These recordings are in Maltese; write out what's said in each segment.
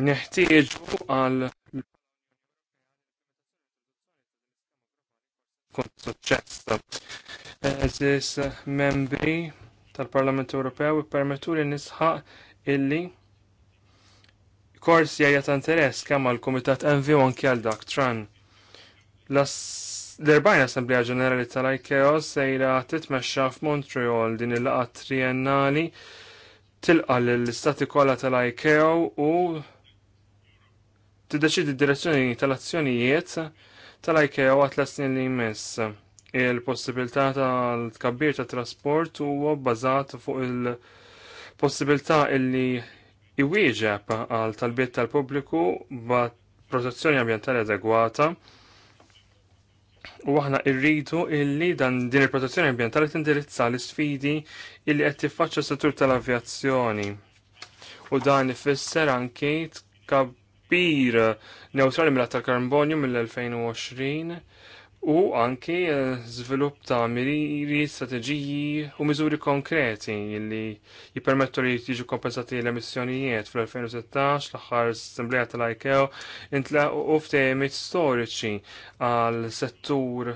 Neħtieġu għal kun suċċess. Eżis membri tal-Parlament Ewropew permettu li nisħaq illi korsi għajja ta' interess kemm għal Kumitat MV u anke għal dak tran. L-erbajn Assembleja Ġenerali tal-IKEO sejra titmexxa f'Montreal din il-laqgħa triennali tilqa l-istati kollha tal-IKEO u tiddeċidi d-direzzjoni tal-azzjonijiet tal-IKEA għat l-snin li jmiss. Il-possibilità tal-tkabbir ta' trasport huwa bbażat fuq il-possibilità illi iwieġeb għal talbiet tal-pubbliku bat protezzjoni ambjentali adegwata u aħna irridu illi dan din il-protezzjoni ambjentali tindirizza l-sfidi illi qed tiffaċċa s-settur tal-avjazzjoni. U dan ifisser tkab kbir neutrali mill tal-karbonju mill-2020 u anki żvilupp eh, ta' miriri, strategiji u miżuri konkreti li jippermettu li jiġu kompensati l-emissjonijiet fl-2016 l-aħħar assemblea tal ikeo intla u ftehimiet storiċi għal settur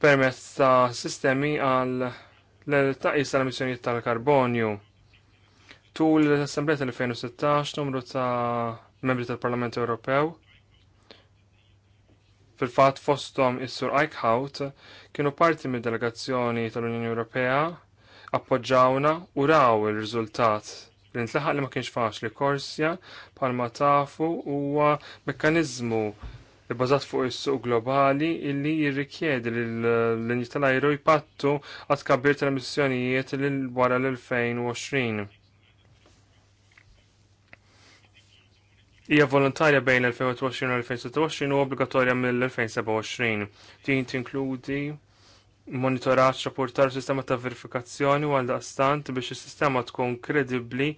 permezz ta' sistemi għal l-taqis tal-emissjonijiet tal-karbonju. Tul l-Assemblea tal-2016 numru ta' membri tal-Parlament Ewropew. Fil-fat fostom is-Sur Eichhout kienu parti mid delegazzjoni tal-Unjoni Ewropea appoġġawna u raw il-riżultat li ntlaħaq li ma kienx faċli korsja palma tafu huwa mekkanizmu bbażat fuq is-suq globali illi jirrikjedi li l-linji tal-ajru jpattu għat kabbir tal-emissjonijiet lil wara l-2020. hija volontarja bejn 2020 u 2026 u obbligatorja mill-2027. Tin tinkludi monitoraġġ rapportar sistema ta' verifikazzjoni u daqstant biex is-sistema tkun kredibbli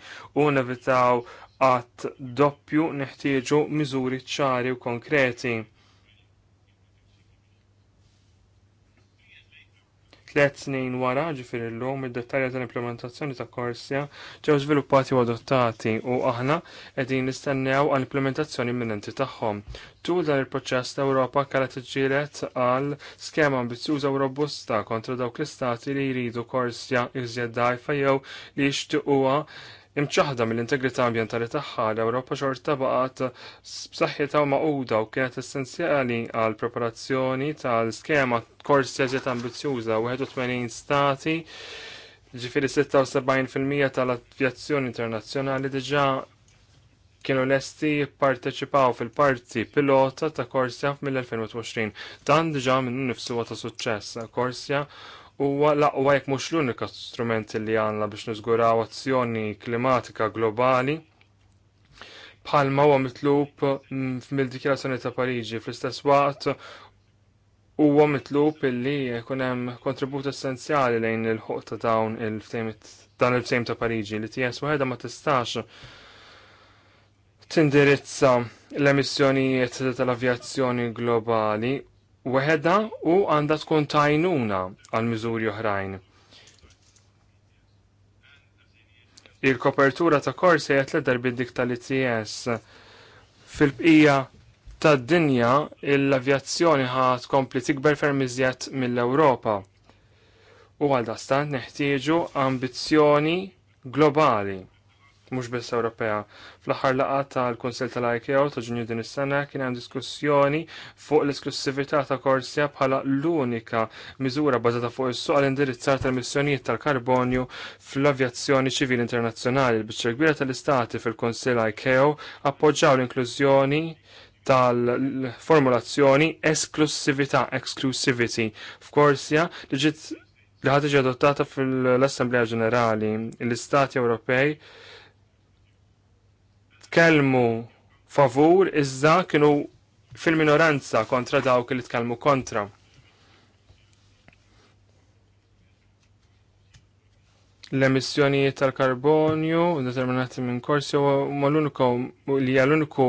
u nevitaw għat doppju neħtieġu miżuri ċari u konkreti. Tliet snin wara ġifir illum id-dettalja tal-implementazzjoni ta' korsja ġew żviluppati u adottati u aħna qegħdin nistennew għall implementazzjoni imminenti tagħhom. Tul dan il-proċess l-Ewropa kellet tiġġieled għal skema ambizjuża u robusta kontra dawk l-istati li jridu korsja iżjed dajfa jew li jixtiequha imċaħda mill-integrità ambjentali tagħha l-Ewropa xorta baqgħet b'saħħitha u maquda u kienet essenzjali għal preparazzjoni tal-skema korsi eżiet u 81 stati ġifiri 76% tal-avjazzjoni internazzjonali diġà kienu lesti parteċipaw fil-parti pilota ta' Korsja mill-2020. Dan diġa minn nifsu ta' suċċess. Korsja huwa laqwa jekk mhux l-unika strumenti li għandna biex niżguraw azzjoni klimatika globali bħalma huwa mitlub mm, mill-Dikjarazzjoni ta' Pariġi fl-istess waqt huwa mitlub illi jkun hemm kontribut essenzjali lejn il-ħuq ta' dawn il-ftehmet dan il-ftehim ta' Pariġi li ties waħedha ma tistax tindirizza l-emissjonijiet tal-avjazzjoni globali weħeda u għandha tkun tajnuna għal miżuri oħrajn. Il-kopertura ta' korsi jgħet l-darbi dik tal-ITS fil-bqija tad dinja l-avjazzjoni ħat kompli tikber fermizjet mill-Ewropa. U għal dastan neħtieġu ambizzjoni globali mhux biss Ewropea. Fl-aħħar laqgħa tal kunsell tal-IKEA ta' Ġunju din is-sena kien hemm diskussjoni fuq l-esklusività ta' Korsja bħala l-unika miżura bażata fuq is-suq għall-indirizzar tal-missjonijiet tal-karbonju fl-avjazzjoni ċivili internazzjonali. il biċċa kbira tal-istati fil-Kunsill IKEA appoġġaw l-inklużjoni tal-formulazzjoni esklusività, exclusivity, f'korsja li ġiet li ħadġi adottata fl-Assemblea Ġenerali. L-Istati Ewropej tkellmu favur iżda kienu fil-minoranza kontra dawk li tkellmu kontra. L-emissjonijiet tal-karbonju determinati minn korsi huma l-uniku li hija l-uniku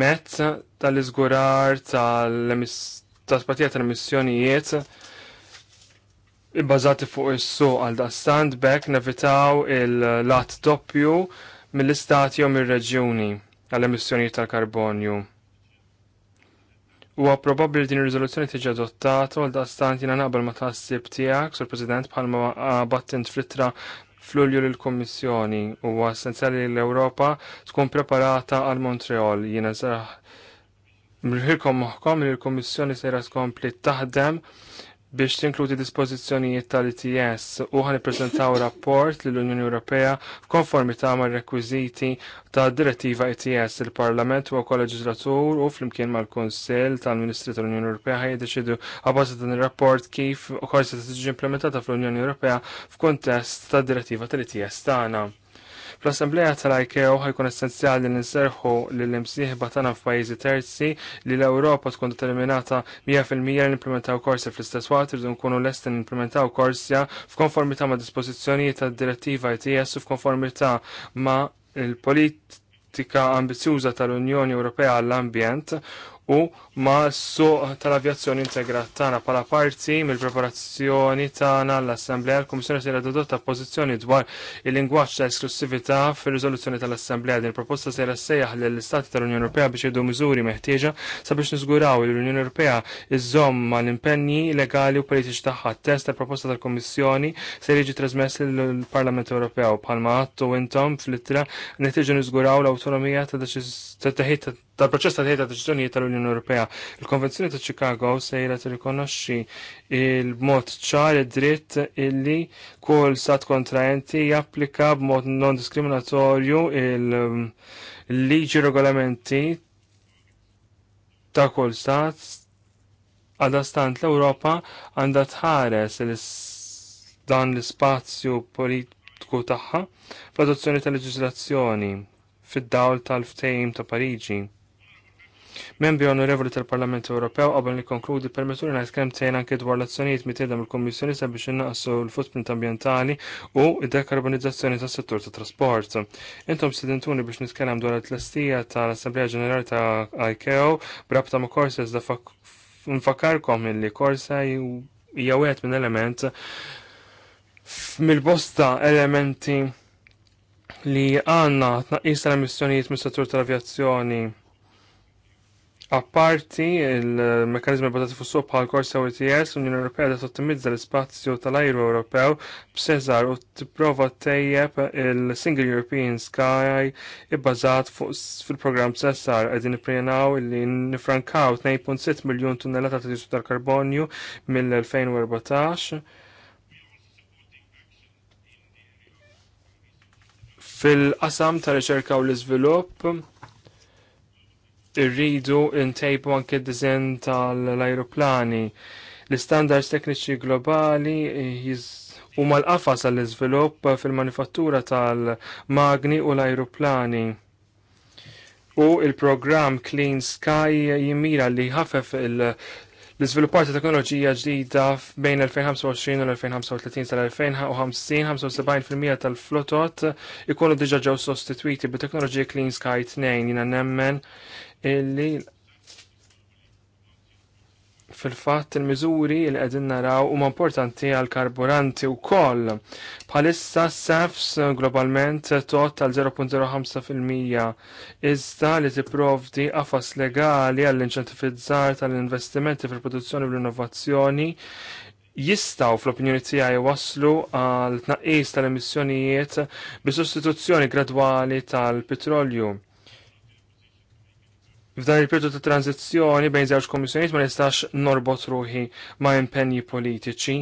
mezz tal-iżgurar tal-spatija tal-emissjonijiet tal tal emissjonijiet ibbażati fuq is-suq għal da stand back nevitaw il-lat doppju mill-istati u mill-reġjuni għall emissjoni tal-karbonju. Huwa probabbli li din ir-riżoluzzjoni tiġi adottata għal da stand jiena naqbel ma taħsib tiegħek sur President bħalma battint flittra fl-ulju l-Kommissjoni huwa essenzjali li l-Ewropa tkun preparata għal Montreal jina zaħ. Mrħilkom moħkom li l-Kommissjoni sejra tkompli taħdem biex tinkludi dispożizzjonijiet tal-ITS u ħan prezentaw rapport l unjoni Ewropea ta' mar-rekwiżiti ta' direttiva ITS il-Parlament u wkoll leġislatur u flimkien mal-Kunsill tal-Ministri tal-Unjoni Ewropea jiddeċidu għabbażi dan ir-rapport kif ukoll se tiġi implementata fl-Unjoni Ewropea f'kuntest tad direttiva tal-ITS tagħna l assembleja tal-IKEO ħajkun essenzjali li nserħu l-imsieħba tagħna f'pajjiżi terzi li l-Ewropa tkun determinata 100% li implementaw Korsja fl-istess waqt irridu nkunu lesti nimplementaw korsja f'konformità ma' dispożizzjonijiet tad-direttiva ITS u f'konformità ma' il-politika ambizjuża tal-Unjoni Ewropea għall-Ambjent u ma' suq tal-avjazzjoni integrat tagħna bħala parti mill-preparazzjoni tagħna l-Assemblea l-Kummissjoni se dodotta pożizzjoni dwar il-lingwaġġ ta' esklusivita fir rizoluzzjoni tal-Assemblea din proposta se sejjaħ lill-Istati tal-Unjoni Europea biex jgħidu miżuri meħtieġa sabiex niżguraw l-Unjoni Ewropea iżomm ma' l-impenni legali u politiċi tagħha. Test tal-proposta tal-Kummissjoni se jiġi trasmess lill-Parlament Ewropew bħalma għattu intom fl-ittra nittiġu niżguraw l-awtonomija ta' deċiż ta' tal-proċess ta' ta' deċiżjonijiet tal-Unjoni Ewropea. Il-Konvenzjoni ta' Chicago sejra tirrikonoxxi il-mod ċar id-dritt illi kull stat kontraenti japplika b'mod non diskriminatorju il-liġi regolamenti ta' kull stat għadastant l-Ewropa għandha tħares dan l-spazju politiku tagħha produzzjoni tal-leġiżlazzjoni fid-dawl tal-ftejm ta' Pariġi. Membri onorevoli tal-Parlament Ewropew qabel li konkludi permettu li ngħid kemm tgħin anke dwar l-azzjonijiet mitiedem il-Kummissjoni sabiex innaqsu l-footprint ambjentali u id-dekarbonizzazzjoni tas-settur tat-trasport. Intom sidentuni biex nitkellem dwar it-tlestija tal-Assemblea Ġenerali ta' ICAO brabta ma' korses da' nfakarkom li korsa jgħawet minn element mill-bosta elementi li għanna tnaqqis tal-emissjonijiet mis-settur tal-avjazzjoni Apparti il-mekanizmi bazati fuq suq għal korsa UTS, l-Unjoni Ewropea da ottimizza l-ispazju tal-ajru Ewropew b'Sezar u tipprova tejjeb il-Single European Sky ibbażat fuq fil-programm Sesar qegħdin il li nifrankaw 2.6 miljun tunnellata ta' disu tal-karbonju mill-2014. Fil-qasam ta' riċerka u l-iżvilupp irridu ntejbu anke d-dizen tal-aeroplani. L-standards tekniċi globali u mal-qafas għall-izvilupp fil-manifattura tal-magni u l-aeroplani. U il-programm Clean Sky jimira li ħafef il- l-izviluppar ta' teknoloġija ġdida bejn 2025 u l-2035 tal-2050 75% tal-flotot ikunu diġa ġew sostituiti bi teknoloġija Clean Sky 2 jina nemmen illi fil-fatt il-miżuri li qegħdin naraw huma importanti għal karburanti wkoll. Bħalissa SEFs globalment tot tal 0.05% iżda li tipprovdi qafas legali għall inċentifizzar tal-investimenti fil-produzzjoni u l-innovazzjoni jistaw fl-opinjoni tiegħi waslu għal tnaqqis tal-emissjonijiet bi sostituzzjoni gradwali tal-petrolju F'dan il-periodu ta' tranzizjoni bejn żewġ komissjonijiet ma nistax norbot ruħi ma' impenji politiċi,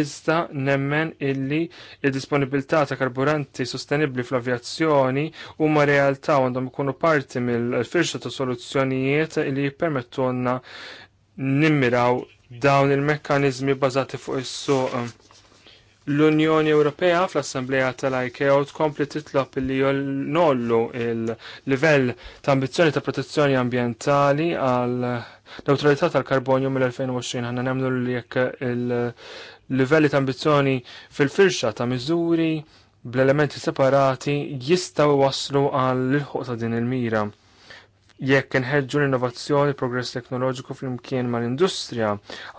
iżda nemmen illi il disponibilità ta' karburanti sostenibbli fl-avjazzjoni huma realtà għandhom ikunu parti mill-firxa ta' soluzzjonijiet li jippermettulna nimmiraw dawn il-mekkaniżmi bażati fuq is-suq L-Unjoni Ewropea fl-Assembleja tal-IKO tkompli titlob li jolnollu il-livell ta' ambizzjoni ta' protezzjoni ambientali għal neutralità tal-karbonju mill-2020. Għanna nemlu li jekk il-livelli ta' ambizzjoni fil-firxa ta' miżuri bl-elementi separati jistaw waslu għal l ħuqta ta' din il-mira jekk inħeġġu l-innovazzjoni progress teknoloġiku flimkien mal-industrija.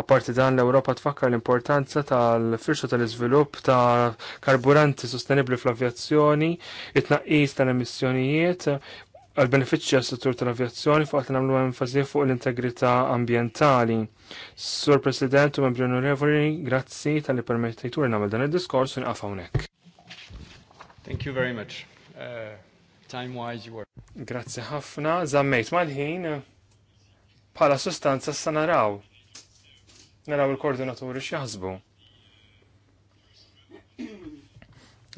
Apparti dan l-Ewropa tfakkar l-importanza tal firxu tal-iżvilupp ta' karburanti sostenibli fl-avjazzjoni, it naqis tal-emissjonijiet, għal benefiċċji għas settur tal-avjazzjoni fuq għat nagħmlu enfasi fuq l-integrità ambjentali. Sur President u membri onorevoli, grazzi tal-li permettejturi nagħmel dan id-diskors u nqaf hawnhekk. Thank you very much. Uh... Time-wise you were. Grazzi ħafna, zammejt mal-ħin bħala sustanza sa naraw. Naraw il-koordinaturi x'jaħsbu.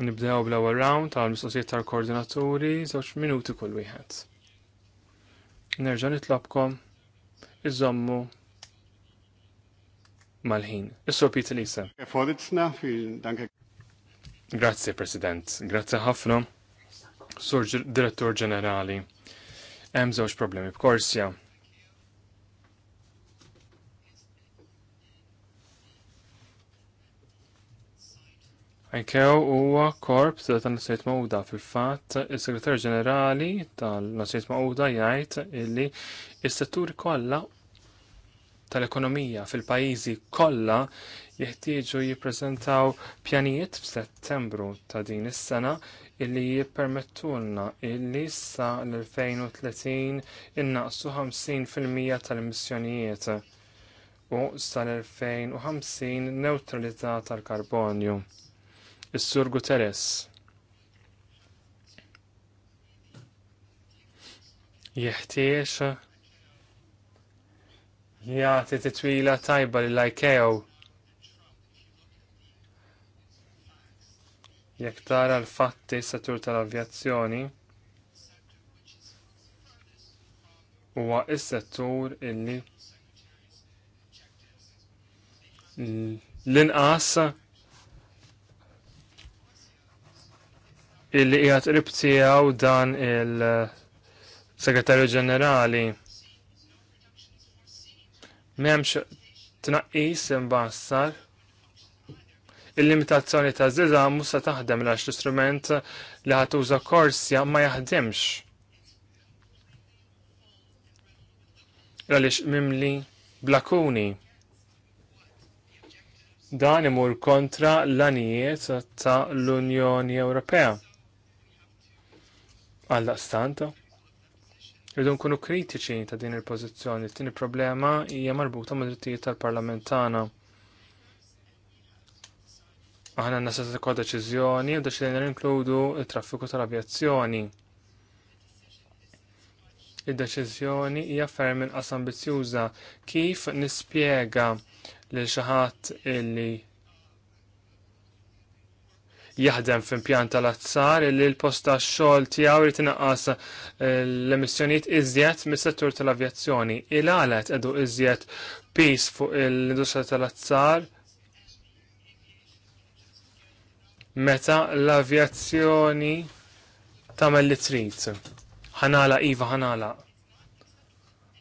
Nibdew bl-ewwel round tal-mistoqsijiet tal-koordinaturi żewġ minuti kull wieħed. Nerġa' nitlobkom iżommu mal-ħin. Is-sur Peter Lisa. Grazzi President, grazzi ħafna Sur Direttur Ġenerali, hemm żewġ problemi b'korsja. Ankew huwa korp ta' nasijiet mawda fil-fatt il-Segretar Ġenerali tal-Nasijiet Mawda jgħid illi is-setturi kollha tal-ekonomija fil-pajjiżi kollha jeħtieġu jippreżentaw pjanijiet f'Settembru ta' din is-sena illi jippermettulna illi sa l-2030 innaqsu 50% tal-emissjonijiet u sal-2050 neutralità tal-karbonju. Is-Sur Guterres jeħtiex jagħti titwila tajba lil ICAO Jekk tara l-fatti s-settur tal-avjazzjoni huwa s-settur illi l-inqas illi qiegħed qrib tiegħu dan il-Segretarju Ġenerali m'hemmx tnaqqis imbassar il-limitazzjoni ta' zida musa taħdem l għax l-istrument li ħatuża korsja ma jaħdemx. Għalix mimli blakuni. Dan imur kontra l-anijiet ta' l-Unjoni Ewropea. Għalla stanta. Rridu nkunu kritiċi ta' din il-pozizjoni. Tini problema hija marbuta mad-drittijiet tal-parlamentana. parlamentana Aħna nasa kol deċiżjoni u deċidejna inkludu il-traffiku tal-avjazzjoni. il deċiżjoni hija ferm inqas ambizzjuża kif nispjega lil xi ħadd illi jaħdem f'impjant tal-azzar li l-post tax-xogħol tiegħu jrid inaqqas eh, l-emissjonijiet iżjed mis-settur tal-avjazzjoni. Il għalet edu iżjed pis fuq l-industrija tal-azzar meta l-avjazzjoni tagħmel li trid. Ħanala iva ħanala.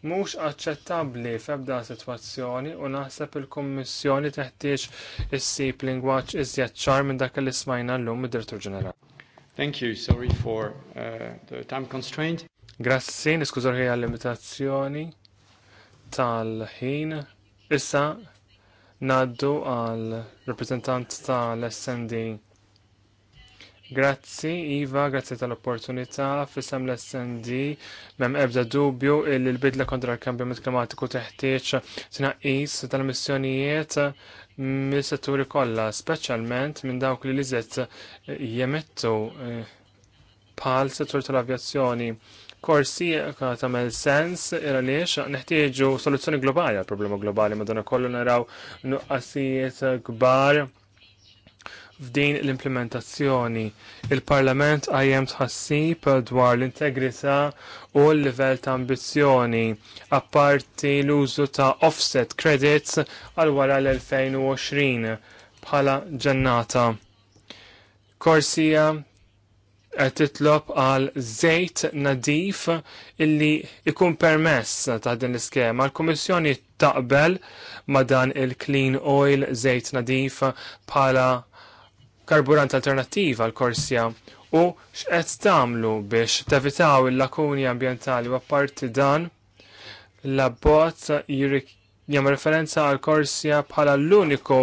Mhux aċċettabbli f'ebda sitwazzjoni u naħseb il-Kummissjoni is issib lingwaġġ iżjed ċar minn dak li smajna llum id-Direttur Ġenerali. Thank you, sorry for uh, the time constraint. Grazzi, niskużar l limitazzjoni tal-ħin. Issa naddu għal rappresentant tal-SND Grazzi, Iva, grazzi tal-opportunità, fissam l-SND, mem ebda dubju il l-bidla kontra l-kambjament klimatiku teħtieċ tnaqqis tal-missjonijiet mill-setturi kollha, speċjalment minn dawk li liżet jemettu pal eh, settur tal-avjazzjoni. Korsi eh, tagħmel sens era għaliex neħtieġu soluzzjoni globali għal problema globali madonna kollu naraw nuqqasijiet kbar f'din l-implementazzjoni. Il-Parlament għajem tħassib dwar l-integrità u l-livell ta' ambizzjoni, apparti l-użu ta' offset credits għal wara l-2020 bħala ġennata. Korsija qed titlob għal żejt nadif illi ikun permess ta' din l-iskema. L-Kummissjoni taqbel ma' dan il-clean oil żejt nadif bħala karburant alternattiva għal korsja u x'qed tagħmlu biex tevitaw il-lakuni ambjentali u apparti dan l-abbozz jagħmel referenza għal korsja bħala l-uniku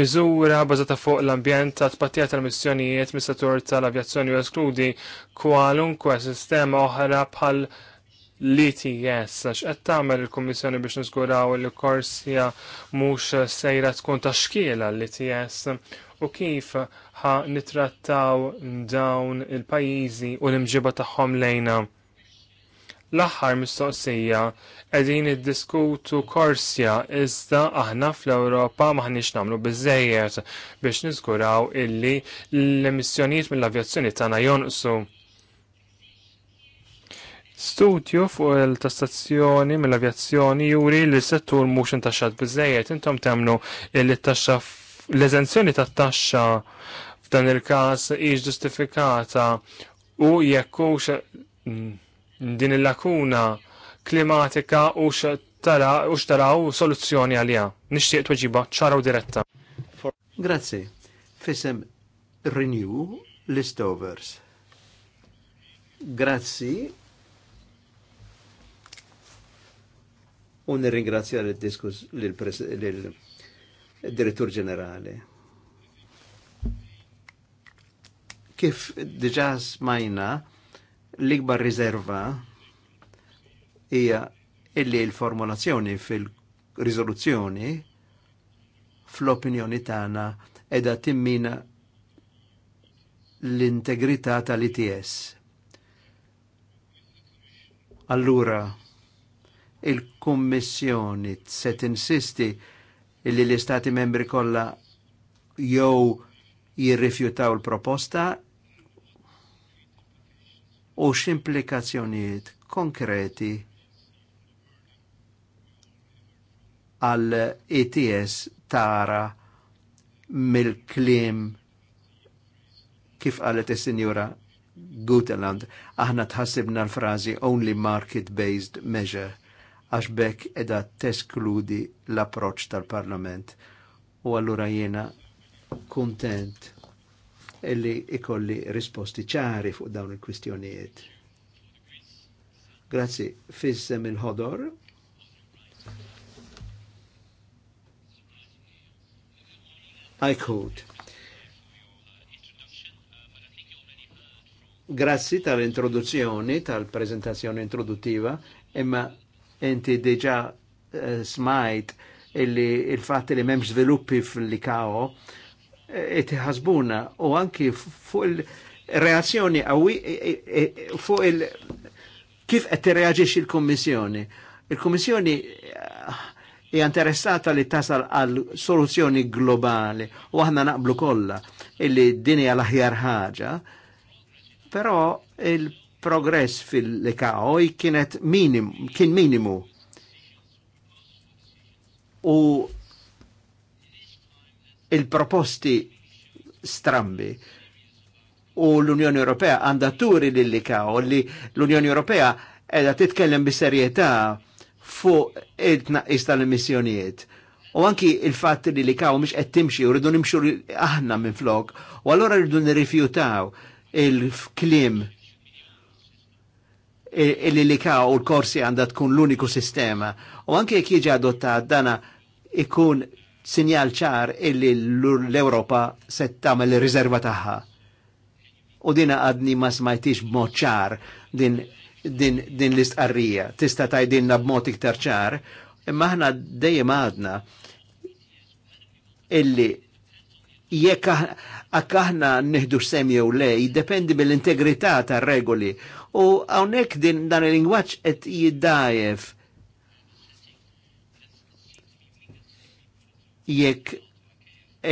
miżura bażata fuq l-ambjent ta' tpatija tal-missjonijiet mis-settur tal-avjazzjoni u eskludi kwalunkwe sistema oħra bħal l-ETS, X'qed tagħmel il-Kummissjoni biex niżguraw li korsja mhux sejra tkun ta' xkiela l-ETS u kif ħa nitrattaw dawn il-pajjiżi u l-imġiba tagħhom lejna. L-aħħar mistoqsija qegħdin iddiskutu korsja iżda aħna fl-Ewropa maħniex nagħmlu biżejjed biex niżguraw illi l-emissjonijiet mill-avjazzjoni tagħna jonqsu. Studju fuq il-tassazzjoni mill-avjazzjoni juri li settur mhux intaxxat biżejjed intom temnu illi t-taxxaf l-eżenzjoni ta' taxxa f'dan il-każ hija ġustifikata u jekk hux mm, din il-lakuna klimatika u tara u xtaraw soluzzjoni għalija. Nixtieq tweġiba ċara u diretta. Grazzi. Fisem Renew Listovers. Grazzi. Un nirringrazzja l-diskus l-President direttur ġenerali. Kif diġa smajna l-ikbar riserva hija illi l-formulazzjoni fil-riżoluzzjoni fl-opinjoni tagħna edha timmina l-integrità tal-ITS. Allura, il kommissjoni se tinsisti illi l-istati membri kollha jew jirrifjutaw l-proposta u x'implikazzjonijiet konkreti għal ETS tara mill-klim kif qalet is-Sinjura Guteland aħna tħassibna l-frażi only market based measure għax bekk edha teskludi l-approċ tal-Parlament. U allura jena kontent illi ikolli risposti ċari fuq dawn il-kwistjonijiet. Grazzi, fissem il-ħodor. I Eichhout. Grazzi tal-introduzzjoni, tal-prezentazzjoni introduttiva, imma Inti diġa eh, smajt illi il fat li memx sviluppi fil-likao eh, itħasbuna u anki fuq il-reazzjoni għawi eh, fuq il- kif għetti reagġiex il-Kommissjoni. Il-Kommissjoni i interessata li tasal għal soluzzjoni globali u għahna naqblu kolla illi dini għal l-aħjar ħaġa, pero il progress fil-likaoj kienet minim, kien minimu. U il-proposti strambi u l-Unjoni Ewropea għandha turi l likaw li l-Unjoni Ewropea edha titkellem bis-serjetà fuq it-tnaqqis tal-emissjonijiet. U anki il fat li likaw miex qed timxi u rridu nimxu aħna minn flok, u allura rridu nirrifjutaw il-klim il-lika u l-korsi għanda tkun l-uniku sistema. U anke jek jieġi adottat dana ikun sinjal ċar illi l-Europa set tagħmel riserva tagħha. U dina għadni ma smajtix b'mod ċar din, din, din l-istqarrija. Tista tajdinna b'mod iktar ċar, imma aħna dejjem għadna illi jekk aħna nieħdu sem jew le, jiddependi mill-integrità tar-regoli. U hawnhekk din dan il-lingwaġġ qed jiddajef. Jekk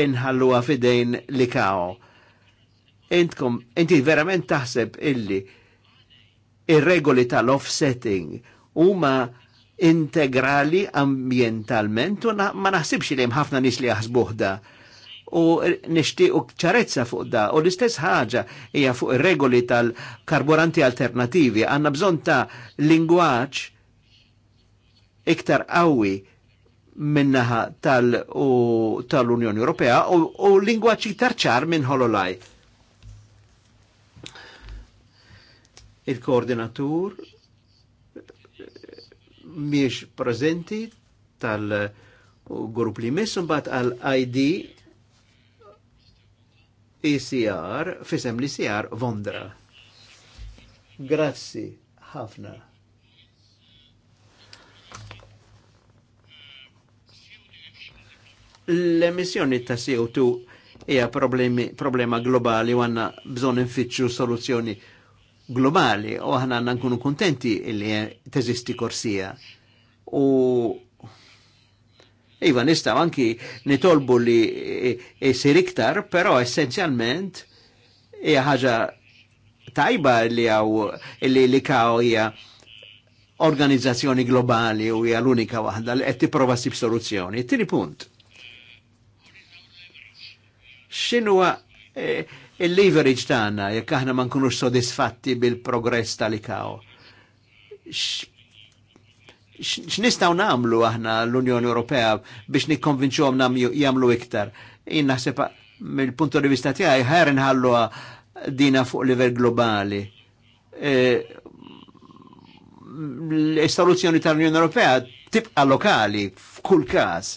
inħalluha fidejn li kaw. Entkom, inti verament taħseb illi ir-regoli tal-offsetting huma integrali ambientalment u ma naħsibx li hemm ħafna nies li jaħsbuh u nishtiqu ċarezza fuq da u l-istess ħaġa hija fuq ir-regoli tal-karburanti alternativi għandna bżonn ta' lingwaġġ iktar qawwi minnaħa tal-Unjoni tal Ewropea u, u lingwaċ iktar ċar minn Hololaj. Il-koordinatur miex prezenti tal-grupp li missun bat għal-ID ECR, fisem li CR Vondra. Grazzi, ħafna. L-emissjoni ta' CO2 hija problema globali u għanna bżon infittxu soluzzjoni globali u aħna għanna nkunu kontenti li teżisti korsija. U Iva, nistaw anki nitolbu li jisir e, e, iktar, pero essenzjalment hija ħaġa tajba li għaw li li kaw hija organizzazzjoni globali u hija l-unika waħda li qed tipprova ssib soluzzjoni. Tini punt. X'inhu e, il-leverage tagħna jekk aħna ma nkunux sodisfatti bil-progress tal-ikaw? x'nistgħu nagħmlu aħna l-Unjoni Ewropea biex nikkonvinċuhom jagħmlu iktar. Jien naħseb mill-punto di vista tiegħi ħajr inħallu dina fuq livell globali. E, l istoluzzjoni tal-Unjoni Ewropea tibqa' lokali f'kull każ.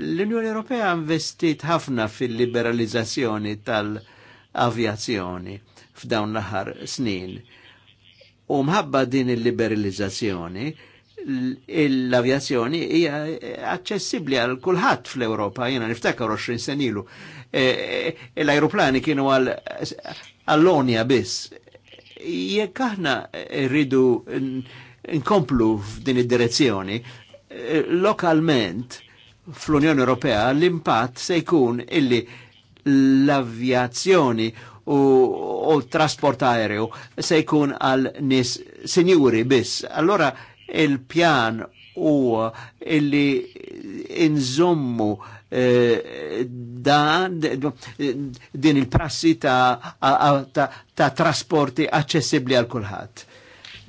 L-Unjoni Ewropea investit ħafna fil-liberalizzazzjoni tal-avjazzjoni f'dawn l-aħħar snin U mħabba din il-liberalizzazzjoni, l-avjazzjoni hija aċċessibbli għal kulħadd fl-Ewropa, jiena niftakar 20 sen ilu. E, e, l-ajruplani kienu għal Allonja biss. Jekk aħna rridu nkomplu f'din id-direzzjoni, lokalment fl-Unjoni Ewropea l-impatt se jkun illi l-avjazzjoni u, trasport aereo se jkun għal nis senjuri biss. Allora il-pjan u illi inżommu eh, dan din il-prassi ta', ta, ta, trasporti accessibli għal kulħadd.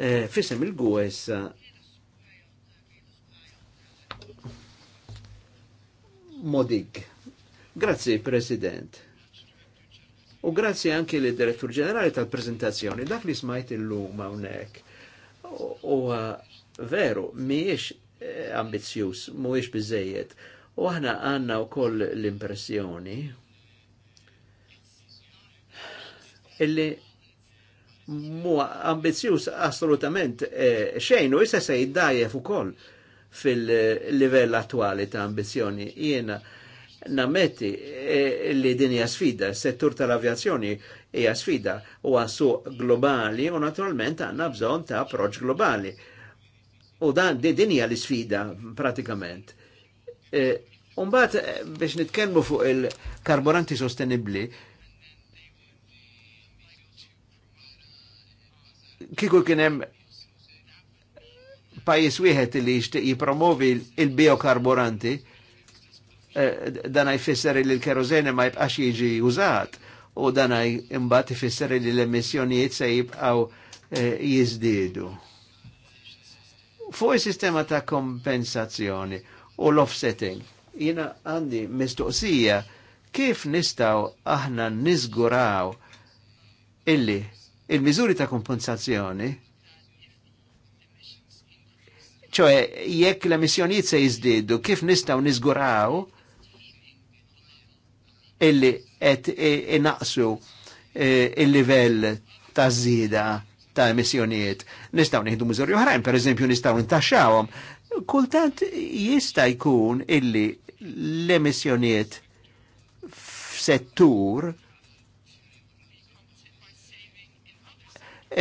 Eh, fisem il-gwes modig. Grazie, President. U grazzi anki li direttur ġenerali tal-prezentazzjoni, dak li smajt il-lum hawnhekk. U uh, veru, miex eh, ambizjus, mhuwiex biżejjed. U aħna għanna wkoll l-impressjoni illi mu ambizjus assolutament eh, xejn u issa se jiddajjef ukoll fil-livell attuali ta' ambizjoni. Jiena nammetti e, li din hija sfida, settur tal-avjazzjoni hija sfida u għassu globali u naturalment għanna bżon ta' approċ globali. U dan di din hija l-sfida pratikament. E, Umbat e, biex nitkellmu fuq il-karburanti sostenibli, kiku kienem pajis wieħed li jipromovi il-biokarburanti, il Eh, dan jfisser li l-kerozene ma jibqax jiġi użat u dan imbat ifisser li l-emissjonijiet se jibqgħu eh, jizdidu. Fuq il sistema ta' kompensazzjoni u l-offsetting, jiena għandi mistoqsija kif nistaw aħna nizguraw illi il-miżuri ta' kompensazzjoni ċoħe jekk l-emissjonijiet se jizdidu, kif nistaw nizguraw illi qed inaqsu e, il-livell ta' zida ta' emissjonijiet. Nistgħu nieħdu miżuri oħrajn, pereżempju nistgħu ntaxxawhom. Kultant jista' jkun illi l-emissjonijiet f'settur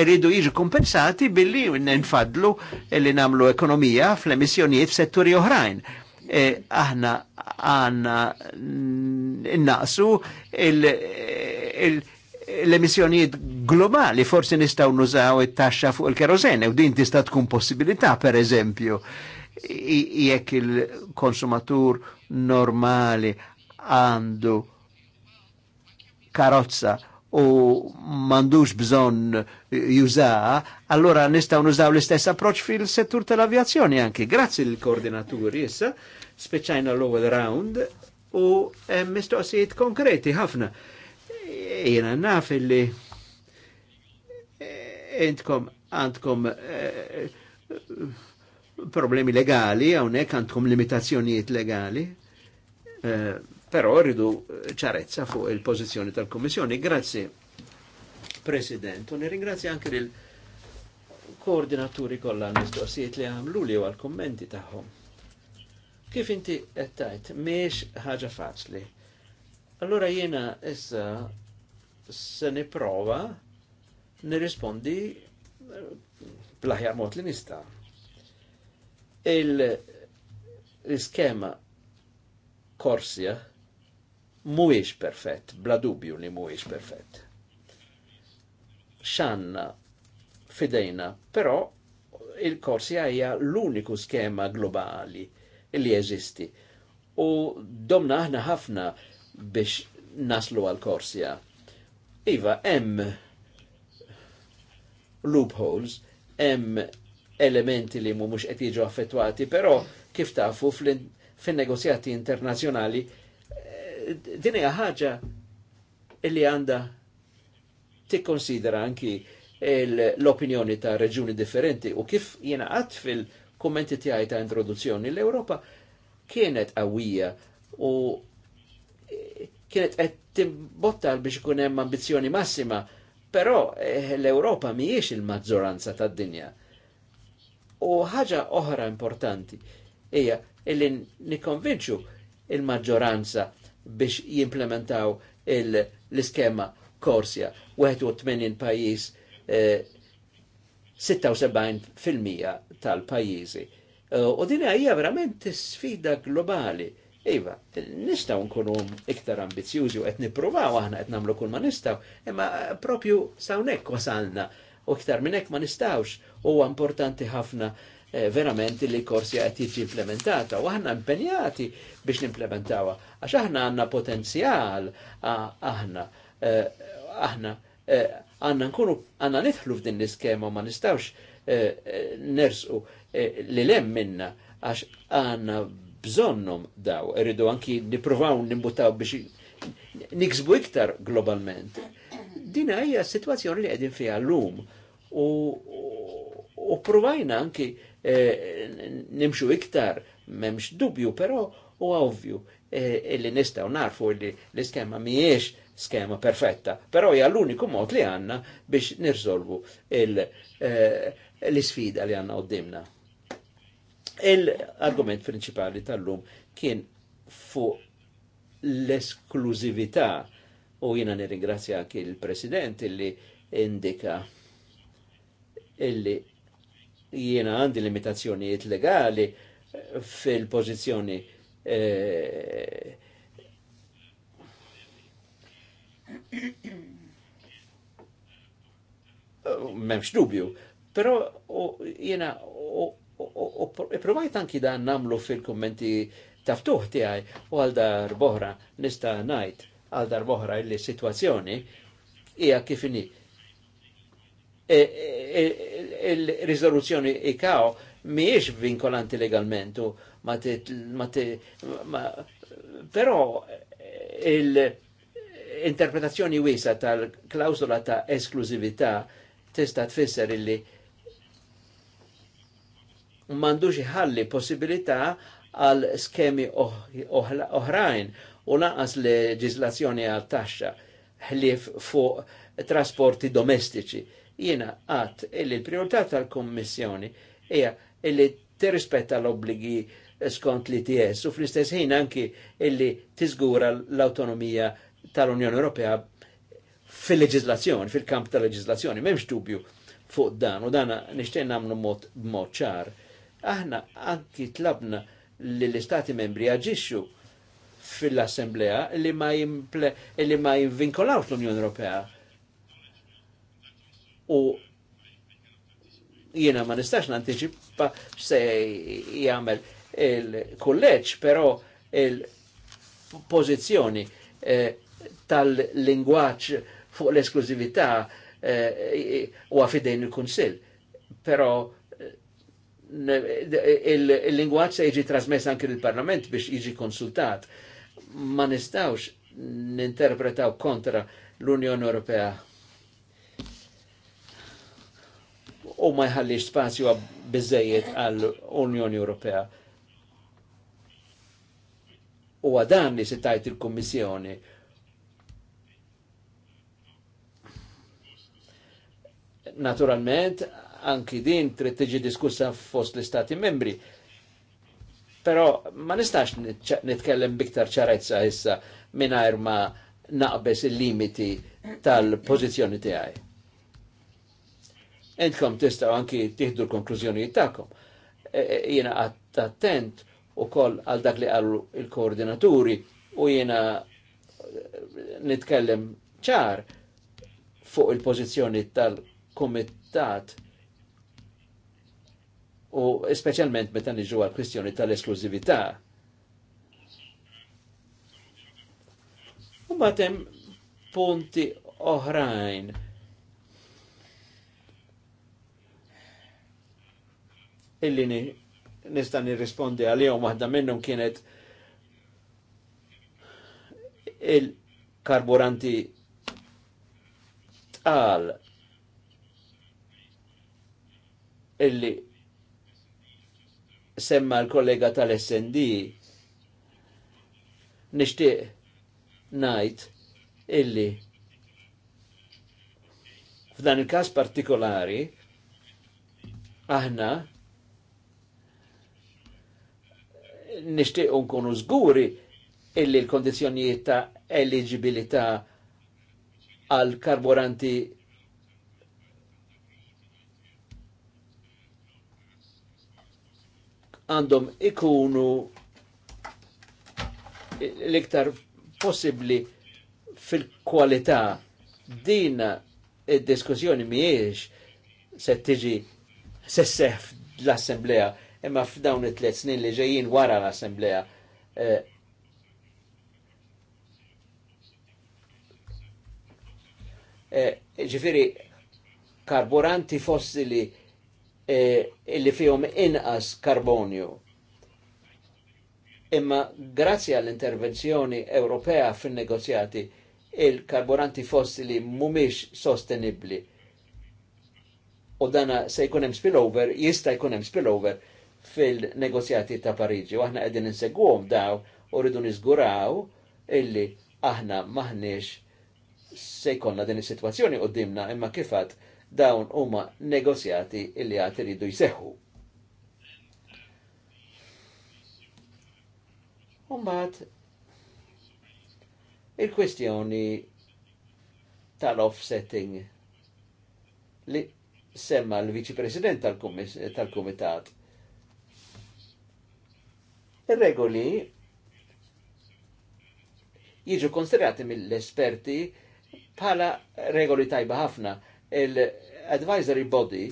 rridu jiġu kompensati billi nfadlu illi namlu ekonomija fl-emissjonijiet f'setturi oħrajn. Eh, aħna għanna innaqsu l-emissjonijiet globali, forsi nistaw nużaw it-taxxa fuq il-kerosene, u din tista' tkun possibilità, per eżempju, jekk il-konsumatur normali għandu karozza u mandux bżon juża allora nistaw nużaw l-istess approċ fil-settur tal-avjazzjoni anki. Grazzi l-koordinaturi issa, speċajna l-ewwel round u mistoqsijiet konkreti ħafna. Jena naf li eh, intkom għandkom eh, problemi legali, għonek għandkom limitazzjonijiet legali. Uh, Però rridu eh, ċarezza fuq il-pożizzjoni tal-Kummissjoni. Grazzi, President, u nirringrazzja anke lil koordinaturi kollha mistoqsijiet li għamlu li għal-kommenti tagħhom. Kif inti qed tajt, mhiex ħaġa faċli. Allora jiena issa se niprova nirrispondi eh, bl-aħjar mod li nista. Il-iskema korsja mhuwiex perfett, bla dubju li mhuwiex perfett. Xanna fidejna, però il korsi hija l-uniku skema globali li jeżisti. U domna aħna ħafna biex naslu għal korsi Iva, em loopholes, em elementi li mhumiex qed jiġu affettwati, però kif tafu fin negozjati internazzjonali din hija ħaġa li għandha tikkonsidera anki l-opinjoni ta' reġuni differenti u kif jiena qatt fil-kummenti tiegħi ta' introduzzjoni l-Ewropa kienet qawwija u kienet qed timbotta biex ikun hemm ambizzjoni massima, però eh, l-Ewropa mhijiex il-maġġoranza tad-dinja. U ħaġa oħra importanti hija illi nikkonvinċu il-maġġoranza biex jimplementaw l-iskema Korsja. 81 pajis, 76% tal-pajizi. U din hija verament sfida globali. Iva, nistaw nkunu iktar ambizjużi u qed nippruvaw aħna qed nagħmlu kull ma nistaw, imma propju sawnek wasalna u iktar minn hekk ma nistawx. Huwa importanti ħafna Eh, verament li korsi għed jiġi implementata u aħna impenjati biex nimplementawa għax aħna għanna potenzjal aħna eh, aħna eh, għanna nkunu għanna nidħlu f'din l-iskema ma nistawx nersu li lem minna għax għanna bżonnom daw, irridu anki niprovaw nimbutaw biex niksbu iktar globalment. Dina hija situazzjoni li qegħdin fiha llum u, u provajna anki Eh, nimxu iktar, memx dubju, pero u ovvju eh, illi nistaw narfu illi l-iskema miex skema perfetta, pero hija l-uniku mod li għanna biex nirżolvu eh, l-isfida li għanna għoddimna. Il-argument principali tal-lum kien fuq l-esklużività u jina nirringrazzja il-President illi indika illi jiena għandi limitazzjonijiet legali fil-pożizzjoni eh, m'hemmx memx dubju, pero jiena provajt anki dan namlu fil-kommenti taftuħ tiegħi u għal dar boħra nista' ngħid għal dar boħra illi situazzjoni hija kif inhi E, e, e, il-rizoluzzjoni ikaw miex vinkolanti legalment te, ma però eh, l eh, interpretazzjoni wisa tal-klausola ta' esklusività tista' tfisser illi mandux ħalli possibilità għal skemi oh, oħrajn u naqas leġislazzjoni għal taxxa ħlief fuq trasporti domestiċi Jiena għat illi l-priorità tal-Kommissjoni hija illi tirrispetta l-obbligi skont l-ITS u fl-istess ħin anki illi tiżgura l-autonomija tal-Unjoni Ewropea fil-leġizlazzjoni, fil-kamp tal-leġizlazzjoni, memx dubju fuq dan u dan nixtieq nagħmlu mod b'mod ċar. Aħna anki tlabna li l-istati membri jaġixxu fil-assemblea li ma, ma jinvinkolawx l-Unjoni Ewropea u jiena ma nistax nanticipa se jgħamil il-kulleġġ, però il pozizjoni eh, tal-lingwaġġ fuq l-esklużività eh, u għafidejn eh, il kunsil Però il lingwaċ se jiġi trasmess anki l parlament biex jiġi konsultat. Ma nistawx ninterpretaw kontra l-Unjoni Ewropea u ma jħallix spazju bizzejiet għall-Unjoni Ewropea. U għadan li tajt il-Kommissjoni. Naturalment, anki din trid tiġi diskussa fost l-Istati membri. Però ma nistax nitkellem biktar ċarezza issa mingħajr ma naqbes il-limiti tal-pożizzjoni tiegħi. Entkom tistaw anki tiħdu l-konklużjonijiet jittakom. E, e, jiena għatt attent ukoll għal dak li għallu il-koordinaturi u jiena e, nitkellem ċar fuq il-pożizzjoni tal-komitat u specialment meta niġu għal kwistjoni tal esklużivita U matem punti oħrajn illi nistan nirrispondi għal-jom għadda minnhom kienet il-karburanti tqal illi semma l-kollega tal-SND nishtiq najt illi f'dan il-kas partikolari aħna nishtiq unkunu zguri illi l-kondizjonijiet ta' eligibilità għal karburanti għandhom ikunu l-iktar possibli fil-kwalità din id-diskussjoni miex se tiġi se seħf l-assemblea Imma f'dawn it-tliet snin li ġejjin wara l-Assemblea eh, eh, ġifiri karburanti fossili eh, illi fihom inqas karbonju. Imma grazzi għall-intervenzjoni Ewropea fin-negozjati il-karburanti fossili mumiex sostenibli u dana se jkun hemm spillover, jista' jkun hemm spillover fil-negozjati ta' Pariġi u aħna qegħdin insegwhom daw u rridu niżguraw illi aħna maħniex se jkollna din is-sitwazzjoni dimna imma kifat dawn huma negozjati illi għat iridu jseħu. Umbat, il-kwestjoni tal-offsetting li semma l-Viċi President tal-Kumitat regoli jiġu konsiderati mill-esperti bħala regoli tajba ħafna. Il-advisory body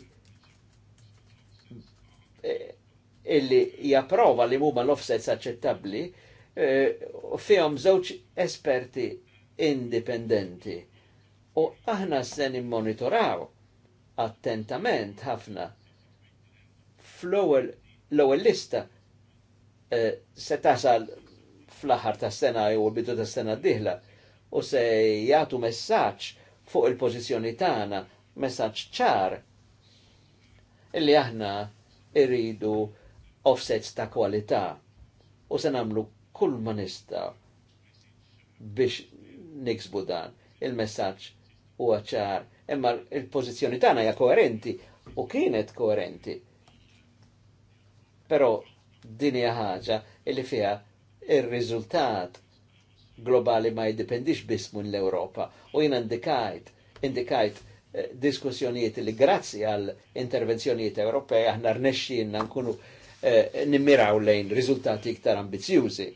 eh, illi japprova li huma l-offsets aċċettabbli eh, fihom żewġ esperti indipendenti. U aħna se nimmonitoraw attentament ħafna fl-ewwel l-ewwel lista Eh, se tasal fl-aħħar ta' sena jew bidu ta' sena d-dieħla u se jagħtu messaġġ fuq il-pożizzjoni tagħna, messaġġ ċar illi aħna irridu offsets ta' kwalità u se nagħmlu kull ma nista' biex niksbu dan il-messaġġ huwa ċar, imma il-pożizzjoni tagħna hija koerenti u kienet koerenti. Però din hija ħaġa illi fiha il riżultat globali ma jiddipendix biss minn l-Ewropa. U jina indikajt, indikajt eh, diskussjonijiet li grazzi għal intervenzjonijiet Ewropej aħna rnexxinna nkunu eh, nimmiraw lejn riżultati iktar ambizjużi.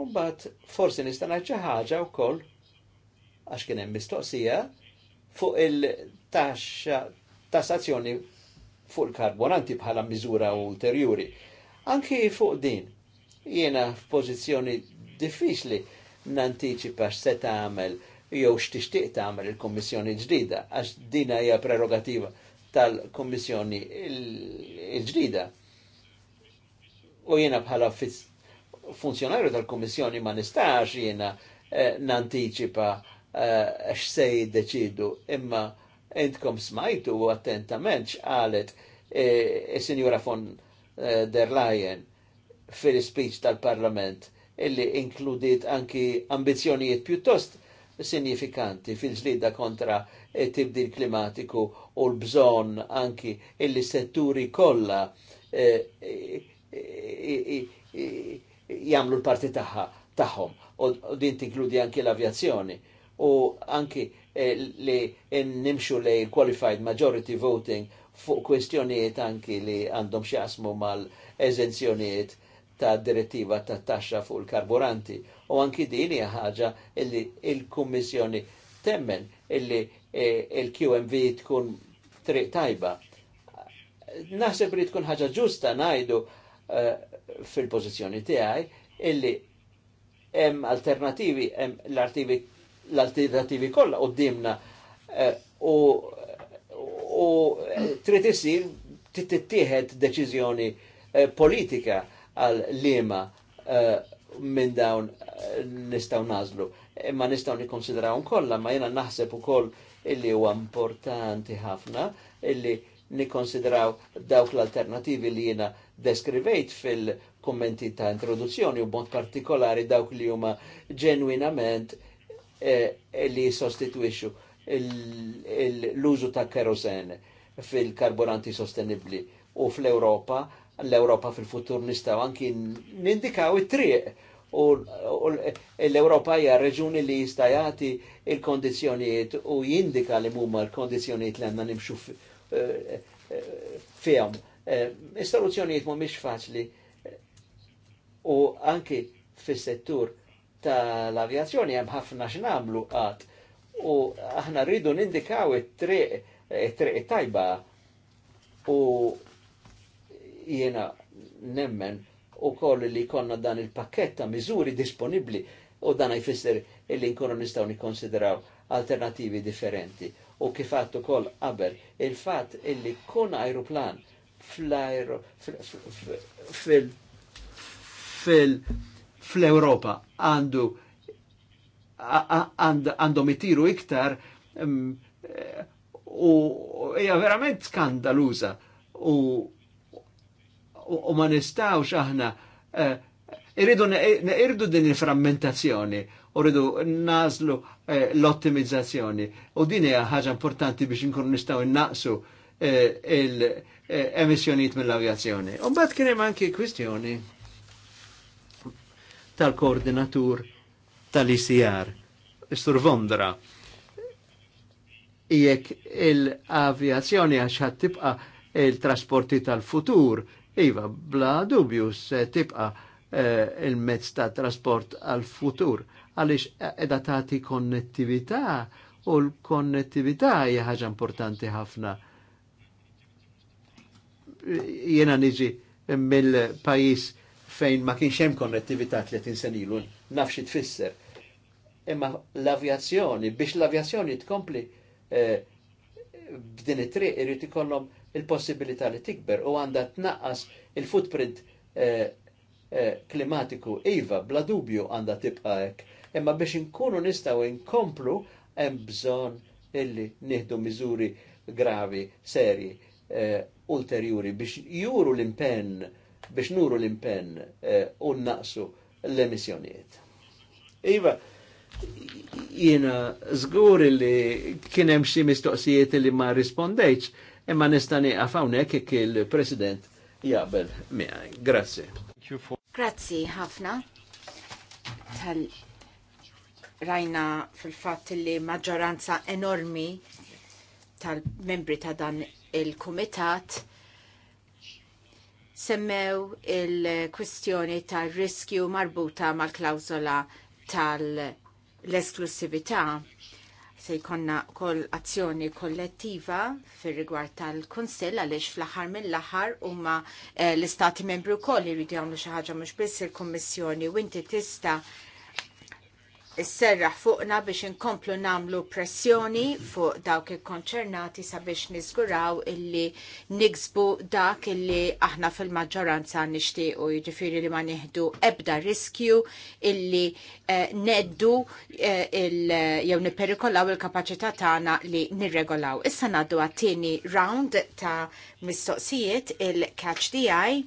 Umbat, forsi xi ħaġa u għax għax kienem mistoqsija, fuq il-taxxa tassazzjoni fuq il-karbonanti bħala miżura ulterjuri. Anki fuq din, jiena f'pożizzjoni diffiċli nantiċipa x'se tagħmel jew x'tixtieq tagħmel il-Kummissjoni ġdida għax din hija prerogativa tal-Kummissjoni ġdida U jiena bħala funzjonarju tal-Kummissjoni ma nistax jiena eh, nantiċipa x'se eh, jiddeċidu imma intkom smajtu u attentament x'qalet eh, is-Sinjura e, e, von uh, der Leyen fil-speech tal-Parlament illi inkludit anki ambizjonijiet pjuttost sinifikanti fil-ġlida kontra tibdil klimatiku u l-bżon anki illi setturi kolla eh, jamlu l-parti taħħa taħħom u din tinkludi anki l-avjazzjoni u anki eh, li nimxu li qualified majority voting fuq kwestjonijiet anki li għandhom xjaqsmu mal-eżenzjonijiet ta' direttiva ta' taxxa fuq il-karburanti. U anki din hija ħaġa illi il-Kummissjoni temmen illi e, il-QMV tkun triq tajba. Naħseb li tkun ħaġa ġusta najdu e, fil-pożizzjoni tiegħi illi hemm alternativi, hemm l-alternativi kollha qudiemna e, u u eh, trid isir tittieħed deċiżjoni eh, politika għal liema eh, minn dawn nistgħu nażlu. Imma nistgħu nikkonsidrawhom kollha, ma jiena naħseb ukoll illi huwa importanti ħafna illi nikkonsidraw dawk l-alternativi li jiena deskrivejt fil-kommenti ta' introduzzjoni u bont partikolari dawk li huma ġenwinament eh, li sostituixxu l-użu ta' kerosene fil-karburanti sostenibli u fl-Europa, l-Europa fil-futur nistaw anki nindikaw it-triq u l-Europa hija reġuni li jistajati il-kondizjonijiet u jindika li mumma l-kondizjonijiet li għanna nimxu eh, eh, fihom. Eh, is-soluzzjonijiet mhumiex faċli u anki fis-settur tal-avjazzjoni hemm ħafna x'namlu għad u aħna rridu nindikaw it-triq tajba u jena nemmen u koll li konna dan il-pakket ta' miżuri disponibli u dan jfisser illi nkunu nistaw nikonsideraw alternativi differenti u kifat u koll qabel il-fat illi kun aeroplan fl-aero fil-Europa fl fl fl għandu għandhom itiru iktar mm, u hija verament skandaluża u u ma nistawx aħna eh, irridu irridu din il-frammentazzjoni u rridu nażlu eh, l-ottimizzazzjoni u din hija ħaġa importanti biex inkunu nistgħu innaqsu eh, l emissjonijiet mill-avjazzjoni. U mbagħad kien hemm anke kwistjoni tal-koordinatur tal-ICR, Sur Vondra. Jekk il-avjazzjoni għax tibqa il-trasporti tal-futur, iva bla dubju se tibqa eh, il-mezz ta' trasport għal-futur għaliex edha tagħti konnettività u l-konnettività hija ħaġa importanti ħafna. Jiena niġi mill-pajis fejn ma kienx hemm konnettività 30 sen ilu nafx tfisser. Imma l-avjazzjoni, biex l-avjazzjoni tkompli eh, b'din it-triq irid ikollhom il-possibilità li tikber u għandha tnaqqas il-footprint eh, eh, klimatiku iva bla dubju għandha tibqa' hekk. Imma biex inkunu nistgħu inkomplu hemm bżonn illi nieħdu miżuri gravi, serji, ulterjuri biex juru l-impenn biex nuru l-impenn u naqsu l-emissjonijiet. Iva, jiena zgur li kien hemm xi mistoqsijiet li ma rispondejċ, imma nista' nieqaf hawnhekk kif il-President jabel miħaj. Grazzi. Grazzi ħafna tal rajna fil-fatt li maġġoranza enormi tal-membri ta' dan il-kumitat semmew il-kwistjoni tar riskju marbuta mal-klawzola tal-esklusività se jkonna kol azzjoni kollettiva fir rigward tal-Kunsill għaliex fl-aħħar mill-aħħar huma eh, l-Istati membri wkoll jridu jagħmlu xi ħaġa mhux biss il-Kummissjoni u inti tista' s-serraħ fuqna biex inkomplu namlu pressjoni fuq dawk il-konċernati sabiex nizguraw illi niksbu dak illi aħna fil-maġġoranza nishtiqu jġifiri li ma nieħdu ebda riskju illi eh, neddu eh, il, jew niperikolaw il-kapacità tagħna li nirregolaw. Issa ngħaddu għat-tieni round ta' mistoqsijiet il-catch DI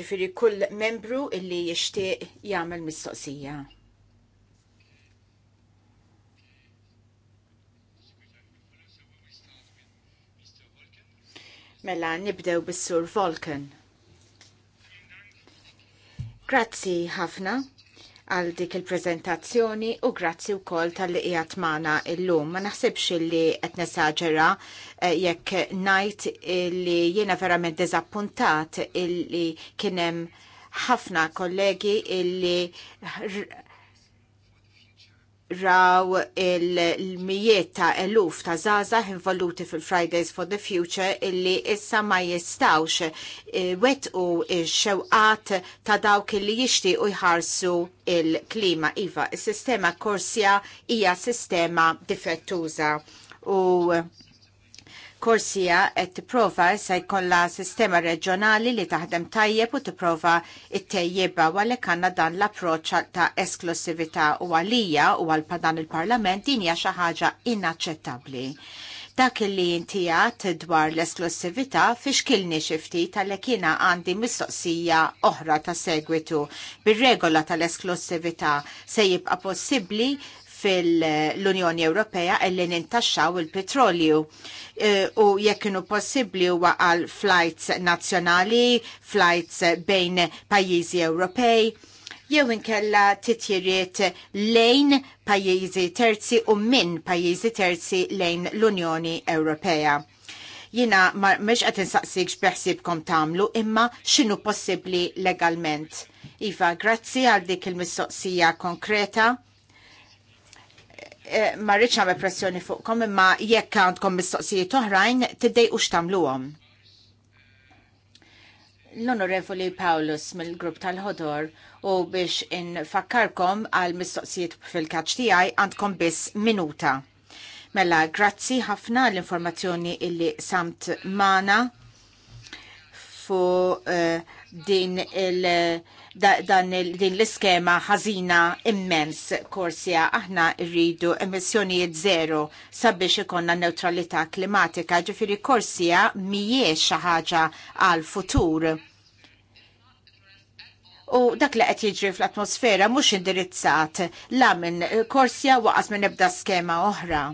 Ġifiri kull membru illi jixtieq jagħmel mistoqsija. Mela nibdew bis-sur Volken. Grazzi ħafna għal dik il-prezentazzjoni u grazzi wkoll tal-li qiegħed magħna illum. Ma naħsibx li qed nesaġera eh, jekk ngħid li jiena verament deżappuntat illi kien hemm ħafna kollegi illi raw il-mijiet ta' eluf ta' zaza involuti fil-Fridays for the Future illi issa ma jistawx eh, wet u xewqat ta' dawk illi jishti u jħarsu il-klima. Iva, il-sistema korsja hija sistema difettuża u Korsija qed tipprova se jkollha sistema reġjonali li taħdem tajjeb u tipprova ttejjeba għalhekk għandna dan l-approċċ ta' esklusività u għalija u għal dan il-Parlament din hija xi ħaġa inaċċettabbli. Dak li intijat dwar l-esklusività fixkilni xifti tal-lek għandi mistoqsija oħra ta' segwitu. Bir-regola tal-esklusività se jibqa' possibbli fil-Unjoni Ewropea illi nintaxxaw il-petrolju e, u jekk kienu possibbli waqal għal flights nazzjonali, flights bejn pajjiżi Ewropej jew inkella titjiriet lejn pajjiżi terzi u minn pajjiżi terzi lejn l-Unjoni Ewropea. Jina mhux qed insaqsik x'beħsibkom tagħmlu imma x'inhu possibbli legalment. Iva, grazzi għal dik il-mistoqsija konkreta Eh, ma rridx nagħmel pressjoni fuqkom imma jekk għandkom mistoqsijiet oħrajn tiddejqu x'tagħmluhom. L-Onorevoli Paulus mill-grupp tal-ħodor u biex infakkarkom għal mistoqsijiet fil-kaċ tiegħi għandkom biss minuta. Mela, grazzi ħafna l-informazzjoni illi samt mana fu uh, din il- uh, dan din l-iskema ħażina immens korsja aħna rridu emissjonijiet zero sabiex ikonna neutralità klimatika ġifiri korsja mhijiex xi ħaġa għal futur. U dak li qed jiġri fl-atmosfera mhux indirizzat la minn korsja waqas minn ebda skema oħra.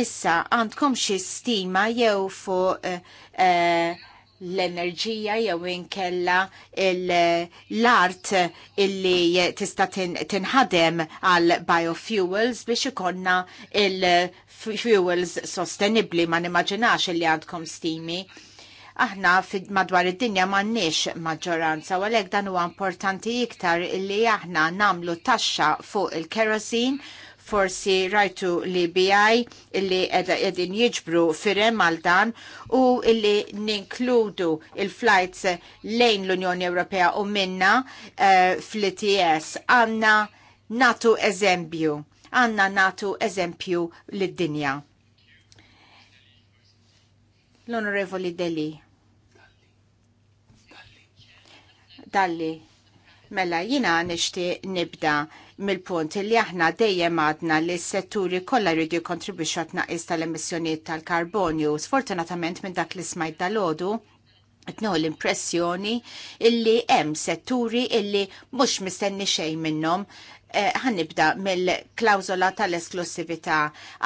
Issa għandkom xi stima jew fuq uh, uh, l-enerġija jew inkella l-art illi tista' tinħadem għal biofuels biex ikonna il-fuels sostenibli ma nimmaġinax illi għandkom stimi. Aħna madwar id-dinja m'għandniex maġġoranza u għalhekk dan huwa importanti iktar illi aħna namlu taxxa fuq il-kerosin forsi rajtu li BI illi edin jiġbru firem għal dan u illi ninkludu il-flights lejn l-Unjoni Ewropea u minna uh, eh, fl-ITS għanna natu eżempju għanna natu eżempju l-dinja. L-Onorevoli Deli. Dalli. Mela, jina nishti nibda mill-punt li aħna dejjem għadna li s-setturi kollha jridu jikkontribwixxu għat-tnaqqis tal-emissjonijiet tal-karbonju. Sfortunatament minn dak li smajt dalodu tneħu l-impressjoni illi hemm setturi illi mhux mistenni xejn minnhom Eh, ħannibda eh, mill-klawzola tal-esklusività.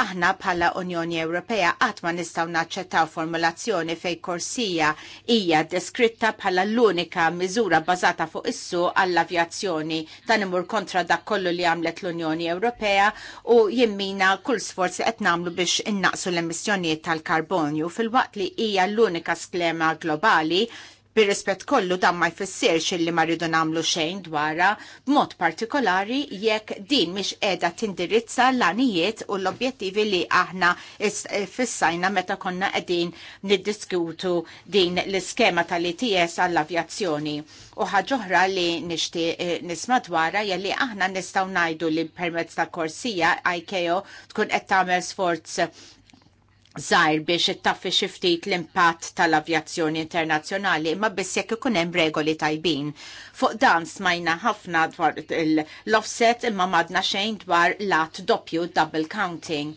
Aħna bħala Unjoni Ewropea qatt ma nistgħu naċċettaw formulazzjoni fejn korsija hija deskritta bħala l-unika miżura bażata fuq issu għall-avjazzjoni dan imur kontra dak kollu li għamlet l-Unjoni Ewropea u jimmina kull sforzi qed nagħmlu biex innaqsu l-emissjonijiet tal-karbonju fil-waqt li hija l-unika sklema globali Bir-rispett kollu dan ma jfissirx illi ma rridu nagħmlu xejn dwarha b'mod partikolari jekk din mhix qiegħda tindirizza l anijiet u l-objettivi li aħna fissajna meta konna qegħdin niddiskutu din l-iskema tal-ITS għall-avjazzjoni. U ħaġoħra li nixti eh, nisma dwarha jelli aħna nistgħu ngħidu li permezz ta' korsija IKO tkun qed tagħmel sforz Zajr biex it xi ftit l-impatt tal-avjazzjoni internazzjonali imma biss jekk ikun hemm regoli tajbin. Fuq dan smajna ħafna dwar l-offset imma madna xejn dwar lat doppju double counting.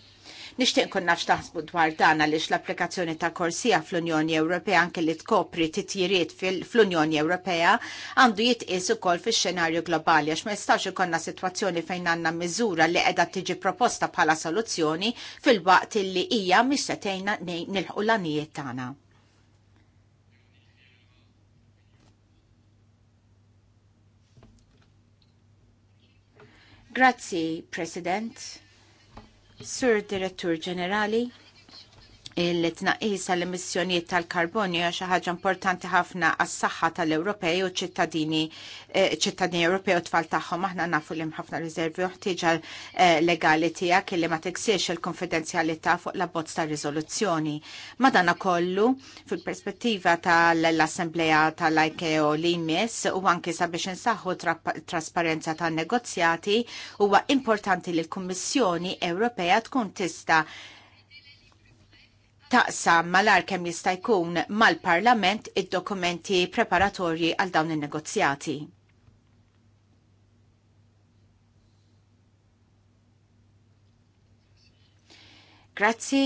Nishtiq kun nafx taħsbu dwar dan għaliex l-applikazzjoni ta' korsija fl-Unjoni Ewropea anke li tkopri titjiriet fl-Unjoni Ewropea għandu jitqies ukoll fix-xenarju globali għax ma jistax ikollna sitwazzjoni fejn għandna miżura li qiegħda tiġi proposta bħala soluzzjoni fil-waqt li hija mhix se tgħinna nilħu l-għanijiet tagħna. Grazzi, President. Sur Direttur Ġenerali, il-tnaqis l emissjonijiet tal-karbonju għax ħaġa importanti ħafna għas-saħħa tal-Ewropej u ċittadini eh, ċittadini Ewropej u tfal tagħhom aħna nafu li ħafna riservi u ħtieġa eh, legali tiegħek illi ma tiksiex il-konfidenzjalità fuq l-abbozz ta' riżoluzzjoni. Madana kollu fil-perspettiva tal-Assembleja tal-IKEO li jmiss u anke sabiex insaħħu trasparenza tan-negozjati huwa importanti li l-Kummissjoni Ewropea tkun tista' taqsam malar kem jista' jkun mal-Parlament id-dokumenti preparatorji għal dawn in-negozjati. Grazzi,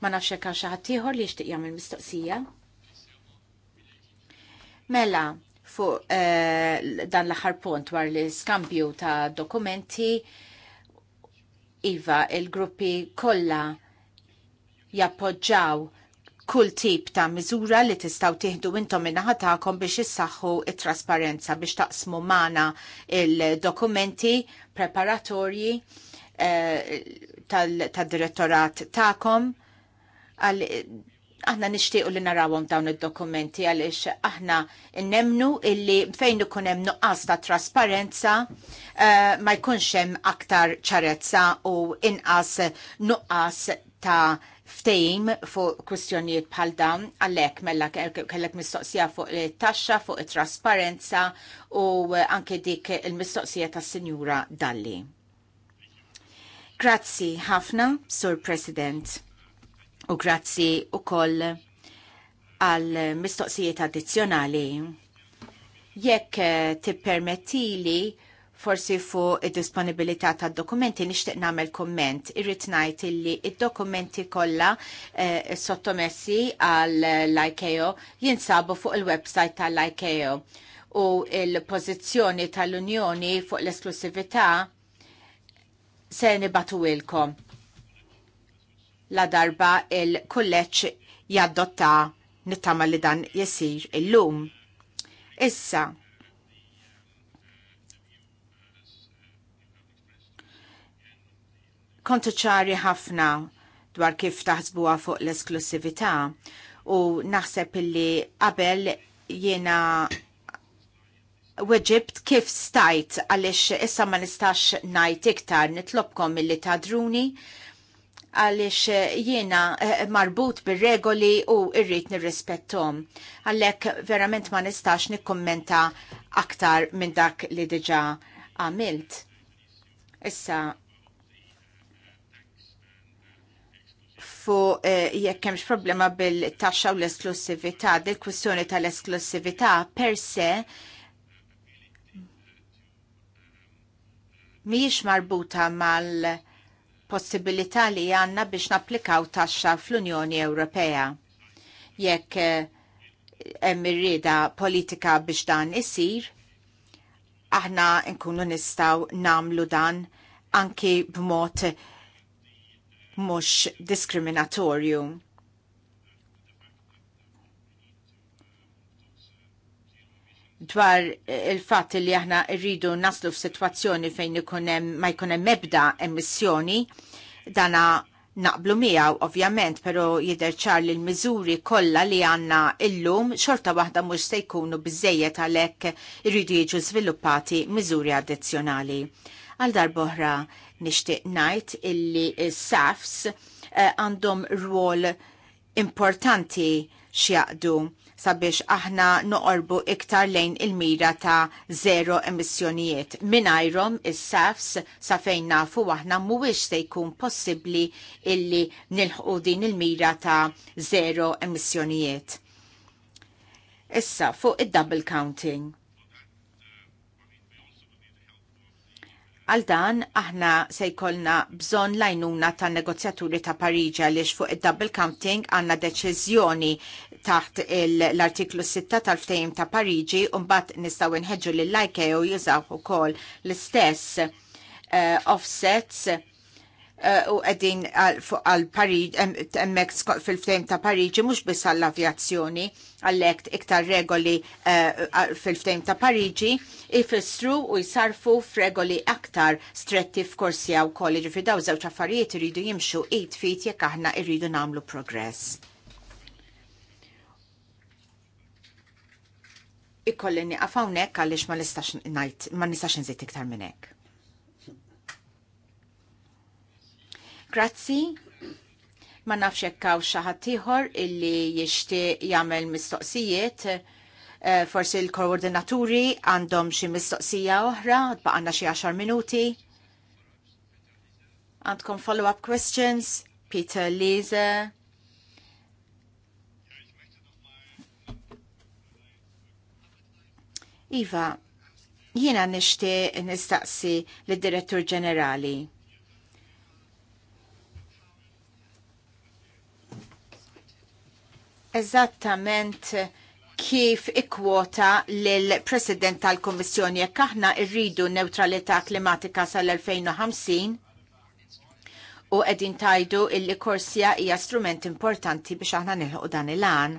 ma nafx hekk xi ieħor li jixtieq jagħmel mistoqsija. Mela, fuq eh, dan l-aħħar punt war l-iskambju ta' dokumenti iva il-gruppi kollha jappoġġaw kull tip ta' miżura li tistaw tieħdu intom minnaħa tagħkom biex issaħħu it-trasparenza biex taqsmu mana il-dokumenti preparatorji eh, tal-direttorat tagħkom għal aħna nixtiequ li narawhom dawn id-dokumenti għaliex aħna nemnu illi fejn ikun hemm nuqqas ta' trasparenza eh, ma jkunx hemm aktar ċarezza u inqas nuqqas ta' ftejim fuq kwistjonijiet bħal dawn għalhekk mella kellek mistoqsija fuq it-taxxa, fuq it-trasparenza u anke dik il-mistoqsija tas-Sinjura Dalli. Grazzi ħafna, Sur President, u grazzi ukoll għal mistoqsijiet addizzjonali. Jekk tippermettili forsi fu disponibilità ta' dokumenti nixtieq nagħmel komment. Irrid ngħid illi id-dokumenti kollha eh, sottomessi għal l-IKEO jinsabu fuq il-website tal-IKEO u il-pożizzjoni tal-Unjoni fuq l-esklusività se nibatu ilkom la darba il-kulleċ jaddotta nittama li dan jessir il-lum. Issa, kontu ċari ħafna dwar kif taħsbuha fuq l-esklusività u naħseb illi qabel jiena weġibt kif stajt għalix issa ma nistax najt iktar nitlobkom illi tadruni għalix jiena eh, marbut bir-regoli u irrit nirrispettom. Għallek verament ma nistax nikkommenta aktar minn dak li diġa għamilt. Issa nafu eh, jekk hemmx problema bil-taxxa u l-esklusività, dil-kwistjoni tal-esklusività per se mhijiex marbuta mal-possibilità li għandna biex napplikaw taxxa fl-Unjoni Ewropea. Jekk eh, hemm irrieda politika biex dan isir, aħna nkunu nistgħu namlu dan anki b'mod mhux diskriminatorju. dwar il-fatt li aħna rridu naslu f'sitwazzjoni fejn ma jkunem mebda emissjoni, dana naqblu miegħu ovvjament, pero jiderċar li l-miżuri kollha li għandna illum xorta waħda mhux se jkunu biżejjed għalhekk irridu jiġu żviluppati miżuri addizzjonali. Għal darboħra nixtieq ngħid illi s-SAFs eh, għandhom rwol importanti x'jaqdu sabiex aħna noqorbu iktar lejn il-mira ta' zero emissjonijiet. Minajrom il safs sa fejn nafu aħna mhuwiex se jkun possibbli illi nilħqu din il-mira ta' zero emissjonijiet. Issa fuq id-double counting. Għal dan, aħna se jkollna bżon lajnuna ta' negozjaturi ta' Parigi li fuq id-double counting għanna deċiżjoni taħt l-artiklu 6 tal ftejm ta' Pariġi un-bat nistaw nħedġu l-lajke u jużaw u kol l-istess uh, offsets Eh, u għedin għal-Pariġi, emmek fil-ftejm ta' Parigi mux biss għall-avjazzjoni, għallek iktar regoli eh, fil-ftejm ta' Parigi ifissru u jisarfu f'regoli aktar stretti f'korsi għaw kolleġi fi daw zewċ affarijiet irridu jimxu id fit jekk aħna irridu namlu progress. Ikolli niqaf hawnhekk għaliex ma nistax ngħid iktar minn hekk. Grazzi. Ma nafx jekk hawn illi jixtieq jagħmel mistoqsijiet. Eh, forsi l-koordinaturi għandhom xi mistoqsija oħra, baqanna xi 10 minuti. Għandkom follow-up questions, Peter Lise. Iva, jiena nixtieq nistaqsi lid direttur ġenerali. eżattament kif ikkwota l-President tal-Kommissjoni jekk aħna rridu neutralità klimatika sal-2050 u qegħdin tajdu li Korsija hija strument importanti biex aħna nilħu dan il-għan.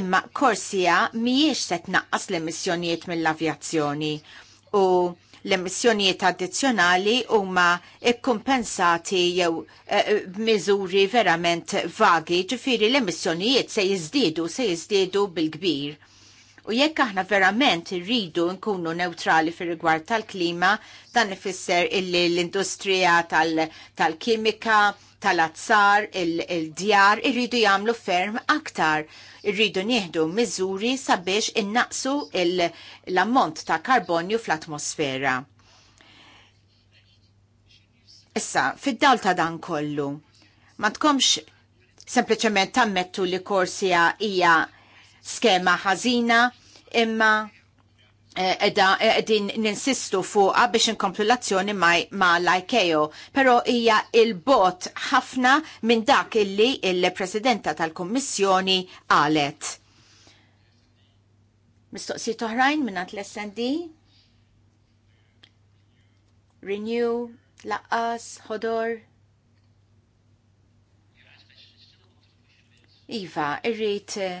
Imma Korsija mhijiex se tnaqqas l-emissjonijiet mill-avjazzjoni u L-emissjonijiet addizzjonali huma kompensati jew eh, eh, b'miżuri verament vagi, ġifiri l-emissjonijiet se jiżdiedu se jiżdiedu bil-kbir U jekk aħna verament irridu nkunu neutrali fir rigward tal-klima, dan ifisser illi l-industrija tal-kimika, tal tal-azzar, il-djar il irridu jagħmlu ferm aktar. Irridu nieħdu miżuri sabiex innaqsu l-ammont ta' karbonju fl-atmosfera. Issa, fid-dawl ta' dan kollu, ma tkomx sempliċement tammettu li korsija hija skema ħażina imma eh, edha eh, edin ninsistu fuqa biex inkomplu l-azzjoni ma l-IKEO, pero hija il-bot ħafna minn dak illi il-Presidenta tal-Kommissjoni għalet. Mistoqsi toħrajn minn l-SND? Renew, Laqqas, Hodor? Iva, irrit eh,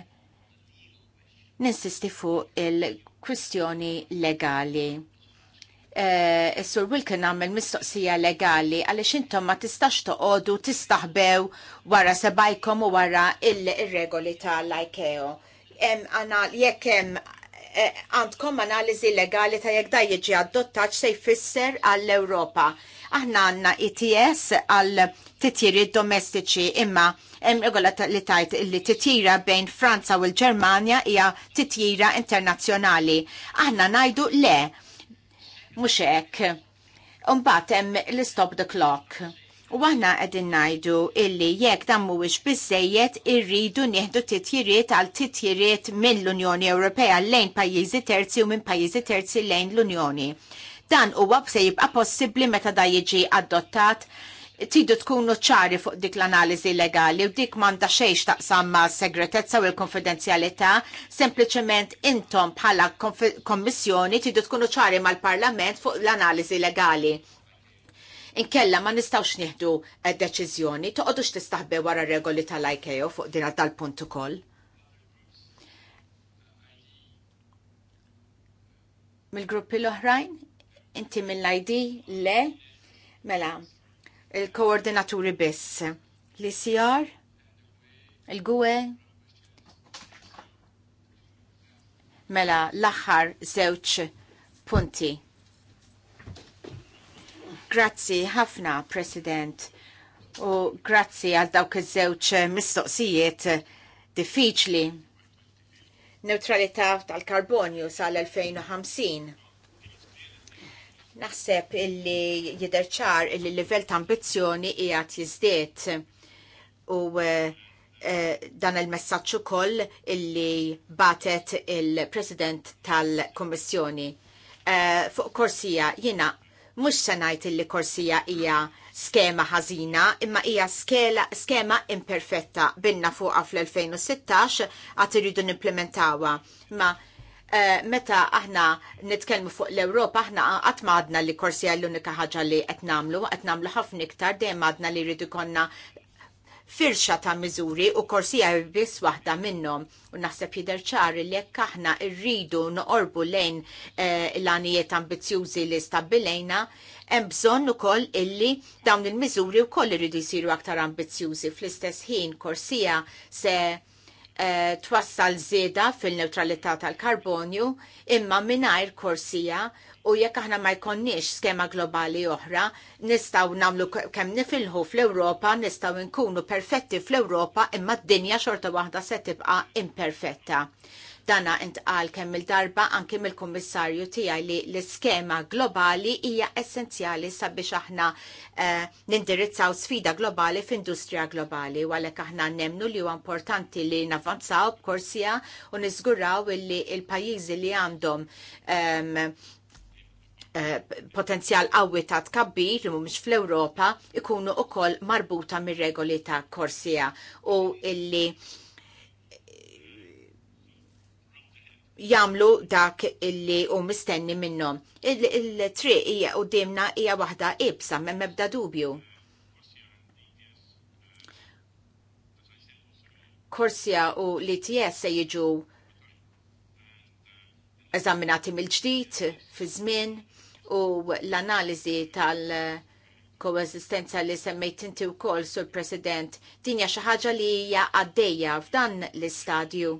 ninsisti fuq il-kwistjoni legali. Eh, Is-Sur Wilkin għamil mistoqsija legali għaliex intom ma tistax toqogħdu tistaħbew wara sebajkom u wara il-regoli tal-IKEO. Għana jekk hemm Eh, għandkom analizi analiżi legali ta' jekk da jiġi għaddottaċ se jfisser għall-Ewropa. Aħna għandna ITS e għall titjiri domestiċi imma hemm regola li tajt li titjira bejn Franza u l-Ġermanja hija titjira internazzjonali. Aħna ngħidu le mhux hekk. Imbagħad hemm l-stop the clock U għahna qegħdin ngħidu illi jekk dan mhuwiex biżejjed irridu nieħdu titjiriet għal titjiriet mill-Unjoni Ewropea lejn pajjiżi terzi u minn pajjiżi terzi lejn l-Unjoni. Dan huwa se jibqa' possibbli meta da jiġi adottat tidu tkunu ċari fuq dik l-analiżi legali u dik m'għandha xejn taqsam ma' segretezza u l-konfidenzjalità, sempliċement intom bħala kommissjoni tidu tkunu ċari mal-Parlament fuq l-analiżi legali Inkella ma nistawx nieħdu eh, deċiżjoni, toqgħodux tistaħbe wara regoli tal-IKO fuq din tal-punt ukoll. Mill-gruppi l-oħrajn, inti mill-ID le, mela, il-koordinaturi biss, l-ICR, il-GUE, mela l-aħħar żewġ punti Grazzi ħafna, President, u grazzi għal dawk iż-żewġ mistoqsijiet diffiċli. Neutralità tal-karbonju sal-2050. Naħseb illi jiderċar illi livell ta' ambizzjoni qiegħed jiżdied u eh, eh, dan il-messaġġ ukoll illi batet il-President tal-Kommissjoni. Eh, fuq korsija jiena mux sanajt illi korsija hija skema ħażina, imma hija skema imperfetta binna fuqa fl-2016 għat irridu n-implementawa. Ma uh, meta aħna nitkellmu fuq l-Ewropa, aħna qatt ma li korsija l-unika ħaġa li qed nagħmlu, qed nagħmlu ħafna iktar dejjem għadna li rridu konna firxa ta' miżuri u korsija biss waħda minnhom. U naħseb jidher ċar li jekk aħna rridu noqorbu lejn eh, l-għanijiet ambizjużi li stabbilejna, hemm bżonn ukoll illi dawn il-miżuri wkoll iridu jsiru aktar ambizjużi fl-istess ħin korsija se Eh, twassal zeda fil-neutralità tal-karbonju imma mingħajr korsija u jekk aħna ma jkonniex skema globali oħra nistgħu nagħmlu kemm nifilħu fl-Ewropa nistgħu nkunu perfetti fl-Ewropa imma d-dinja xorta waħda se tibqa' imperfetta. Dana intqal kemm il-darba anke mill-Kummissarju tiegħi li l-iskema globali hija essenzjali sabiex aħna eh, nindirizzaw sfida globali f'industrija globali u għalhekk aħna nemnu li huwa importanti li navanzaw b'korsija u niżguraw illi il-pajjiżi li għandhom ehm, eh, potenzjal qawwi ta' tkabbir li mhumiex fl-Ewropa ikunu ukoll marbuta mir-regoli ta' korsija u illi jamlu dak illi u mistenni minnom. Il-triq hija u dimna hija waħda ibsa me mebda dubju. Korsja u l-ITS se jiġu eżaminati mill-ġdid fi żmien u l-analiżi tal- koeżistenza li semmejt inti wkoll sur President dinja xi ħaġa li hija għaddejja f'dan l-istadju.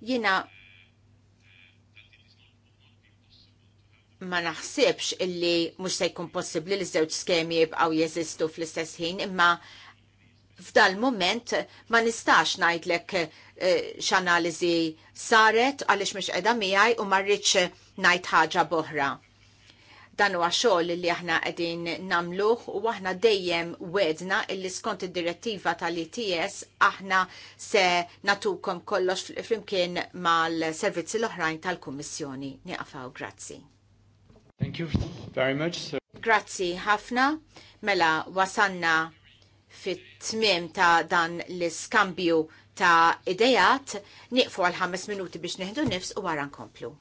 Jina ma naħsibx illi mhux se jkun possibbli li żewġ skemi jibqgħu jeżistu fl-istess ħin, imma f'dal moment ma nistax ngħidlek eh, x'analiżi saret għaliex mhux qiegħda miegħi u ma rridx ngħid ħaġa boħra. Dan huwa xogħol li aħna qegħdin nagħmluh u aħna dejjem wedna illi skont id-direttiva tal-ITS aħna se natukom kollox flimkien mal-servizzi l-oħrajn tal-Kummissjoni. Nieqafaw, grazzi. Thank you very much. Sir. Grazzi ħafna. Mela wasanna fit-tmiem ta' dan l-iskambju ta' idejat. Nieqfu għal ħames minuti biex neħdu nifs u wara nkomplu.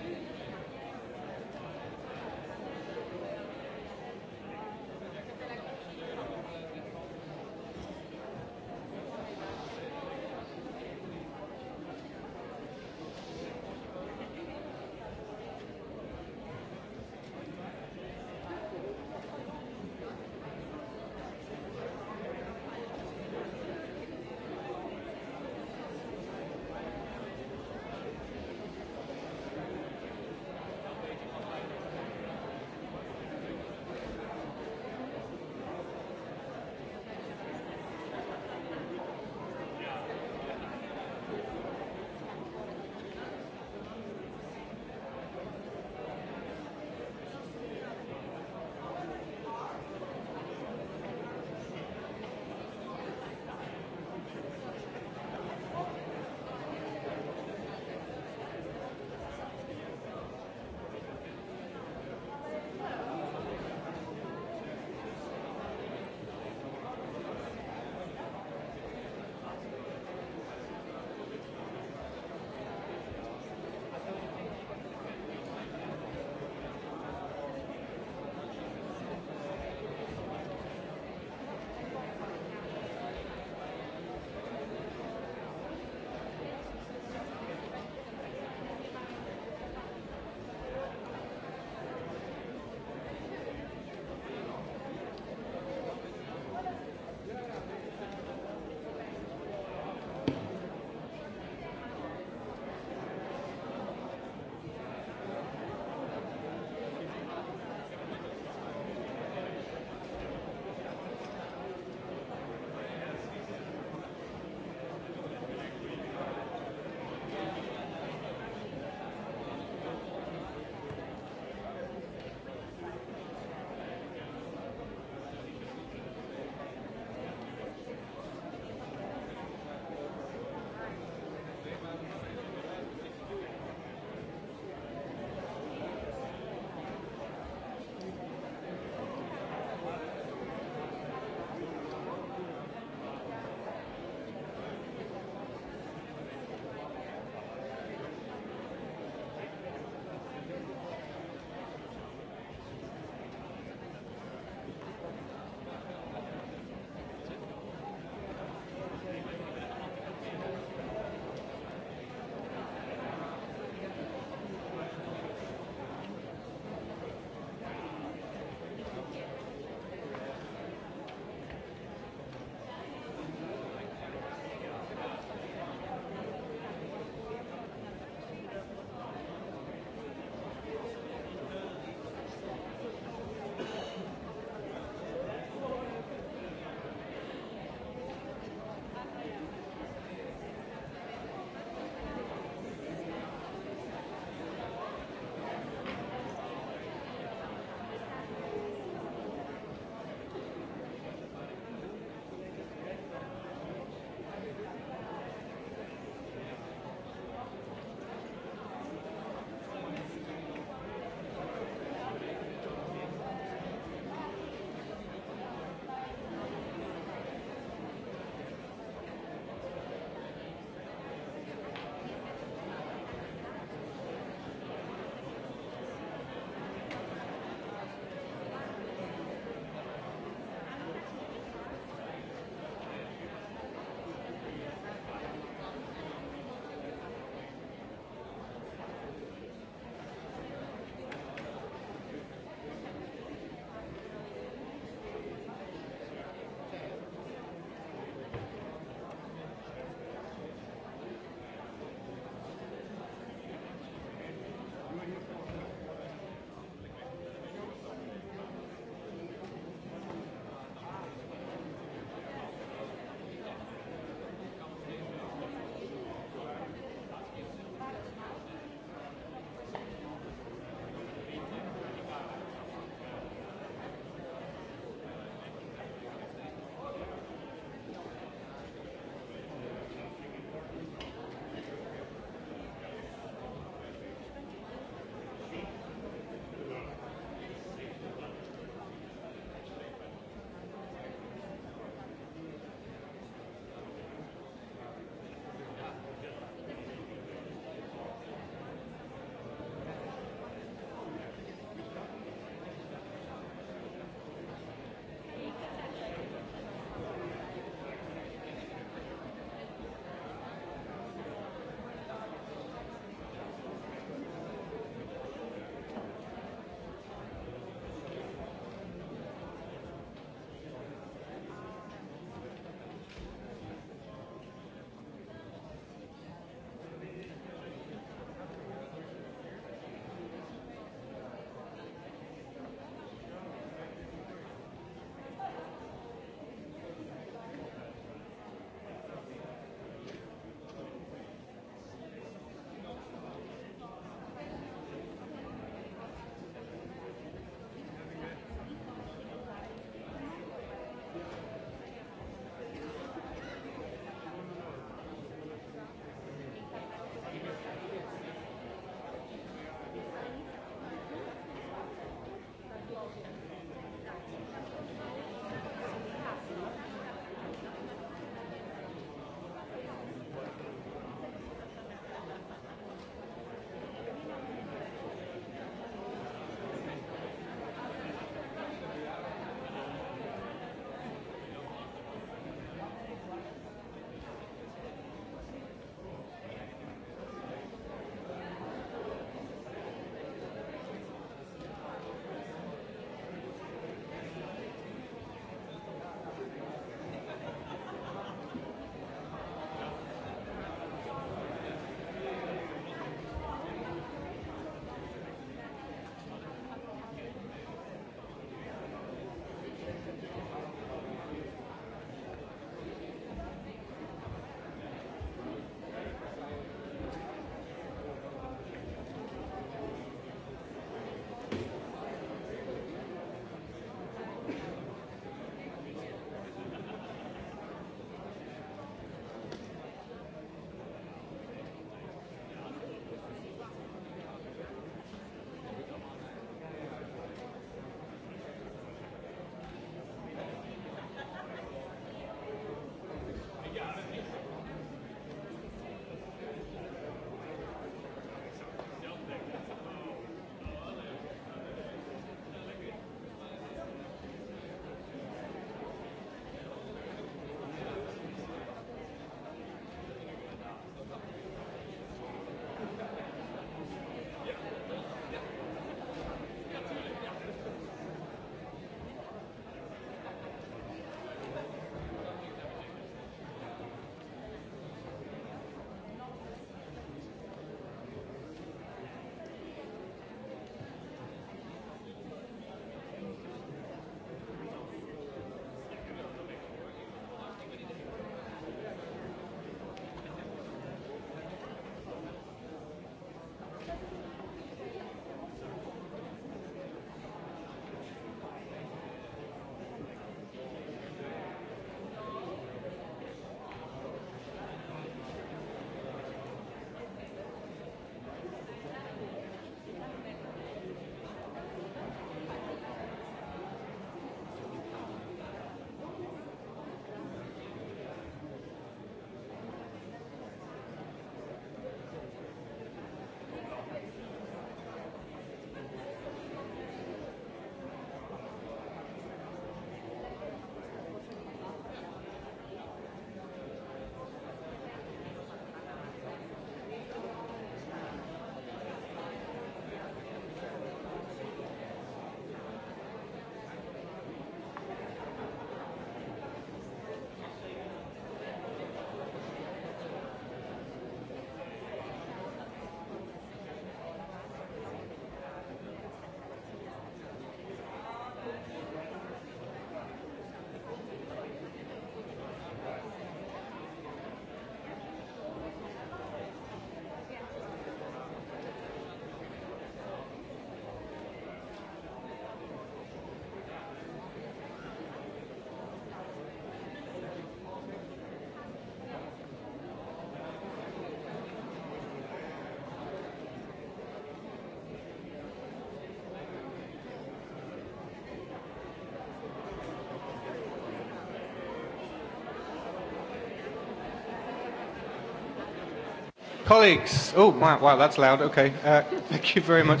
Colleagues, oh wow, wow that's loud, okay, uh, thank you very much.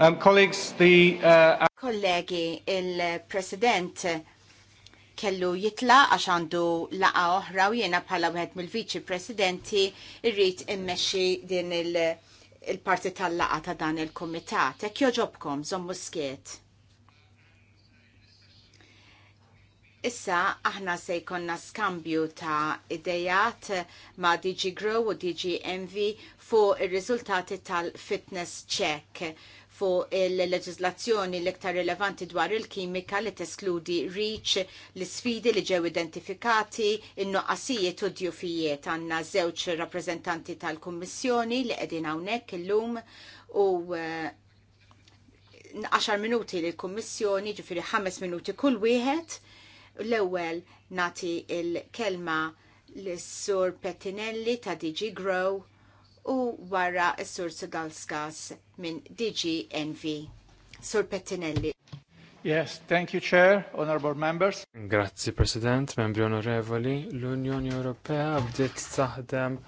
Um, colleagues, the... Uh, Kollegi, il-President kellu jitla għax għandu laqa oħra u jena bħala wieħed mill-Viċi Presidenti irrid immexxi din il-parti tal laqa ta' dan il-Kumitat. Hekk jogħġobkom, żommu skiet. Issa aħna se jkonna skambju ta' idejat ma' DG Grow u DG Envy fuq ir-riżultati tal-fitness check fuq il-leġizlazzjoni l-iktar rilevanti dwar il-kimika li teskludi reach, l-sfidi li ġew identifikati, in nuqqasijiet u djufijiet għanna żewġ rappreżentanti tal-Kummissjoni li qegħdin hawnhekk illum u 10 eh, minuti l-Kummissjoni, ġifiri 5 minuti kull wieħed L-ewwel nati il-kelma l-Sur Pettinelli ta' DG Grow u wara s-Sur Sugalskas minn DG Envy. Sur Pettinelli. Yes, thank you, Chair, Honorable Members. Grazzi, President, membri onorevoli. L-Unjoni Ewropea bdiet taħdem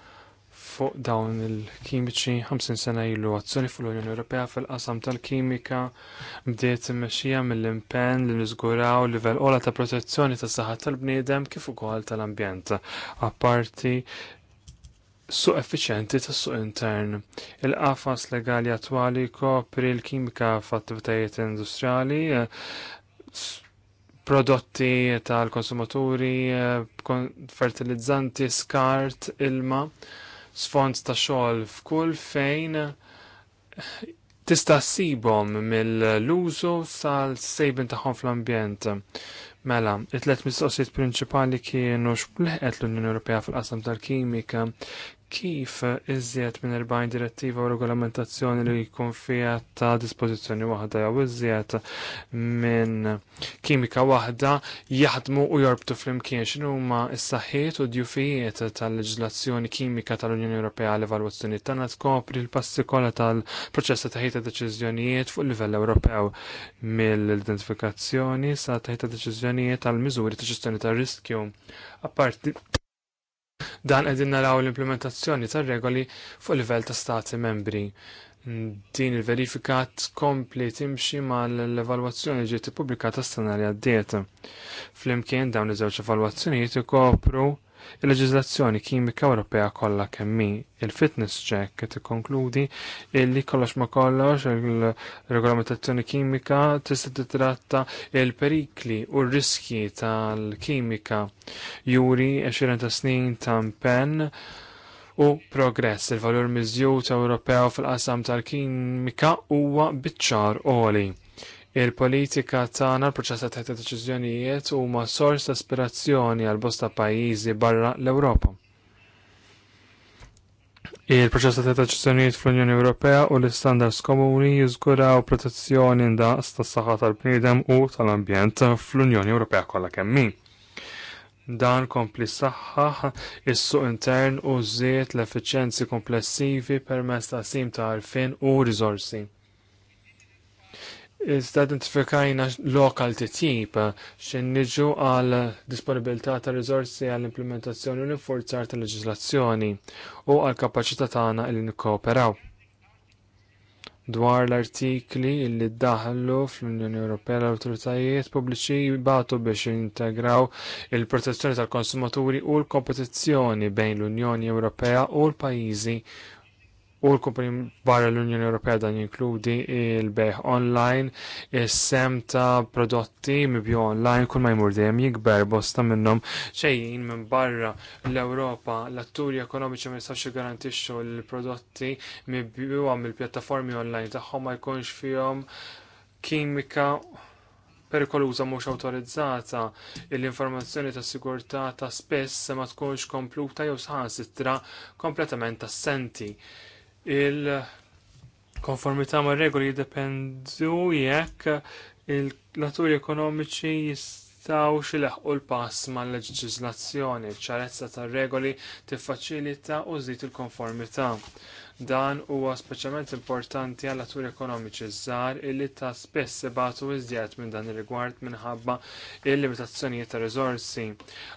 fuq dawn il-kimiċi 50 sena ilu azzjoni fuq l-Unjoni Ewropea fil-qasam tal-kimika bdiet immexxija mill-impenn li niżguraw livell ola ta' protezzjoni ta' saħħa tal-bniedem kif ukoll tal-ambjent. Apparti suq effiċenti tas suq intern. Il-qafas legali attwali kopri l-kimika f'attivitajiet industrijali, prodotti tal-konsumaturi, fertilizzanti, skart, ilma sfond ta' xogħol f'kull fejn tista' ssibhom mill-użu sal-sejbin tagħhom fl-ambjent. Mela, it-tlet mistoqsijiet prinċipali kienu x'bleħqet l-Unjoni Ewropea fil-qasam tal-kimika kif iżjed minn 40 direttiva u regolamentazzjoni li jkun fija ta' dispożizzjoni waħda jew iżjed minn kimika waħda jaħdmu u jorbtu flimkien x'inhu huma s-saħħiet u djufijiet tal-leġislazzjoni kimika tal-Unjoni Ewropea l evalwazzjoni tagħna tkopri l-passi kollha tal-proċess ta' ħejta deċiżjonijiet fuq livell Ewropew mill-identifikazzjoni sa' ħejta deċiżjonijiet tal-miżuri ta' ġestjoni tar-riskju. Apparti Dan qegħdin naraw l-implementazzjoni tar-regoli fuq livell ta' stati membri. Din il-verifika tkompli timxi mal-evalwazzjoni ġiet ippubblikata s-sena li għaddiet. Flimkien dawn iż-żewġ evalwazzjonijiet ikopru Il-leġiżlazzjoni kimika Ewropea kollha kemm hi il-fitness check qed ikkonkludi li kollox ma kollox il-regolamentazzjoni kimika tista' titratta il-perikli u r-riskji tal-kimika juri 20 ta' snin ta' pen u progress il-valur miżjut Ewropew fil-qasam tal-kimika huwa biċċar oli Il-politika tagħna l-proċess ta' deċiżjonijiet huma sors ta' aspirazzjoni għal bosta pajjiżi barra l-Ewropa. Il-proċess ta' deċiżjonijiet fl-Unjoni Ewropea u l-istandards komuni jiżguraw protezzjoni ndaqs tas-saħħa tal-bniedem u tal-ambjent fl-Unjoni Ewropea kollha kemm dan kompli s-saħħa is-suq intern u żiet l-effiċenzi komplessivi permezz ta' sim ta' arfin u riżorsi. Iżda identifikajna lokal titjib xin niġu għal disponibilità ta' rizorsi għall implementazzjoni u l-infurzar ta' leġislazzjoni u għal kapacità tagħna li nikkooperaw. Dwar l-artikli li daħlu fl-Unjoni Ewropea l-autoritajiet pubbliċi batu biex jintegraw il-protezzjoni tal-konsumaturi u l-kompetizzjoni bejn l-Unjoni Ewropea u l-pajjiżi u l-kumpani barra l-Unjoni Ewropea dan jinkludi il-beħ online, is-sem ta' prodotti mibju online kull ma jmur dejjem jikber bosta minnhom xejjin minn barra l-Ewropa l-atturi ekonomiċi ma jistgħux jiggarantixxu l-prodotti mibjuha mill-pjattaformi online tagħhom ma jkunx fihom kimika perikoluża mhux awtorizzata l-informazzjoni ta' sigurtà ta' spess ma tkunx kompluta jew sħansitra kompletament assenti. senti il-konformità ma' regoli jiddependu jekk il-naturi ekonomiċi jistaw u l-pass ma' leġiżlazzjoni ċarezza ta' regoli tiffaċilita u żid il-konformità. Dan huwa speċjalment importanti għal atturi ekonomiċi żgħar illi ta' spess ibatu iżjed minn dan ir-rigward minħabba il-limitazzjonijiet ta' riżorsi.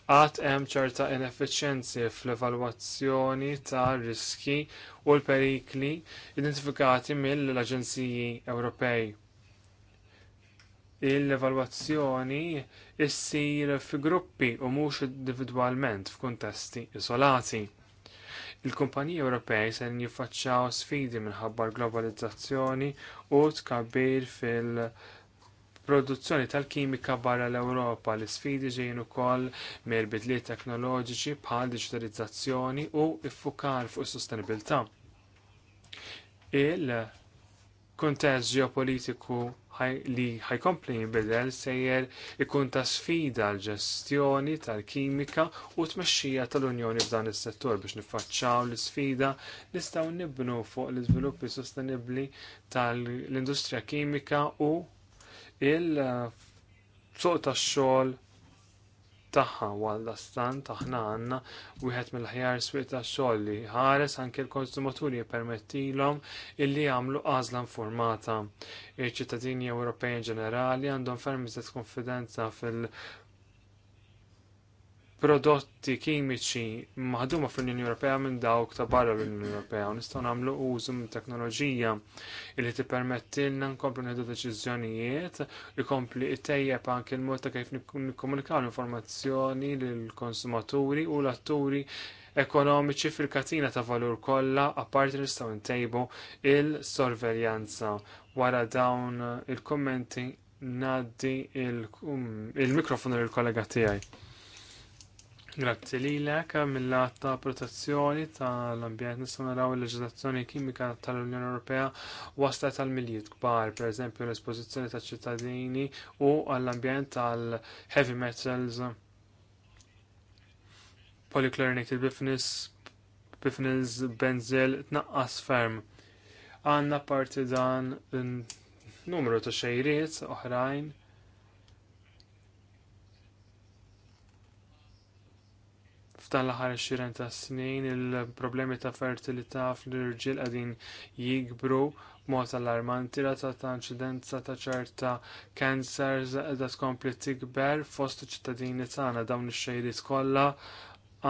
Qatt hemm ċerta ineffiċjenzi fl-evalwazzjoni ta' riski u l-perikli identifikati mill-Aġenziji Ewropej. Il-evalwazzjoni issir fi gruppi u mhux individwalment f'kuntesti iżolati Il-kumpaniji Ewropej se jiffaċċjaw sfidi minħabba l-globalizzazzjoni u tkabbir fil-produzzjoni tal-kimika barra l-Ewropa. L-sfidi ġejjin ukoll mill-bidliet teknoloġiċi bħal digitalizzazzjoni u iffukar fuq is-sostenibilità. Il-kuntest ġeopolitiku li ħajkompli jinbidel sejjer ikun ta' sfida l-ġestjoni tal-kimika u tmexxija tal-Unjoni f'dan is-settur biex niffaċċaw l-sfida nistgħu nibnu fuq l-iżviluppi sostenibbli tal-industrija kimika u il suq tax-xogħol tagħha għal stant aħna għandna wieħed mill-ħjar swieq tax xogħli ħares anke l-konsumaturi jippermettilhom illi jagħmlu għażla informata. Iċ-ċittadini Ewropej ġenerali għandhom ferm iżet konfidenza fil- prodotti kimiċi maħduma fl-Unjoni Ewropea minn dawk ta' barra l-Unjoni Ewropea u nistgħu nagħmlu użu minn teknoloġija li tippermettilna nkomplu nieħdu deċiżjonijiet ikompli ittejjeb anke l-mod ta' kif nikkomunikaw l-informazzjoni lill-konsumaturi u l-atturi ekonomiċi fil-katina ta' valur kollha apparti nistgħu ntejbu il-sorveljanza wara dawn il-kommenti naddi il-mikrofonu il lill-kollega tiegħi. Grazzi lilek, mill-lat ta' protezzjoni tal-ambjent nistgħu naraw il-leġiżlazzjoni kimika tal-Unjoni Ewropea wasta tal miliet kbar, pereżempju l-espożizzjoni ta' ċittadini u għall-ambjent tal-heavy metals polychlorinated bifnis, bifnis, tnaqqas ferm. Għanna parti dan numru ta' xejriet oħrajn tal-aħħar 20 ta' snin il-problemi ta' fertilità fl-irġiel qegħdin jikbru mod allarmanti rata ta' inċidenza ta' ċerta cancers qiegħda tkompli tikber fost iċ-ċittadini tagħna dawn ix-xejriet kollha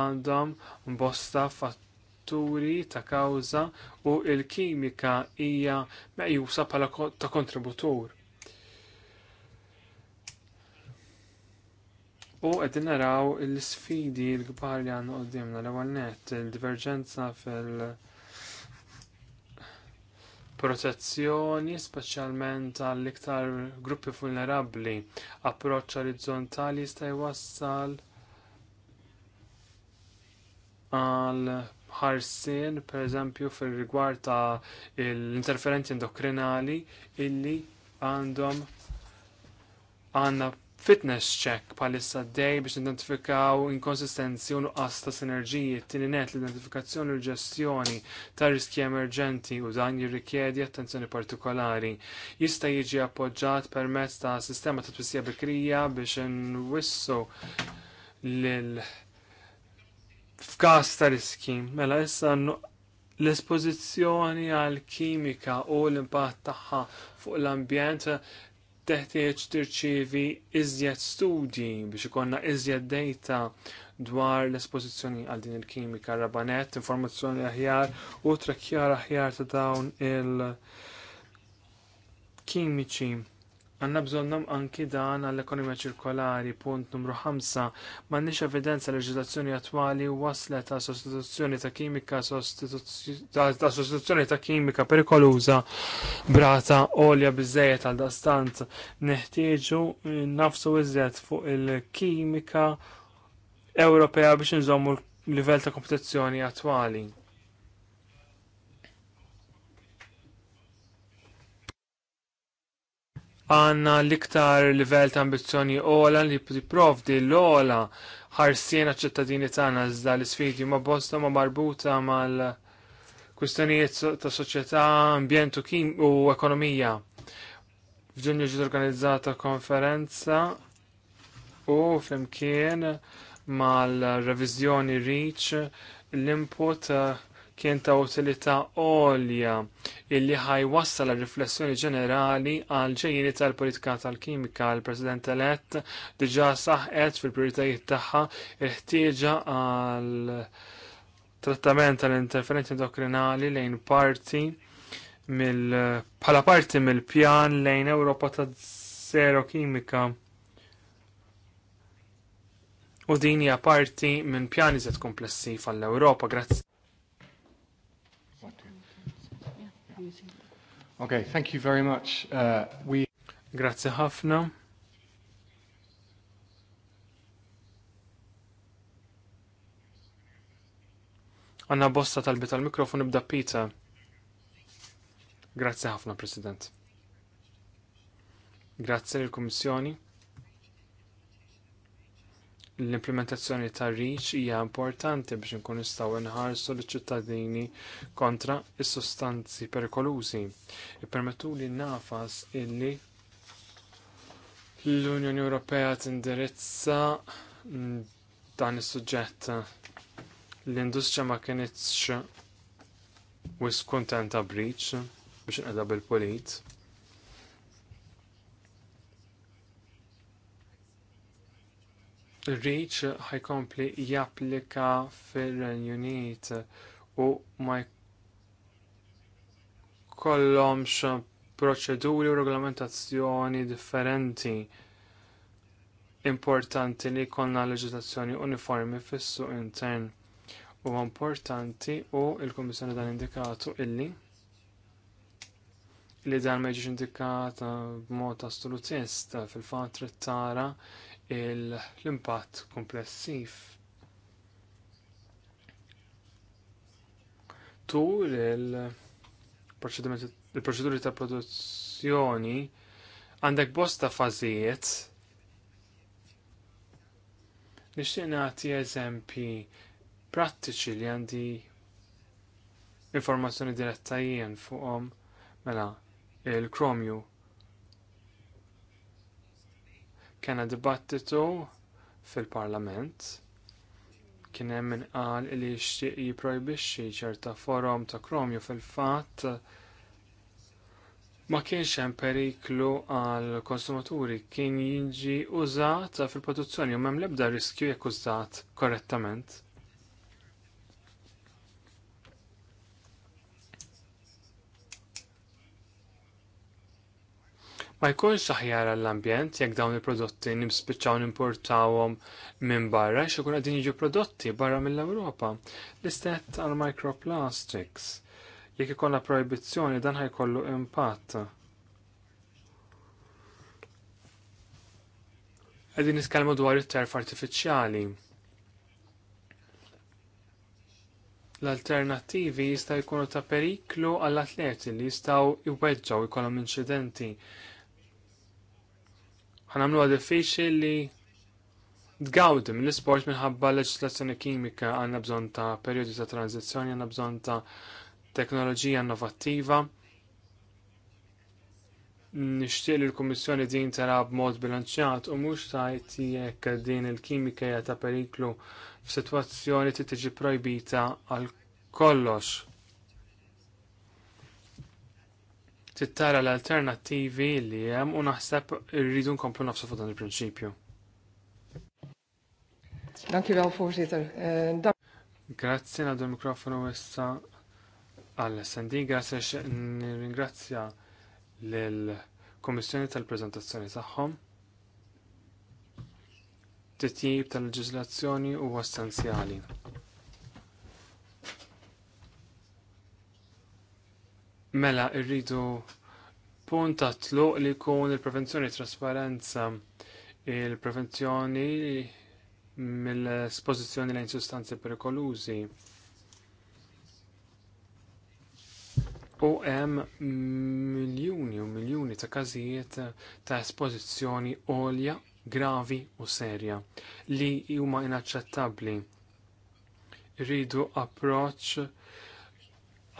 għandhom bosta fatturi ta' kawża u l-kimika hija meqjusa bħala ta' kontributur U qegħdin naraw l isfidi l-kbar li għandna qoddimna l-ewwel il-diverġenza fil- protezzjoni speċjalment għall iktar gruppi vulnerabbli, approċċ orizzontali jista' jwassal għal ħarsien, pereżempju fir-rigward ta' l-interferenti endokrinali illi għandhom għandna fitness check palissa d-dej biex identifikaw inkonsistenzi u nuqqas ta' sinerġiji, tini net l-identifikazzjoni u l-ġestjoni ta' riski emerġenti u dan jirrikjedi attenzjoni partikolari. Jista' jiġi appoġġat permezz ta' sistema ta' twissija bikrija biex nwissu lil f'każ ta' riski. Mela issa l-espożizzjoni għal kimika u l-impatt tagħha fuq l-ambjent teħtieġ tirċievi iżjed studji biex ikonna iżjed data dwar l-espożizzjoni għal din il-kimika rabanet, informazzjoni aħjar u trakjar aħjar ta' dawn il- kimiċi Għanna bżonnom anki dan għall-ekonomija ċirkolari, punt numru 5, m'għandniex evidenza leġislazzjoni attwali waslet ta' sostituzzjoni ta' kimika ta' sostituzzjoni ta' kimika perikoluża brata olja bizzejet għal dastant neħtieġu nafsu iżjed fuq il-kimika Ewropea biex nżommu l-livell ta' kompetizzjoni attwali. għanna l-iktar livell ta' ambizzjoni ola li provdi l-ola ħarsiena ċittadini tagħna iżda l-isfidi ma' bosta ma' marbuta mal kwistjonijiet ta' soċjetà, ambjent u ekonomija. F'ġunju ġiet organizzata konferenza u flimkien mal-revizjoni Reach l-input kien ta' utilità għolja illi wassal għal riflessjoni ġenerali għal ġejjini tal-politika tal-kimika l president elett diġà saħqet fil-prioritajiet tagħha il-ħtieġa għal trattament tal interferenti endokrinali lejn parti mill pala parti mill-pjan lejn Ewropa ta' zero kimika. U din hija parti minn pjani zed komplessi għall ewropa Grazzi. Okay, thank you very much. Uh, we... Grazie ħafna. Għanna bosta talbit tal-mikrofon ibda pizza. Grazie ħafna, President. Grazie l-Kommissjoni. L-implementazzjoni ta' Reach hija importanti biex nkun nistgħu nħarsu l-ċittadini kontra is-sustanzi perikolużi. Ippermettu li nafas illi l-Unjoni Ewropea tindirizza dan is-suġġett l-industrija ma kienitx wis kontenta breach biex nqeda bil-polit Reach ħajkompli japplika fil-Renju Unit u ma jkollhomx proċeduri u regolamentazzjoni differenti importanti li jkollna leġislazzjoni uniformi fis-suq intern huwa importanti u l-Kummissjoni dan indikatu illi li dan ma jiġix indikata b'mod assolutist fil-fatt tara l-impatt komplessiv. Tul il-proċeduri ta' produzzjoni għandek bosta fażijiet nixtieq nagħti eżempji prattiċi li għandi informazzjoni diretta jien fuqhom mela il-Chromium kena dibattitu fil-parlament kien hemm min qal li jixtieq jipprojbixxi ċerta forom ta' kromju fil-fatt ma kienx hemm periklu għal konsumaturi kien jiġi użat fil-produzzjoni u m'hemm l-ebda riskju jekk użat korrettament. Ma jkunx aħjar għall-ambjent jekk dawn il-prodotti nimspiċċaw nimportawhom minn barra xi kun qegħdin jiġu prodotti barra mill-Ewropa. L-istess għal microplastics. Jekk ikollha proibizzjoni dan ħajkollu impatt. Qegħdin niskalmu dwar it-terf artifiċjali. L-alternattivi jista' jkunu ta' periklu għall-atleti li jistgħu jweġġaw jkollhom inċidenti ħanamlu għadifiċi li tgawdi l isport minħabba leġislazzjoni kimika għandna bżonn ta' periodi ta' tranzizzjoni, għandna bżonn ta' teknoloġija innovattiva. Nishtiq li l-Kummissjoni din tara b'mod bilanċjat u mhux tajt jekk din il-kimika hija ta' periklu f'sitwazzjoni ti tiġi projbita għal kollox. tittara l-alternattivi li hemm u naħseb irridu nkomplu nafsu fuq dan il-prinċipju. Danki għal forsitter. Uh, grazzi għadu mikrofonu issa għall-SND, grazzi ringrazzja l-Komissjoni tal-prezentazzjoni tagħhom. Titjib tal-leġislazzjoni huwa essenzjali. Mela, irridu punta tluq li jkun il-prevenzjoni trasparenza, il-prevenzjoni mill-esposizjoni lejn sustanzi perikolużi. U hemm miljuni u miljuni ta' każijiet ta' espożizzjoni għolja, gravi u serja li huma inaċċettabbli. Rridu approċċ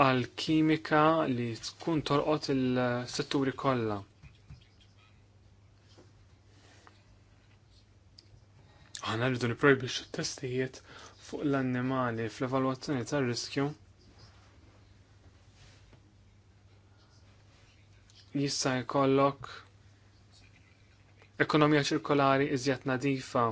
għal kimika li tkun torqot il-setturi kollha. Aħna rridu t testijiet fuq l-annimali fl-evalwazzjoni tar-riskju. Jista' jkollok ekonomija ċirkolari iżjed nadifa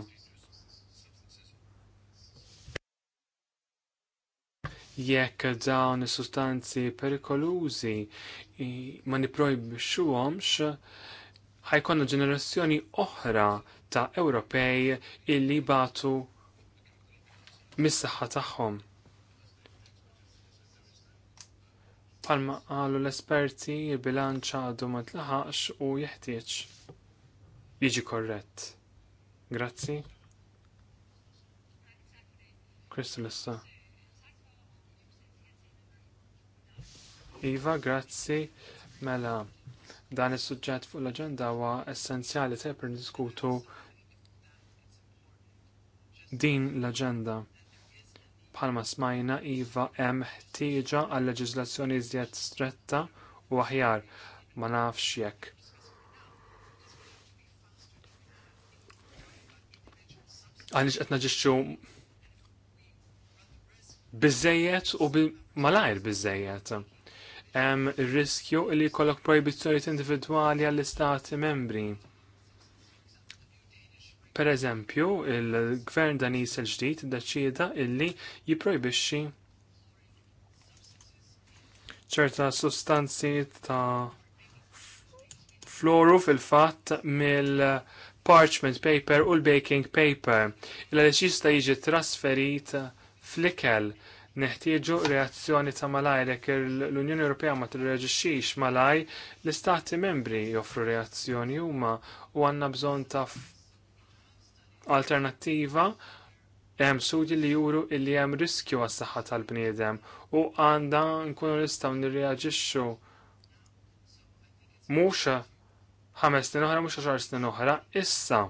jekk dawn is-sustanzi perikolużi ma niprojbixxuhomx ħajkonna ġenerazzjoni oħra ta' Ewropej illi batu mis-saħħa tagħhom. Palma qalu l-esperti il-bilanċ għadu ma tlaħax u jeħtieġ jiġi korrett. Grazzi. l-issa. Iva, grazzi, mela dan is-suġġett fuq l-aġenda huwa essenzjali per diskutu din l-aġenda. Bħalma smajna iva hemm ħtieġa għal leġiżlazzjoni iżjed stretta u aħjar ma nafx jekk. Għaliex qed naġixxu biżejjed u malajr biżejjed hemm ir-riskju li jkollok projbizzjonijiet individwali għall-istati membri. Per eżempju, il-gvern Danis il-ġdid daċċieda illi jipprojbixxi ċerta sustanzi ta' floru fil-fatt mill-parchment paper u l-baking paper il-għalix jista' jiġi trasferit fl-ikel Neħtieġu reazzjoni ta' malaj jekk l-Unjoni Ewropea ma tirreġixxix malaj l-istati membri joffru reazzjoni huma u għandna bżonn ta' alternattiva hemm studji li juru illi hemm riskju għas-saħħa tal-bniedem u għandha nkunu nistgħu nirreaġixxu mhux ħames snin oħra mhux għaxar snin oħra issa.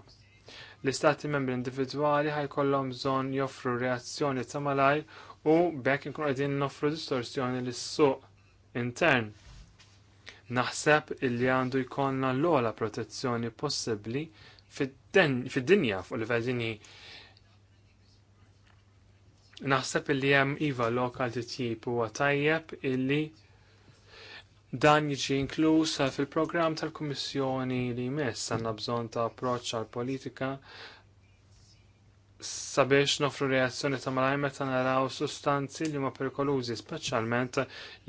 L-istati membri individwali ħajkollhom bżonn joffru reazzjoni ta' malaj u bekk nkun qegħdin noffru distorsjoni lis-suq intern. Naħseb illi għandu jkollna l-ogħla protezzjoni possibbli fid-dinja fuq livell dinji. Naħseb illi hemm iva lokal titjib huwa tajjeb illi dan jiġi inkluż fil-programm tal-Kummissjoni li jmiss għandna bżonn ta' approċċ għal politika sabiex nofru reazzjoni ta' malaj meta naraw sustanzi li huma perikolużi, speċjalment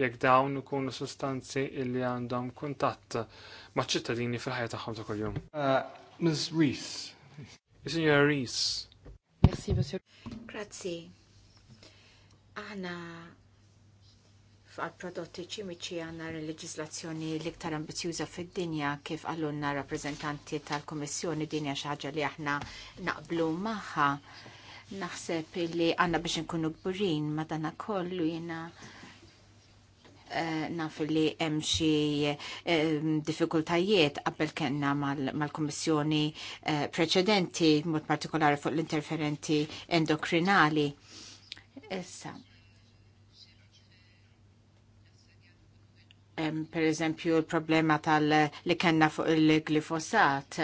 jekk dawn ikunu sustanzi li għandhom kuntatt ma' ċittadini fil-ħajja tagħhom ta' kuljum. Uh, Ms. Rees. Signora Rees. Merci, Monsieur. Grazzi. Aħna għal prodotti ċimiċi għanna l-leġislazzjoni l-iktar ambizjuża fid-dinja kif għallunna rappresentanti tal-Komissjoni dinja xaġa li aħna naqblu maħħa. Naħseb li għanna biex nkunu gburin dana kollu jina eh, naf li hemm xi eh, diffikultajiet qabel kellna mal-Kummissjoni eh, preċedenti, mod partikolari fuq l-interferenti endokrinali. Issa, per eżempju il-problema tal li kena fuq il-glifosat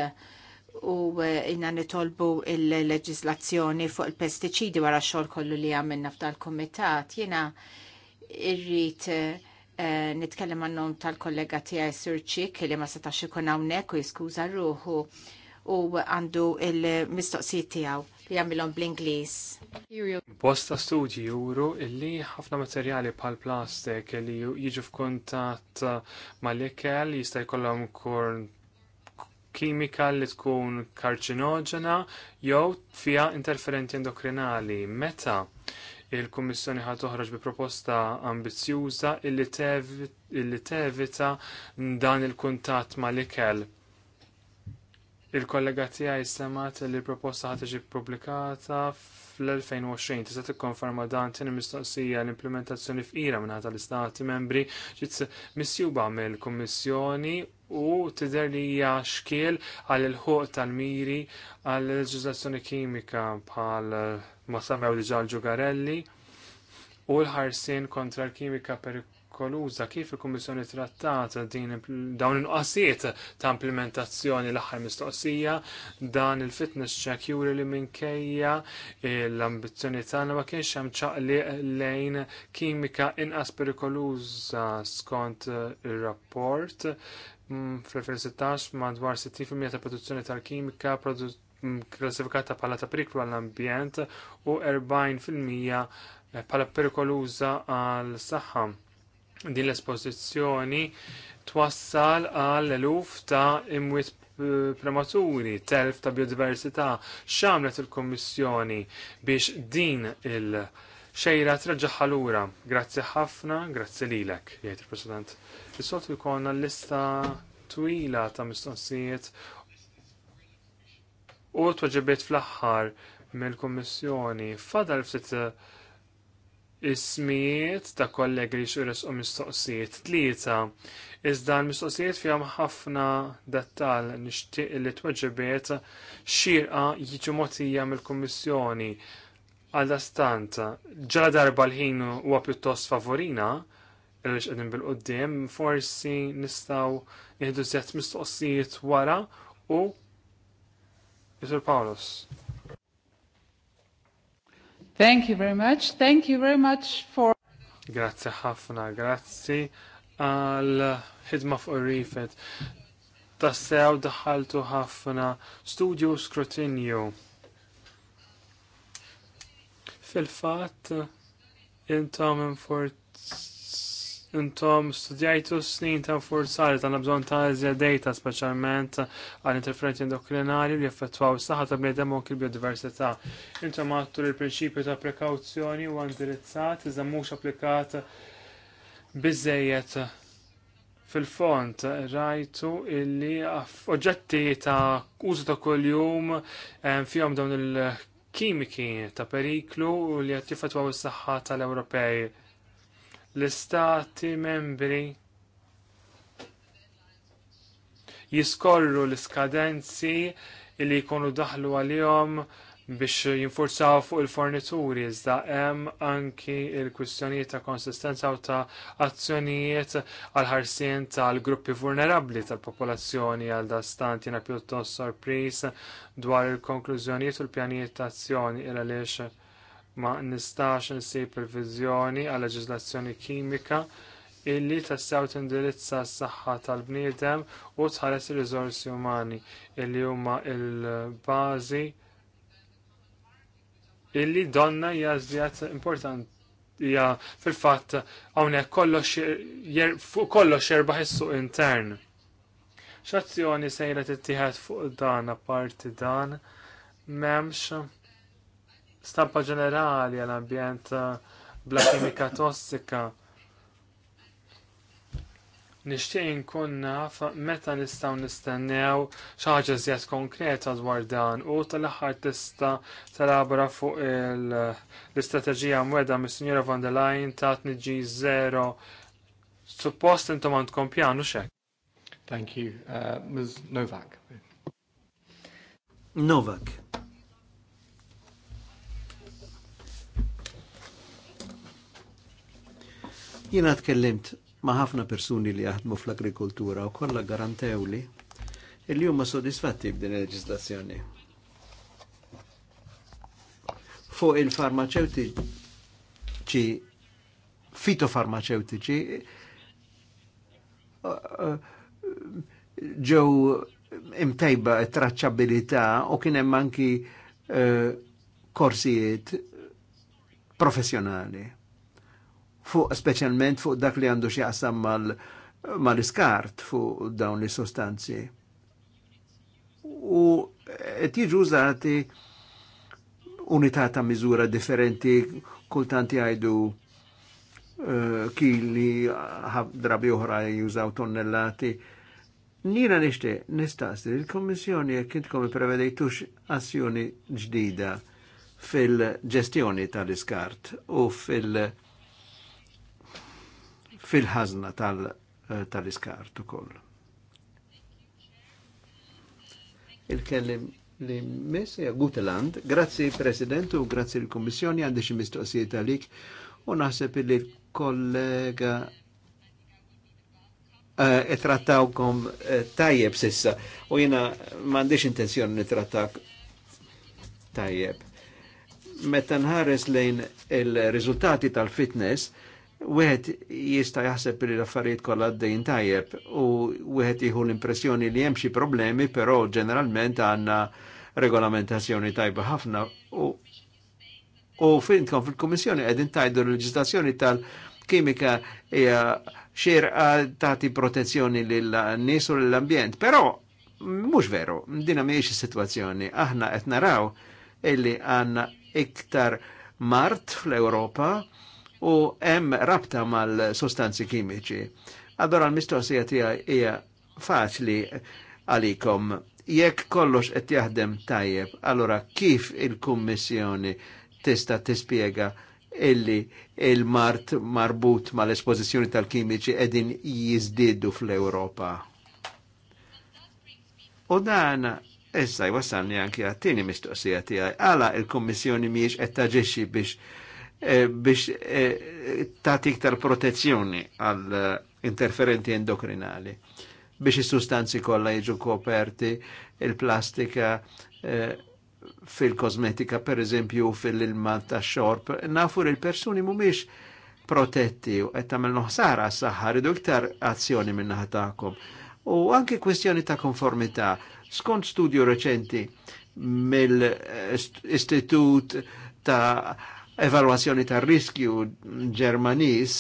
u eh, inna nitolbu il-leġislazzjoni fuq il-pesticidi wara xol kollu li għamilna f'dal komitat jina irrit eh, nitkellem għannom tal-kollega tijaj Surċik li ma setax ikun hawnhekk u jiskuża ruħu u għandu il-mistoqsijiet tiegħu li jagħmilhom bl inglis Bosta studji juru illi ħafna materjali pal plastik li jiġu f'kuntatt mal-ikel jista' jkollhom korn kimika li tkun karċinoġena jew fiha interferenti endokrinali. Meta il-Kummissjoni ħad toħroġ bi proposta ambizjuża illi tevita dan il-kuntatt mal-ikel. Il-kollega tiegħi semat li proposta ħad tiġi pubblikata fl-2020 tista' tikkonferma dan tieni mistoqsija l-implementazzjoni f'ira minn tal istati membri ġiet misjuba mill-Kummissjoni u tidher li hija xkiel għal il-ħuq tal-miri għal leġiżlazzjoni kimika bħal ma semmew diġà l-ġugarelli u l-ħarsien kontra l-kimika perikoluża perikoluża kif il-Kummissjoni trattat din dawn il qasiet ta' implementazzjoni l-aħħar mistoqsija dan il-fitness check juri li minkejja l-ambizzjoni tagħna ma kienx hemm ċaqli lejn kimika inqas perikoluża skont ir-rapport mm, fl-2016 madwar 60% ta' produzzjoni tal-kimika mm, klassifikata bħala ta' periklu għall-ambjent u 40% bħala perikoluża għal saħħa Din l-espożizzjoni twassal għal eluf ta' imwis prematuri, telf ta' biodiversità, xamlet il-Kommissjoni biex din il-xejra traġaħħa lura. Grazzi ħafna, grazzi lilek, jgħid il-President. Is-soltu jkollna lista twila ta' mistoqsijiet u tweġibiet fl-aħħar mill-Kommissjoni fadal ftit ismijiet ta' kollegi li xuris u mistoqsijiet tlieta. Iżda l-mistoqsijiet fjam ħafna dettal nixtieq li tweġibiet xirqa jiġu motija mill-Kummissjoni għal-dastant ġala darba l-ħin huwa pjuttost favorina il qegħdin għedin bil-qoddim, forsi nistaw jihdu zjat mistoqsijiet wara u Jisur Paulus. Thank you very much. Thank you very much for Grazie ħafna, grazzi għal ħidma fuq rifet. Tassew daħaltu ħafna studio skrutinju. Fil-fatt, intom infort intom studjajtu snin ta' forzari ta' nabżon ta' eżja data specialment għal interferenti endokrinari li jaffettwaw s-saħħa ta' bnedem u biodiversità. Intom għattu l-prinċipju ta' prekawzjoni u għandirizzat iżda mhux applikat bizzejiet fil-font rajtu illi oġġetti ta' użu ta' kuljum eh, fihom dawn il-kimiki ta' periklu li qed s is-saħħa tal-Ewropej l-istati membri jiskorru l-iskadenzi li jkunu daħlu għalihom biex jinfurzaw fuq il-fornituri, iżda hemm anki il-kwistjonijiet ta' konsistenza u ta' azzjonijiet għal ħarsien tal-gruppi vulnerabbli tal-popolazzjoni għal dastant jiena pjuttost sorpris dwar il-konklużjonijiet u l-pjanijiet ta' azzjoni il għalix ma nistax nsib il-vizjoni għal leġislazzjoni kimika illi tassew tindirizza s-saħħa tal-bniedem u tħares il-riżorsi umani illi huma il-bażi illi donna jazdijat importanti ja fil-fatt hawnhekk kollox kollox jerbaħ suq intern. X'azzjoni sejra tittieħed fuq dan apparti dan m'hemmx stampa ġenerali għall-ambjent eh, bla kimika tossika. Nixtieq inkun naf meta nistgħu nistennew xi ħaġa żjed konkreta dwar dan u tal-aħħar tista' telabra fuq l-istrateġija mwedda mis-Sinjura von der Leyen ta' tniġi zero. Suppost intom għandkom pjanu xek. Thank you. Uh, Ms. Novak. Novak. Jiena tkellimt ma' ħafna persuni li jaħdmu fl-agrikoltura u kollha garantewli li huma sodisfatti b'din il-leġislazzjoni. Fuq il-farmaceutiċi fitofarmaceutiċi uh, uh, ġew imtejba traċċabilità u kien hemm anki uh, korsijiet professjonali fuq specialment fuq dak li għandu xieqsam mal-iskart fuq dawn li sostanzi. U qed użati unità ta' miżura differenti kultanti għajdu uh, eh, kili drabi uħra jużaw tonnellati. Nina nishti, nistaqsi, il-Kommissjoni jekk intkom prevedejtux azzjoni ġdida fil-ġestjoni tal-iskart u fil- ġestjoni fil-ħazna eh, tal-iskart tal ukoll. Il-kellim li messija Guteland, grazzi President u grazzi l-Kommissjoni għandi xi mistoqsijiet għalik u naħseb li l-kollega eh, trattawkom eh, tajjeb sissa u jina m'għandix intenzjoni nitrattak tajjeb. Meta nħares lejn il-riżultati tal-fitness, Wieħed jista' jaħseb li l-affarijiet kollha għaddejjin tajjeb u wieħed jieħu l-impressjoni li hemm xi problemi, però ġeneralment għandna regolamentazzjoni tajba ħafna u u fintkom fil-Kummissjoni qegħdin tajdu l-leġislazzjoni tal-kimika hija xirqa tagħti protezzjoni lil-nies u l-ambjent, però mhux veru, dina mhijiex is-sitwazzjoni. Aħna qed naraw illi għandna iktar mart fl-Ewropa u hemm rabta mal-sostanzi kimiċi. Allora l-mistoqsija tiegħi hija faċli għalikom. Jekk kollox qed jaħdem tajjeb, allora kif il-Kummissjoni tista' tispjega illi il-mart marbut mal-espożizzjoni tal-kimiċi qegħdin jiżdiedu fl-Ewropa? U dan issa jwassalni anki għattini mistoqsija tiegħi għala il-Kummissjoni mhijiex qed taġixxi biex Eh, biex eh, ta' iktar protezzjoni għal eh, interferenti endokrinali biex is-sustanzi kolla jiġu koperti il-plastika fil-kosmetika per eżempju fil-ilma ta' xorb, nafur il l-persuni mumiex protetti u qed tagħmel noħsara s-saħħa idu iktar azzjoni minna tagħkom. U anke kwestjoni ta' konformita. Skont studju reċenti mill-Istitut ta' evalwazzjoni tar riskju Ġermanis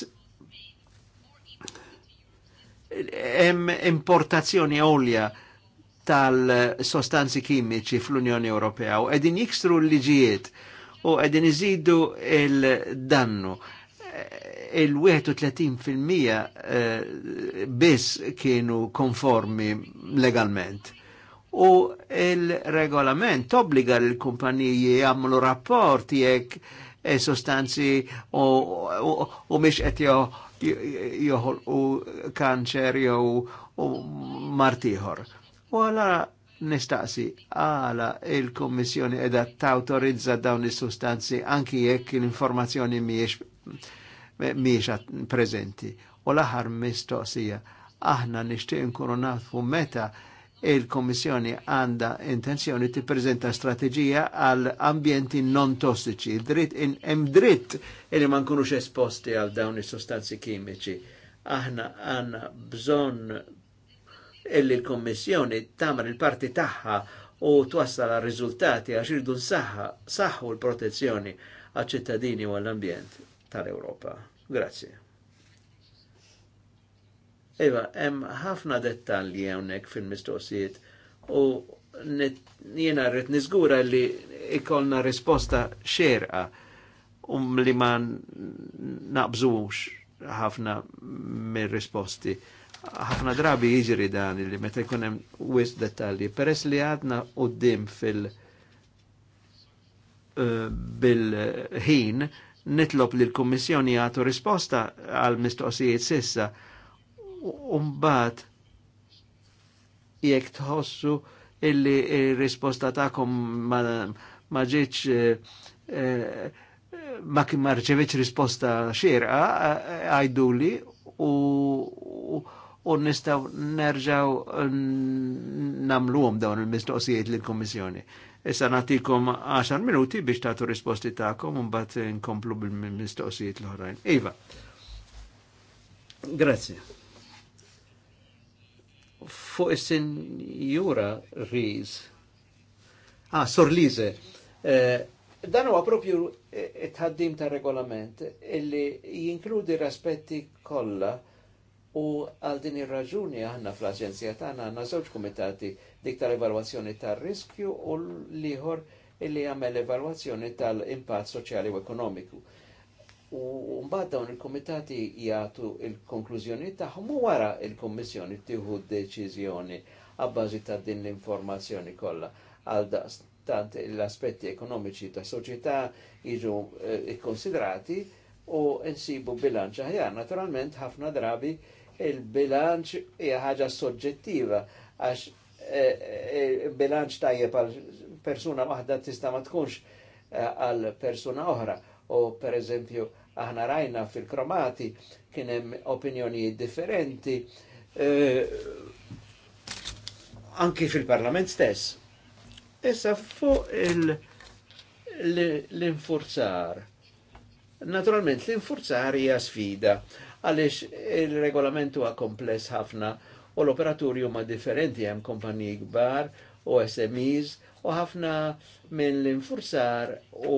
hemm importazzjoni olja tal-sostanzi kimiċi fl-Unjoni Ewropea u qegħdin jikstru l-liġijiet u qegħdin iżidu il-dannu. Il-31% eh, biss kienu konformi legalment. U il-regolament obbliga l-kumpaniji jagħmlu rapporti jekk E sostanzi u mhix qed joħolqu kanċer jew martiħor. U għala nistaqsi għala il-Kommissjoni edha tawtorizza dawn is-sustanzi anki jekk l-informazzjoni miex miex prezenti. U l-aħħar mistoqsija, aħna nixtieq nkunu nafu meta il-Komissjoni għanda intenzjoni ti prezenta strategija għal ambjenti non tossiċi, dritt in hemm dritt li ma nkunux esposti għal dawn is-sostanzi kimiċi. Aħna għanna bżonn illi l-Kommissjoni tamar il-parti tagħha u twassal għal riżultati għax irdu saħħa saħħu l-protezzjoni għal ċittadini u għall-ambjent tal-Ewropa. Grazie. Iva, hemm ħafna dettalji hawnhekk fil-mistoqsijiet u jiena rrid niżgura li ikolna risposta xerqa um li ma naqbżux ħafna mir-risposti. ħafna drabi jiġri dan li meta jkun hemm wis dettalji. Peress li għadna qudiem fil- eh, bil-ħin nitlob li l kummissjoni għatu risposta għal mistoqsijiet sissa Umbat, jek tħossu illi risposta ta'kom ma, ma ġiċ eh, eh, ma kim marċeveċ risposta xirqa, eh, għajduli u, u u nistaw nerġaw namluhom dawn il-mistoqsijiet l-Komissjoni. Issa natikom 10 minuti biex tatu risposti tagħkom un bat nkomplu bil-mistoqsijiet l ħrajn Iva. Grazie fuq is-sinjura Riz. Ah, Sor Lize. Eh, dan huwa propju eh, tħaddim ta' regolament illi jinkludi raspetti kollha u għal din ir-raġuni aħna fl-Aġenzija tagħna għandna żewġ kumitati dik tal-evalwazzjoni tar-riskju u l-ieħor illi jagħmel evalwazzjoni tal-impatt soċjali u ekonomiku. U mbagħad dawn il-kumitati jagħtu il-konklużjoni tagħhom u wara il-Kummissjoni tieħu deċiżjoni għabbażi ta' din l-informazzjoni kollha għal tant l-aspetti ekonomiċi ta' soċjetà jiġu eh, ikkonsidrati u nsibu bilanċ aħjar. Naturalment ħafna drabi il-bilanċ hija ħaġa soġġettiva għax eh, eh, bilanċ tajjeb għal persuna waħda tista' ma tkunx għal persuna oħra. U per eżempju, Aħna rajna fil-kromati kien hemm opinjonijiet differenti eh, anki fil-parlament stess. Issa fuq l-infurzar. Naturalment l-infurzar hija sfida għaliex il-regolament huwa kompless ħafna u l-operaturi huma differenti hemm kompaniji kbar u SMEs u ħafna minn l-infurzar u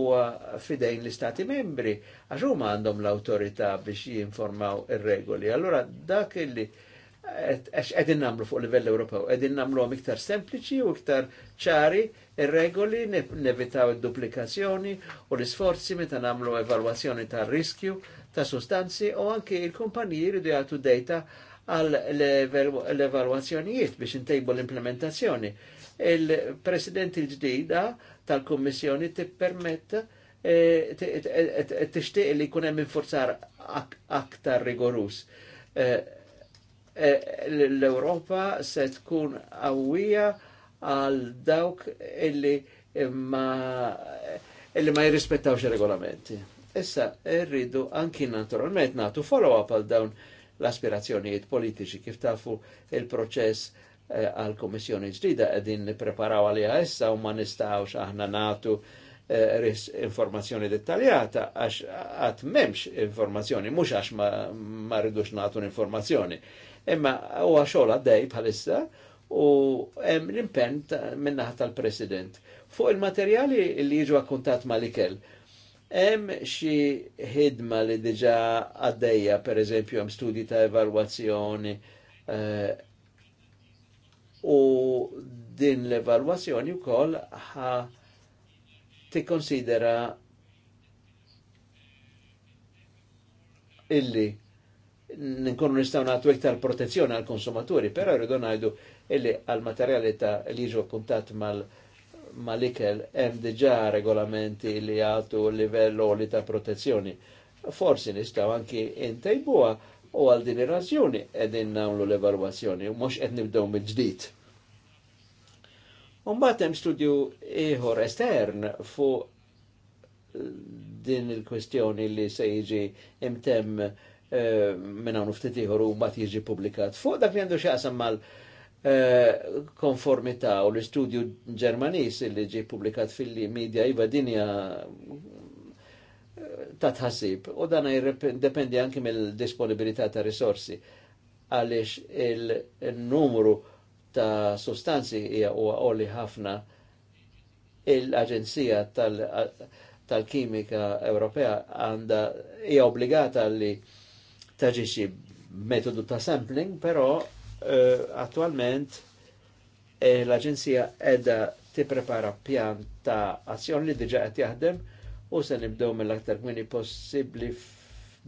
fidejn l-istati membri, għax huma għandhom l-autorità biex jinformaw ir-regoli. Allora dak illi qegħdin għedin namlu fuq livell Ewropew, għedin namlu għom iktar sempliċi u iktar ċari ir-regoli, nevitaw id-duplikazzjoni u l-isforzi meta namlu evalwazzjoni ta' riskju ta' sostanzi u anke il-kumpaniji ridu jagħtu data għal l-evalwazzjonijiet biex intejbu l-implementazzjoni il-President il-ġdida tal-Kommissjoni eh, t-ixtiq li jkun hemm forzar aktar rigorus. Eh, eh, l europa se tkun qawwija għal dawk illi ma illi ma jirrispettawx ir-regolamenti. Issa rridu anki naturalment natu follow-up għal dawn l-aspirazzjonijiet politiċi kif tafu il-proċess Eh, għal kommissjoni ġdida qegħdin nippreparaw għalija issa u ma nistaw aħna natu eh, ris informazzjoni dettaljata għax għat memx informazzjoni, mux għax ma, ma rridux natu informazzjoni. Imma u għaxol għaddej bħalissa u hemm l-impenn minnaħat tal-President. Fuq il-materjali li jiġu għakuntat malikel. ikel hemm xi ħidma li diġa għaddejja, per eżempju, hemm studji ta' evalwazzjoni, eh, u din l-evalwazzjoni wkoll ħa tikkonsidera illi ninkunu nistgħu nagħtu iktar protezzjoni għal konsumaturi però jridu ngħidu illi għal materjali ta' li jiġu appuntat mal mal-ikel hemm diġà regolamenti li jagħtu livell li ta' protezzjoni. Forsi nistgħu anki intejbuha u għal din ir-razzjoni qegħdin nagħmlu l-evalwazzjoni u mux qed nibdew mill-ġdid. Mbagħad hemm studju iħor estern fu din il-kwestjoni li se jiġi imtemm eh, minn hawn ftit u bat jiġi publikat. Fuq dak li għandu x'jaqsam mal eh, konformità u l studju Ġermanis li ġi publikat fil-medja iva dinja ta' tħassib u dan jirrependi anki mill-disponibilità ta' risorsi għaliex il-numru ta' sostanzi hija u qoli ħafna l-Aġenzija tal-Kimika tal Ewropea għanda hija obbligata li taġixxi metodu ta' sampling, però uh, attualment eh, l-Aġenzija edha tipprepara pjan ta' azzjoni li diġa qed jaħdem u se nibdew mill-aktar kmini possibbli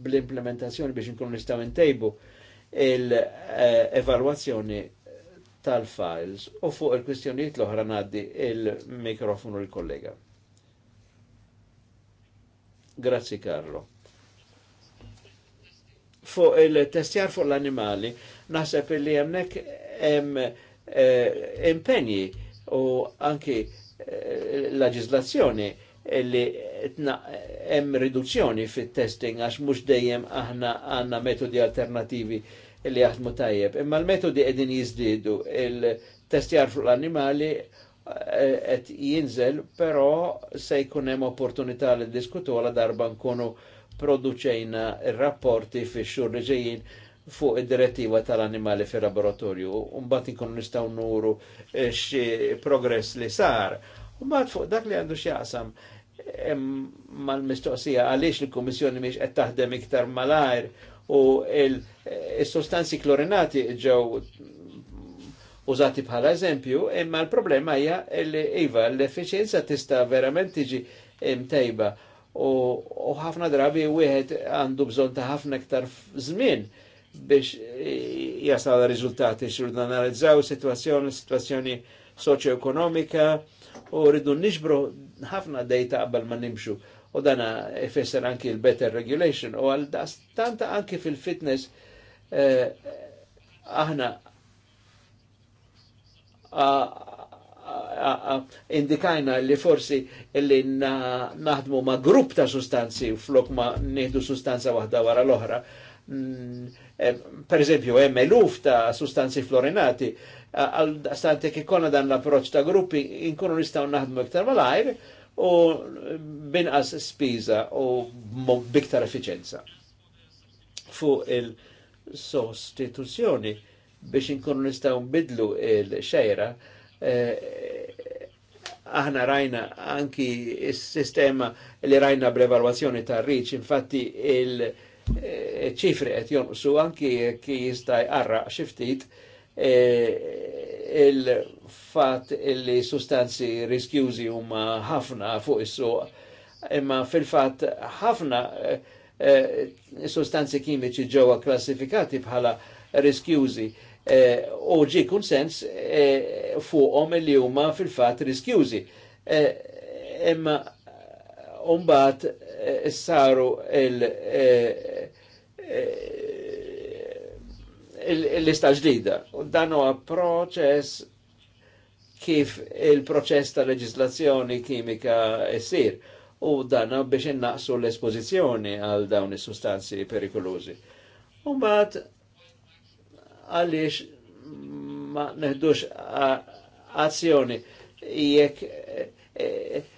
bl-implementazzjoni biex nkunu nistgħu ntejbu l-evalwazzjoni tal-files u fuq il-kwistjonijiet l-oħra ngħaddi il-mikrofonu l-kollega. Grazzi Karlo. Fuq il-testjar fuq l-animali, naħseb li hemmhekk hemm eh, impenji u anki eh, li hemm riduzzjoni fit-testing għax mhux dejjem aħna għandna metodi alternativi li jaħdmu tajjeb. Imma l-metodi qegħdin jiżdiedu il-testjar fuq l-annimali eh, qed jinżel, però se jkun hemm opportunità li diskutu għala darba nkunu produċejna rapporti fix xhur li ġejjin fuq id-direttiva tal-animali fil laboratorju Umbat nkunu nistgħu nuru eh, xi progress li sar U mbagħad fuq dak li għandu x'jaqsam mal-mistoqsija għaliex il-Kummissjoni miex qed taħdem iktar malajr u il-sostanzi eh, klorinati ġew użati bħala eżempju, imma l-problema hija li iva l efficienza tista' verament tiġi imtejba. u ħafna drabi wieħed għandu bżon ta' ħafna iktar żmien biex jasal rizultati xurdu analizzaw situazzjoni, situazzjoni ekonomika u rridu nixbru ħafna dejta qabel ma nimxu u dana ifisser anki il-better regulation u għal tanta anki fil-fitness eh, aħna indikajna li forsi li naħdmu ma' grupp ta' sustanzi u flok ma' neħdu sustanza wahda wara l-oħra. Mm, eh, per eżempju, hemm eluf ta' sustanzi florinati għal stanti kikonna dan l-approċ ta' gruppi inkunu nistaw naħdmu iktar malajr u binqas spiża u biktar efficienza. Fuq il-sostituzzjoni biex inkunu nistaw nbidlu il-xejra, eh, aħna rajna anki il-sistema li rajna bl-evaluazzjoni ta' riċ, infatti il-ċifri eh, qed jonqsu anki ki jista' jqarraq xi ftit E, il-fat illi sustanzi riskjużi huma ħafna fuq is-suq, imma fil-fat ħafna e, e, sustanzi kimiċi ġewwa klassifikati bħala riskjużi u ġi kunsens fuqhom li huma fil fat riskjużi. Imma umbat saru il- l-lista ġdida. dan huwa proċess kif il-proċess ta' leġislazzjoni kimika jsir u dan biex innaqsu l-espożizzjoni għal dawn is-sustanzi perikolużi. U mbagħad għaliex ma neħdux azzjoni jekk eh, eh,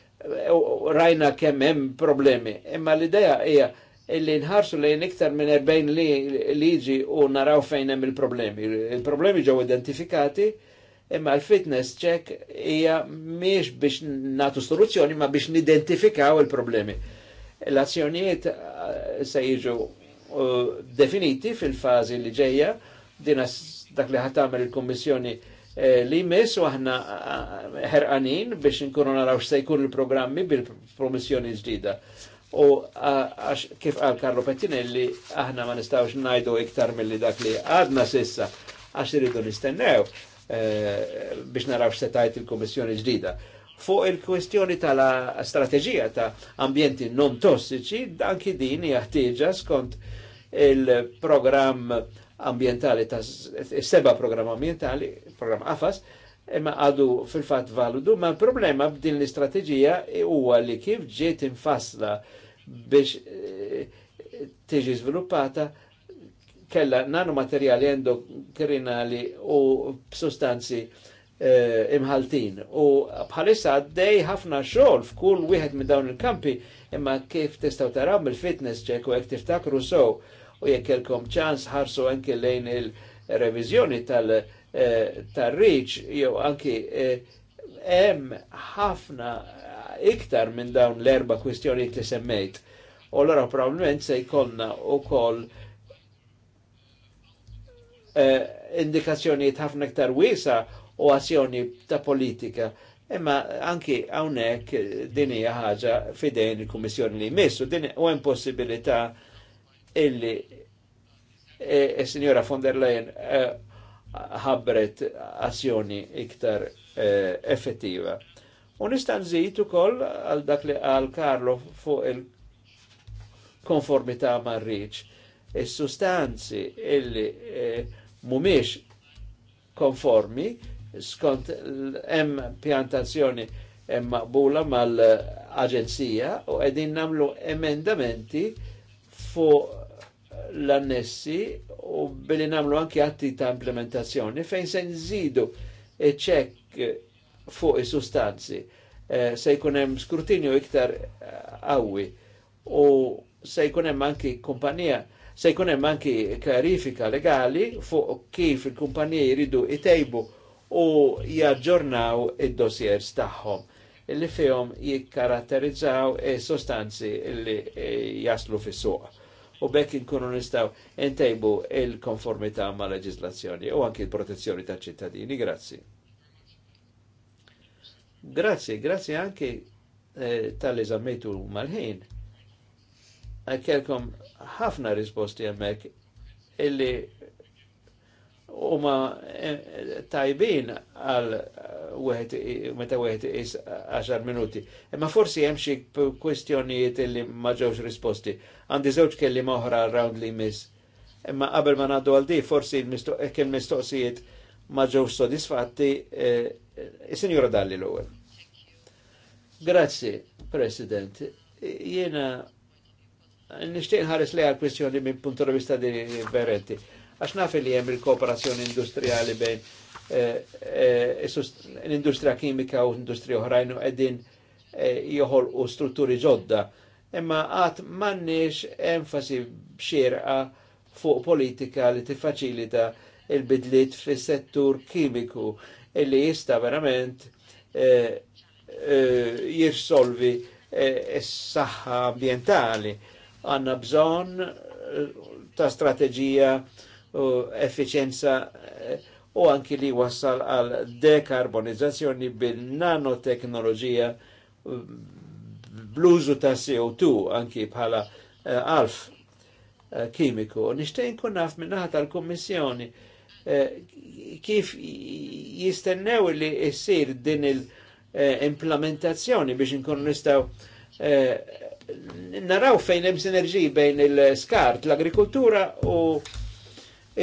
rajna kemm hemm problemi. Imma l-idea hija e, illi nħarsu lejn iktar minn 40 liġi u naraw fejn hemm il-problemi. Il-problemi ġew identifikati imma l-fitness check hija miex biex natu soluzzjoni ma biex nidentifikaw il-problemi. L-azzjonijiet eh, se jiġu eh, definiti fil-fazi li ġejja din dak li ħatamer il-Kommissjoni eh, li jmiss u aħna ħerqanin biex nkunu naraw x'se jkun il-programmi bil-promissjoni ġdida U għax kif għal Karlo Pettinelli, aħna ma nistawx najdu iktar mill-li dak li għadna sissa, għax irridu nistennew eh, biex naraw x-setajt il-Kommissjoni ġdida. Fuq il-kwestjoni tal-strategija ta' ambjenti non tossiċi, danki din jaħtieġa skont il-programm ambientali, il-seba programm ambientali, programm AFAS, imma għadu fil-fat valudu, ma l-problema b'din l-istrateġija huwa li kif ġiet infasla biex eh, tiġi sviluppata kella nanomaterjali endokrinali u sostanzi eh, imħaltin. U bħalissa għaddej ħafna xogħol f'kull wieħed minn dawn il-kampi imma kif tistaw taraw mill-fitness check u jekk tiftakru so u jekk kelkom ċans ħarsu anke lejn il revizjoni tal-reach eh, jew anki hemm ħafna iktar minn dawn l-erba kwistjoni li semmejt. U l probabbilment se jkollna wkoll eh, indikazzjonijiet ħafna iktar wiesa u azzjoni ta' politika. Imma anki hawnhekk din hija ħaġa fidejn il-Kummissjoni li jmissu din u hemm possibilità illi eh, il sinjora e, e, von der Leyen eh, ħabbret azzjoni iktar eh, effettiva. U nista' nżid ukoll għal dak li għal Karlo fuq il-konformità marriċ il sustanzi illi eh, mumiex konformi skont hemm pjantazzjoni hemm maqbula mal-aġenzija u qegħdin nagħmlu emendamenti fuq l-annessi u billi namlu anki atti ta' implementazzjoni fejn se nżidu ċekk fuq is-sustanzi. Eh, se jkun hemm skrutinju iktar eh, qawwi u se jkun hemm anki kumpanija se jkun hemm anki klarifika legali fuq kif il-kumpaniji jridu itejbu u jaġġornaw id-dossiers tagħhom illi fihom jikkaratterizzaw e sostanzi li eh, jaslu fis-suq. U bekk inkunu nistgħu ntejbu il-konformità mal-leġiżlazzjoni u anki l-protezzjoni tal-ċittadini. Grazzi. Grazie, grazie anche eh, tal esametu zammejtu mal Kelkom ħafna risposti għemmek illi huma eh, tajbin għal eh, meta wieħed is 10 minuti. Ma forsi hemm xi kwestjonijiet li ma risposti. Għandi zewċ kelli moħra round li miss. Ma qabel ma naddu għal di forsi eh, kien mistoqsijiet ma ġew sodisfatti is-Sinjura e, e, Dalli l-ewwel. Grazzi, President. Jiena nixtieq nħares lejha l-kwistjoni minn punt ta' vista differenti. Għax naf li hemm il-kooperazzjoni industrijali bejn e, l-industrija kimika u l industrija oħrajn u qegħdin joħol u strutturi ġodda. Imma għat mannix enfasi bxirqa fuq politika li tiffaċilita il-bidliet fis settur kimiku illi jista verament eh, eh, jirsolvi eh, s-saħħa ambientali. Għanna bżon ta' strategija u efficienza u anki li wassal għal dekarbonizzazzjoni bil-nanoteknoloġija bluzu ta' CO2 anki bħala għalf uh, kimiku. Nishtejn kunnaf minnaħat tal-Kommissjoni Eh, kif jistennew li jissir din il-implementazzjoni eh, biex nkun nistaw eh, naraw fejn hemm sinerġi bejn il-skart, l-agrikoltura u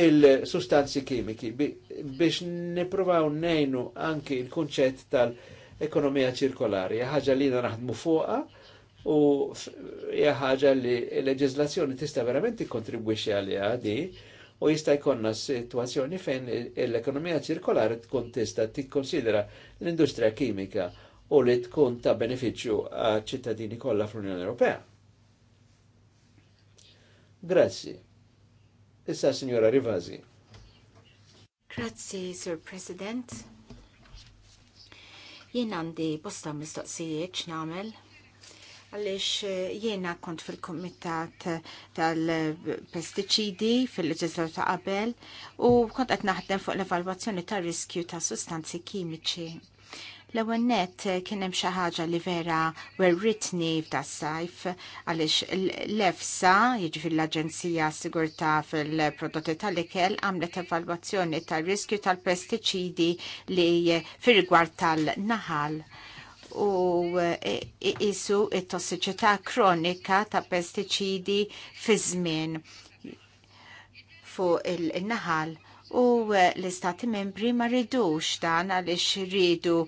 il-sustanzi kimiki biex nipruvaw nejnu anki il-kunċett tal-ekonomija ċirkolari, ħaġa li naħdmu fuqa u ħaġa li l-leġizlazzjoni tista' verament tikkontribwixxi għaliha di u jista' jkollna sitwazzjoni fejn l-ekonomija ċirkolari tkun tista' tikkonsidera l-industrija kimika u li tkun ta' benefiċċju għaċ-ċittadini kollha fl-Unjoni Ewropea. Grazzi. Issa Signora Rivazi. Grazzi, Sir President. Jien għandi bosta mistoqsijiet x'namel għalix eh, jiena kont fil-komitat tal-pesticidi fil-leġizlatur ta' qabel u kont qed naħdem fuq l-evalwazzjoni ta' riskju ta' sustanzi kimiċi. L-ewwel nett eh, kien hemm xi ħaġa li vera werritni f'das sajf għaliex l-EFSA, jiġifieri l-Aġenzija Sigurtà fil-Prodotti tal-Ikel, għamlet evalwazzjoni tar-riskju tal-pestiċidi li fir-rigward tal-naħal. tal naħal u e, e, isu it-tossiċità kronika ta' pestiċidi fi żmien fuq il-naħal u e, l-istati membri ma ridux dan għaliex ridu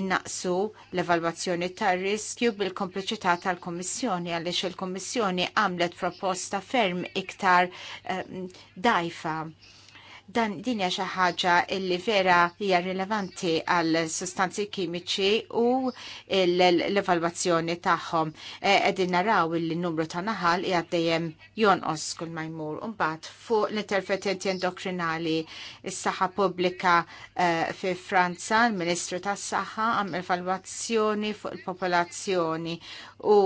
innaqsu l-evalwazzjoni tar riskju bil-kompliċità tal-Kommissjoni għaliex il-Kommissjoni għamlet proposta ferm iktar um, dajfa Dan din hija xi ħaġa li vera hija rilevanti għal sustanzi kimiċi u l-evalwazzjoni tagħhom. E, qegħdin naraw li n-numru ta' naħal hija dejjem jonqos kull ma jmur. Imbagħad fuq l interpretenti endokrinali is-saħħa pubblika e, fi Franza, l-Ministru tas-Saħħa għam evalwazzjoni fuq il-popolazzjoni u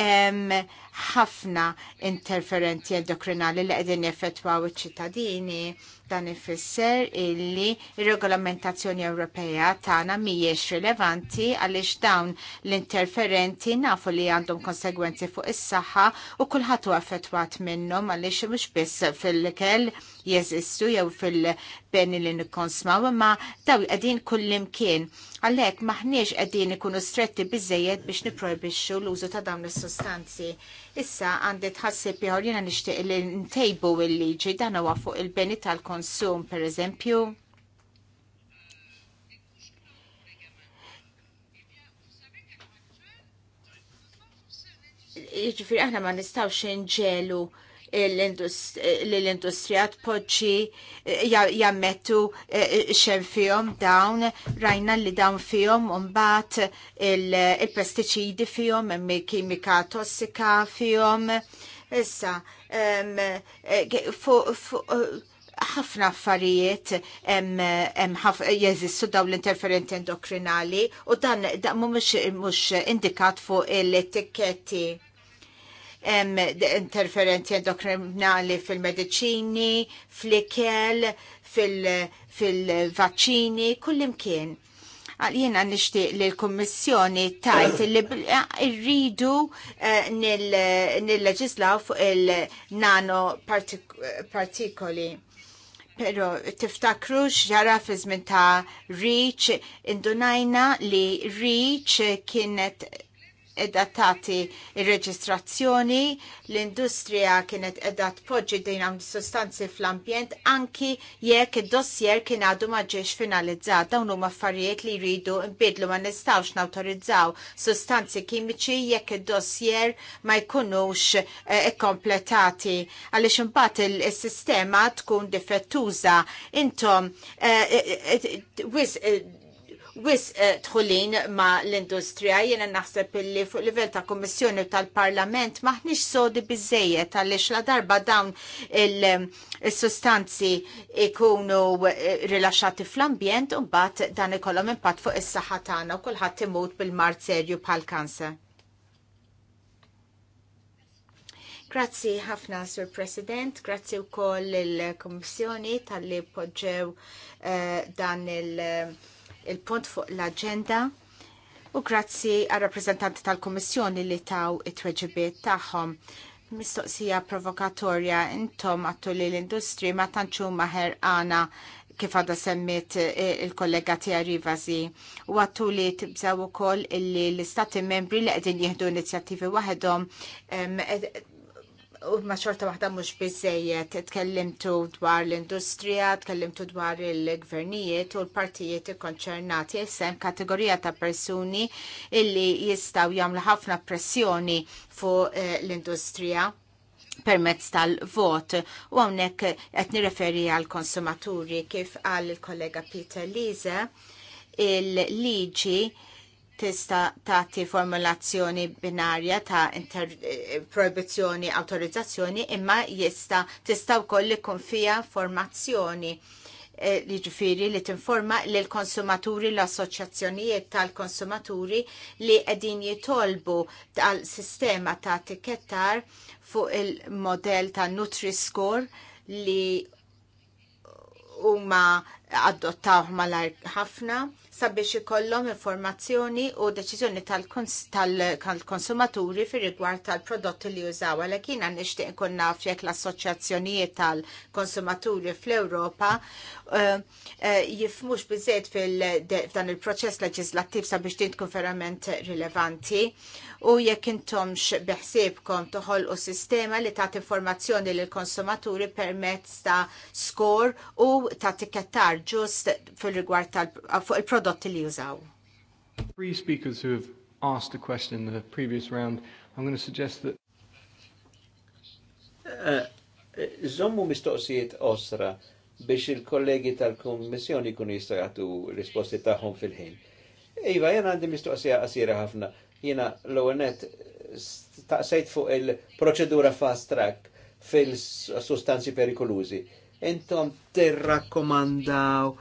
hemm ħafna interferenti endokrinali li qegħdin jeffettwaw iċ-ċittadini dan ifisser illi ir-regolamentazzjoni Ewropea tagħna mhijiex rilevanti għaliex dawn l-interferenti nafu li għandhom konsegwenzi fuq is-saħħa u kulħadd huwa affettwat minnhom għaliex mhux biss fil-ikel jeżistu jew fil beni li nikkonsmaw imma daw qegħdin kullimkien. Għalhekk maħniex qegħdin ikunu stretti bizzejed biex niprojbixxu l-użu ta' dawn is-sustanzi. Issa għandi tħassib ieħor jiena nixtieq li ntejbu il liġi dan huwa fuq il-beni tal-konsum pereżempju. Jiġifieri aħna ma nistgħux inġelu l-industrija eh, tpoġġi jammettu eh, eh, xem fihom dawn, rajna li dawn fihom mbagħad il-pestiċidi fihom, kimika tossika fihom. Issa, ħafna affarijiet jeżistu daw l-interferenti endokrinali u dan mhumiex mhux indikat fuq il-etiketti interferenzi endokrinali fil-medicini, fl-ikel, fil-vaccini, kullimkien. Jena nishtiq li l-Kommissjoni tajt li rridu eh, nil-leġislaw fuq il-nano partikoli. Pero tiftakru xġara fizmin ta' Reach, indunajna li Reach kienet edha tati il-reġistrazzjoni, l-industrija kienet edha tpoġġi dejna sostanzi fl-ambjent anki jekk id-dossier kien għadu maġġiex finalizzat. Dawn huma affarijiet li jridu nbidlu ma nistawx nawtorizzaw sostanzi kimiċi jekk id-dossier ma jkunux eh, ikkompletati għalix għaliex imbagħad il-sistema tkun difettuża. Intom, eh, eh, wis eh, tħulin ma l-industrija jiena naħseb illi fuq livell ta' kommissjoni tal-Parlament maħniex sodi biżejjed għaliex la darba dawn il-sustanzi eh, ikunu eh, rilaxxati fl-ambjent un bat dan ikollhom impatt fuq is-saħħa tagħna u kulħadd imut bil-mart serju bħal kanser. Grazzi ħafna, Sur President, grazzi u koll il-Kommissjoni tal-li podġew dan il- uh, il-punt fuq l-agenda u grazzi għal rappresentanti tal-Kommissjoni li taw it-tweġibiet tagħhom. Mistoqsija provokatorja intom għattu li l-industri ma tantxu maħer għana kif għadha semmit e, il-kollega tija Rivasi. u għattu li tibżaw u koll illi l-istati membri li għedin jihdu inizjattivi wahedhom u ma xorta waħda mhux biżejjed tkellimtu dwar l-industrija, tkellimtu dwar il-gvernijiet u l-partijiet ikkonċernati hemm kategorija ta' persuni illi jistgħu jagħmlu ħafna pressjoni fuq eh, l-industrija permezz tal-vot u hawnhekk qed nirreferi għall konsumaturi kif qal il-kollega Peter Lise il-liġi tista tagħti formulazzjoni binarja ta' eh, proibizzjoni autorizzazzjoni imma jista tista wkoll ikun fija formazzjoni eh, li ġifiri li tinforma l konsumaturi l-assoċjazzjonijiet tal-konsumaturi li qegħdin jitolbu tal-sistema ta' tikettar fuq il-modell ta' Nutri-Score li huma adottawh malar ħafna sabiex ikollhom informazzjoni u deċiżjoni tal-konsumaturi fir rigward tal-prodotti li jużaw. Għalhekk jiena nixtieq inkun naf jekk l-assoċjazzjonijiet tal-konsumaturi fl-Ewropa eh, eh, jifmux biżejt f'dan il-proċess leġislattiv sabiex din tkun verament rilevanti u jekk intomx biħsiebkom toħolqu sistema li tagħti informazzjoni lill konsumaturi permezz ta' skor u ta' tikettar ġust fil-rigward tal-prodotti prodotti li jużaw. Three speakers who have asked a question in the previous round, I'm going to suggest that uh, Zommu mistoqsijiet osra biex il-kollegi tal-Kommissjoni kun jistagħtu risposti taħħom fil-ħin. Iva, jena għandi mistoqsija qasira ħafna. Jena l-għonet taqsejt fuq il-proċedura fast track fil-sustanzi perikolużi. Intom tirrakkomandaw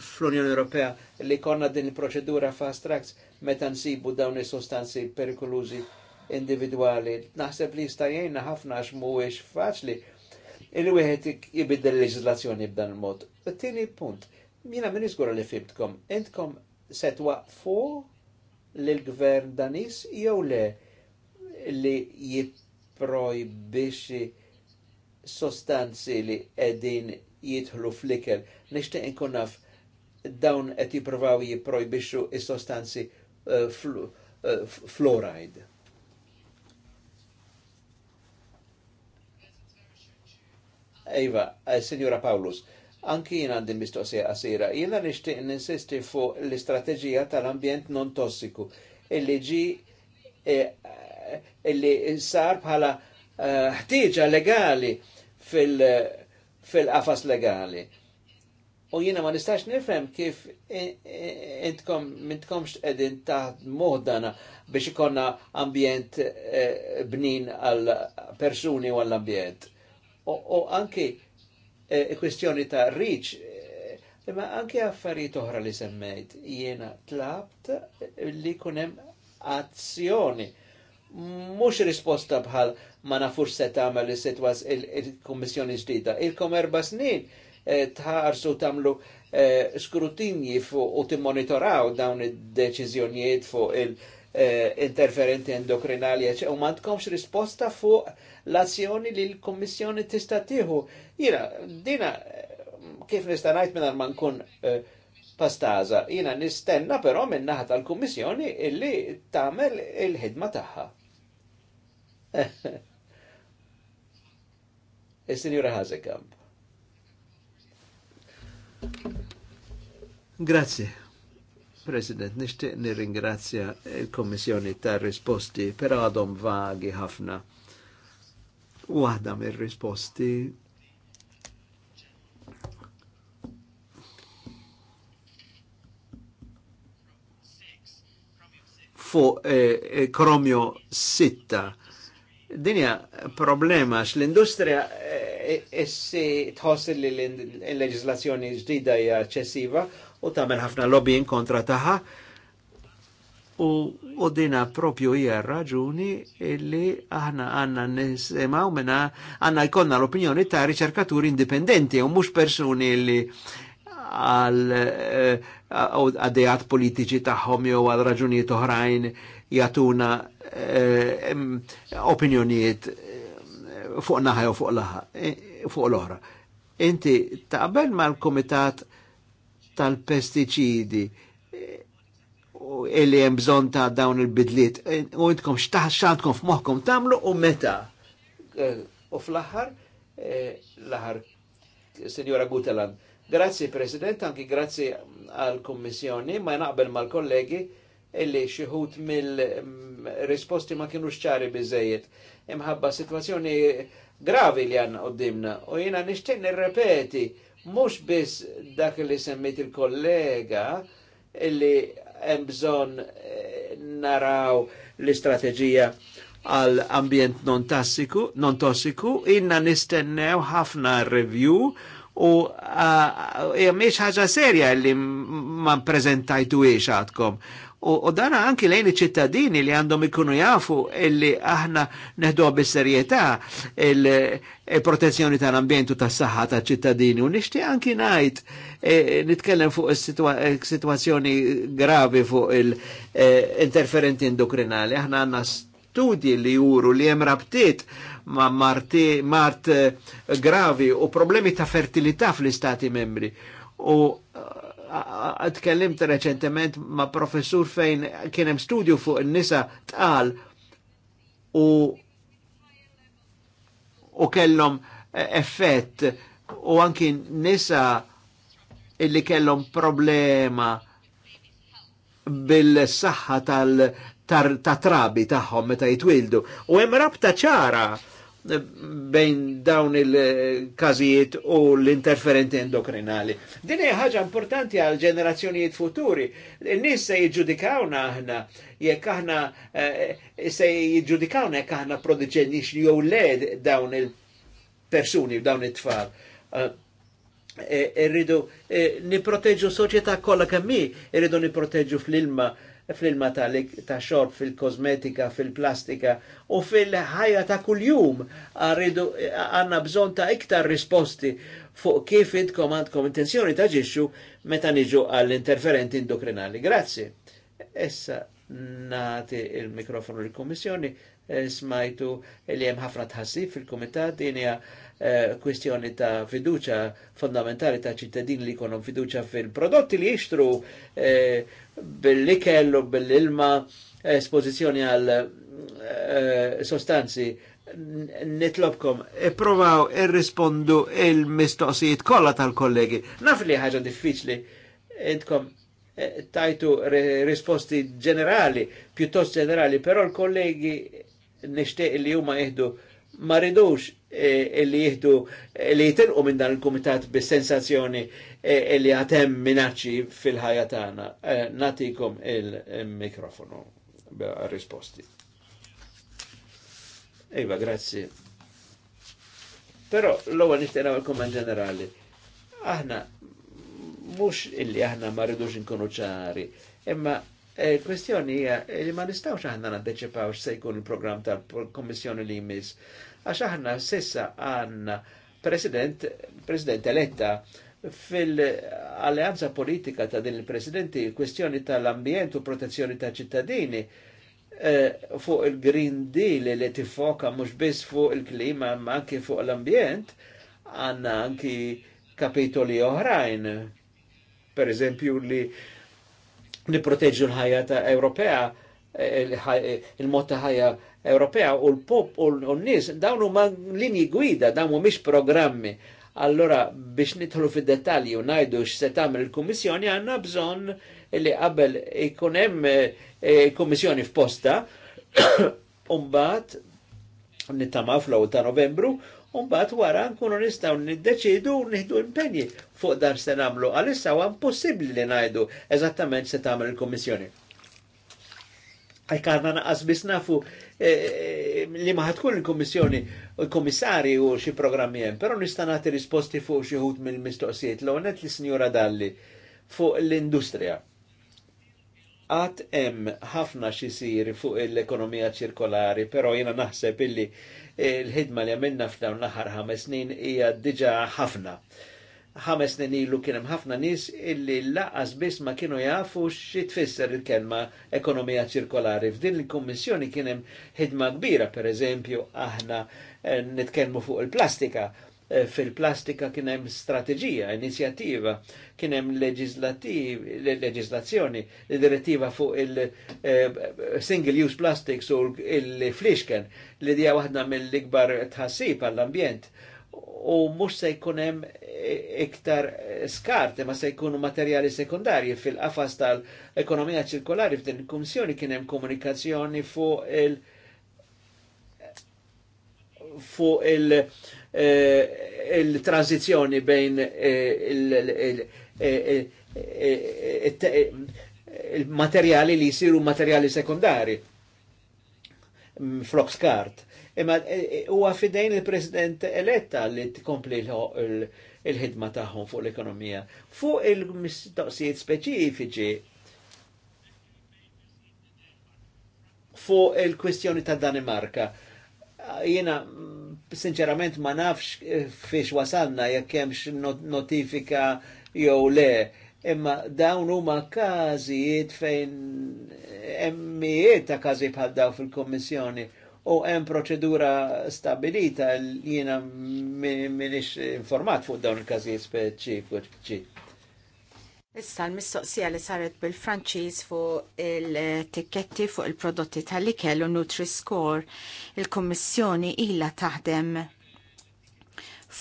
fl-Unjoni Ewropea li konna din il-proċedura fast tracks meta nsibu dawn is-sostanzi perikolużi individuali. Naħseb li jista' jgħinna ħafna għax mhuwiex faċli il-wieħed l leġislazzjoni b'dan il-mod. Tieni punt, jiena min iżgur li fibtkom, intkom set waqfu l-gvern danis jew le li jipprojbixxi sostanzi li edin jidħlu flikel. Nishtiq inkun naf dawn qed jippruvaw jipprojbixxu is-sostanzi eh, eh, fluoride. Iva, eh, Signora Paulus, anki jien għandi mistoqsija qasira, jiena nixtieq ninsisti fuq l-istrateġija tal-ambjent non tossiku illi ġi illi sar bħala ħtieġa legali fil-qafas legali U jiena ma nistax nifhem kif intkom mintkomx qegħdin taħt moħdana biex ikonna ambjent eh, bnin għal persuni u għall ambjent. U anki eh, kwestjoni ta' riċ, eh, imma anki affarijiet oħra li semmejt, jiena tlabt li kunem azzjoni mux risposta bħal ma nafux se tagħmel il-Kummissjoni ġdida. Ilkom erba' snin Eh, tħarsu tamlu eh, skrutinji fuq u timmonitoraw dawn id-deċiżjonijiet fuq il-interferenti eh, endokrinali u mandkomx risposta fuq l-azzjoni li l-Kommissjoni tista' tieħu. Jina, dina kif nista' ngħid minn ma nkun pastaza. Jina nistenna però minn naħa tal kommissjoni illi tagħmel il-ħidma tagħha. Is-Sinjura Ħażekamp. Grazie. President, nishtiq ringrazja il-Kommissjoni tar risposti, pero għadhom vagi ħafna. Waħda mir-risposti fuq eh, eh Kromio 6 Dinja problema x l-industrija eh, eh, essi tħoss li l-leġislazzjoni ġdida hija ċessiva u tagħmel ħafna lobby kontra taħħa u, u dina propju hija raġuni illi aħna għanna nisimaw minna għanna jkollna l-opinjoni ta' riċerkaturi indipendenti u mhux persuni li għal eh, għaddejat politiċi tagħhom jew għal raġunijiet oħrajn jatuna eh, opinjonijiet eh, fuq naħa jew fuq laħa, eh, fuq l-oħra. Inti taqbel mal-Komitat tal-Pestiċidi illi hemm bżonn ta' dawn il-bidliet u intkom x'għandkom f'moħħkom tagħmlu u meta. U fl-aħħar, l-aħħar Sinjora Gutelan, Grazzi President, anki grazzi għal kommissjoni ma naqbel mal-kollegi illi xieħut mill-risposti ma kienu xċari bizzejiet. Imħabba situazzjoni gravi li għanna għoddimna u jina nishtiq nirrepeti mux biss dak li semmit il-kollega illi hemm bżonn eh, naraw l-istrateġija għal ambjent non tossiku, non tossiku, inna nistennew ħafna review u miex ħaġa serja li ma prezentajtu iex għadkom. U dana anki lejn iċ-ċittadini li għandhom ikunu jafu illi aħna neħdu bis-serjetà il-protezzjoni tal-ambjent u tas-saħħa tal-ċittadini. U nixti anki ngħid e, nitkellem fuq is-sitwazzjoni gravi fuq il-interferenti e, endokrinali. Aħna għandna studji li juru li hemm rabtiet ma marti, mart eh, gravi u problemi ta' fertilità fl-istati membri. U għatkellimt eh, reċentement ma' professur fejn kien hemm studju fuq n nisa tqal u u kellhom eh, effett u anki nisa illi kellhom problema bil-saħħa tal tar ta' trabi tagħhom meta jitwildu. U hemm rabta ċara bejn dawn il kazijiet u l-interferenti endokrinali. Din hija ħaġa importanti għal ġenerazzjonijiet futuri. In-nies se jiġġudikawna aħna jekk aħna eh, se jiġġudikawna jekk aħna prodiġenix jew led dawn il-persuni, dawn it-tfal. Eh, eh, irridu niproteġu soċjetà kollha kemm irridu niproteġu fl-ilma fl-ilma ta' xorb, fil-kosmetika, fil-plastika u fil-ħajja ta' kuljum għarridu għanna bżon ta' iktar risposti fuq kif idkom għandkom intenzjoni ta' ġixxu meta niġu għall-interferenti endokrinali. Grazzi. Essa nati il-mikrofonu l-Kommissjoni eh, smajtu li hemm ħafna tħassib fil-Kumitat din Eh, kwestjoni ta' fiduċa fondamentali ta' ċittadin li jkollhom fiduċa fil-prodotti li jixtru eh, bil likel u bil-ilma espożizzjoni għal eh, sostanzi nitlobkom, provaw irrispondu il-mistoqsijiet kollha tal-kollegi. Naf li ħaġa diffiċli, intkom tajtu risposti ġenerali, pjuttost ġenerali, però l-kollegi nishtiq li huma jihdu ma ridux eh, li jihdu li jitinqu minn dan il-kumitat bis-sensazzjoni eh, li għatem minacċi fil-ħajja tagħna. Eh, natikom il-mikrofonu risposti. Iva, grazzi. Però l-ewwel nixtieq nagħmel kumment ġenerali. Aħna mhux illi aħna ma rridux inkunu ċari, imma Il-kwestjoni hija li ma nistgħux aħna naddeċipaw se jkun il-programm tal-Kommissjoni li jmiss. Għax aħna sissa għandna president, president eletta fil-alleanza politika ta' din il-presidenti kwestjoni tal-ambjent u protezzjoni ta' ċittadini eh, fuq il-Green Deal li tifoka mhux biss fuq il-klima ma anki fuq l-ambjent għandna anki kapitoli oħrajn. Per eżempju li niproteġu l-ħajja ta' Ewropea, eh, eh, il-mod ta' ħajja Ewropea u l-pop u l-nis, dawn huma linji gwida, dawn mhumiex programmi. Allora biex nidħlu fid-dettalji u ngħidu x'se tagħmel il-Kummissjoni għandna bżonn li qabel ikun hemm eh, kummissjoni f'posta u nittama nittamaw fl ta' Novembru Umbat wara nkunu nistaw niddeċidu u nieħdu impenji fuq dan se nagħmlu. Għalissa huwa impossibbli li ngħidu eżattament se tagħmel il-Kummissjoni. Għajkarna naqas biss nafu eh, eh, li ma ħatkun il-Kummissjoni u l kummissarji u xi programmi hemm, però nista' nagħti risposti fuq xi ħut mill-mistoqsijiet l għonet li Sinjura Dalli fuq l-industrija. Għat hemm ħafna xisir fuq l-ekonomija ċirkolari, però jiena naħseb illi il-ħidma li għamilna f'dawn l-aħħar ħames snin hija diġà ħafna. Ħames snin ilu kien hemm ħafna nies illi laqas biss ma kienu jafu xi tfisser il-kelma ekonomija ċirkolari. F'din il-kummissjoni kien hemm ħidma kbira, pereżempju aħna eh, nitkellmu fuq il-plastika Eh, fil-plastika kien hemm strateġija, inizjattiva, kien hemm leġislazzjoni, direttiva fuq il-single eh, use plastics u il-flixken li dija waħda mill-ikbar tħassib għall-ambjent u mux se jkun hemm iktar skart, ma se jkunu materjali sekundarji fil-qafas tal-ekonomija ċirkolari f'din il-Kummissjoni kien hemm komunikazzjoni fuq il- fuq il- Eh, il-tranzizjoni bejn eh, eh, il-materjali li jisiru materjali sekundari mm, flok card. Imma huwa fidejn il-President eletta li tkompli il-ħidma tagħhom fuq l-ekonomija. Fuq il-mistoqsijiet speċifiċi fuq il-kwestjoni ta' Danimarka. Jena sinċerament ma nafx eh, fiex wasalna jekk hemmx notifika jew le, imma dawn huma każijiet fejn eh, emmijiet ta' każi bħal daw fil-Kommissjoni u hemm proċedura stabilita li jiena minix informat fuq dawn il-każijiet speċifiċi. Issa l-mistoqsija li saret bil-Franċiż fuq il-tikketti fuq il-prodotti tal-ikel u Nutri-Score, il-Kommissjoni ilha taħdem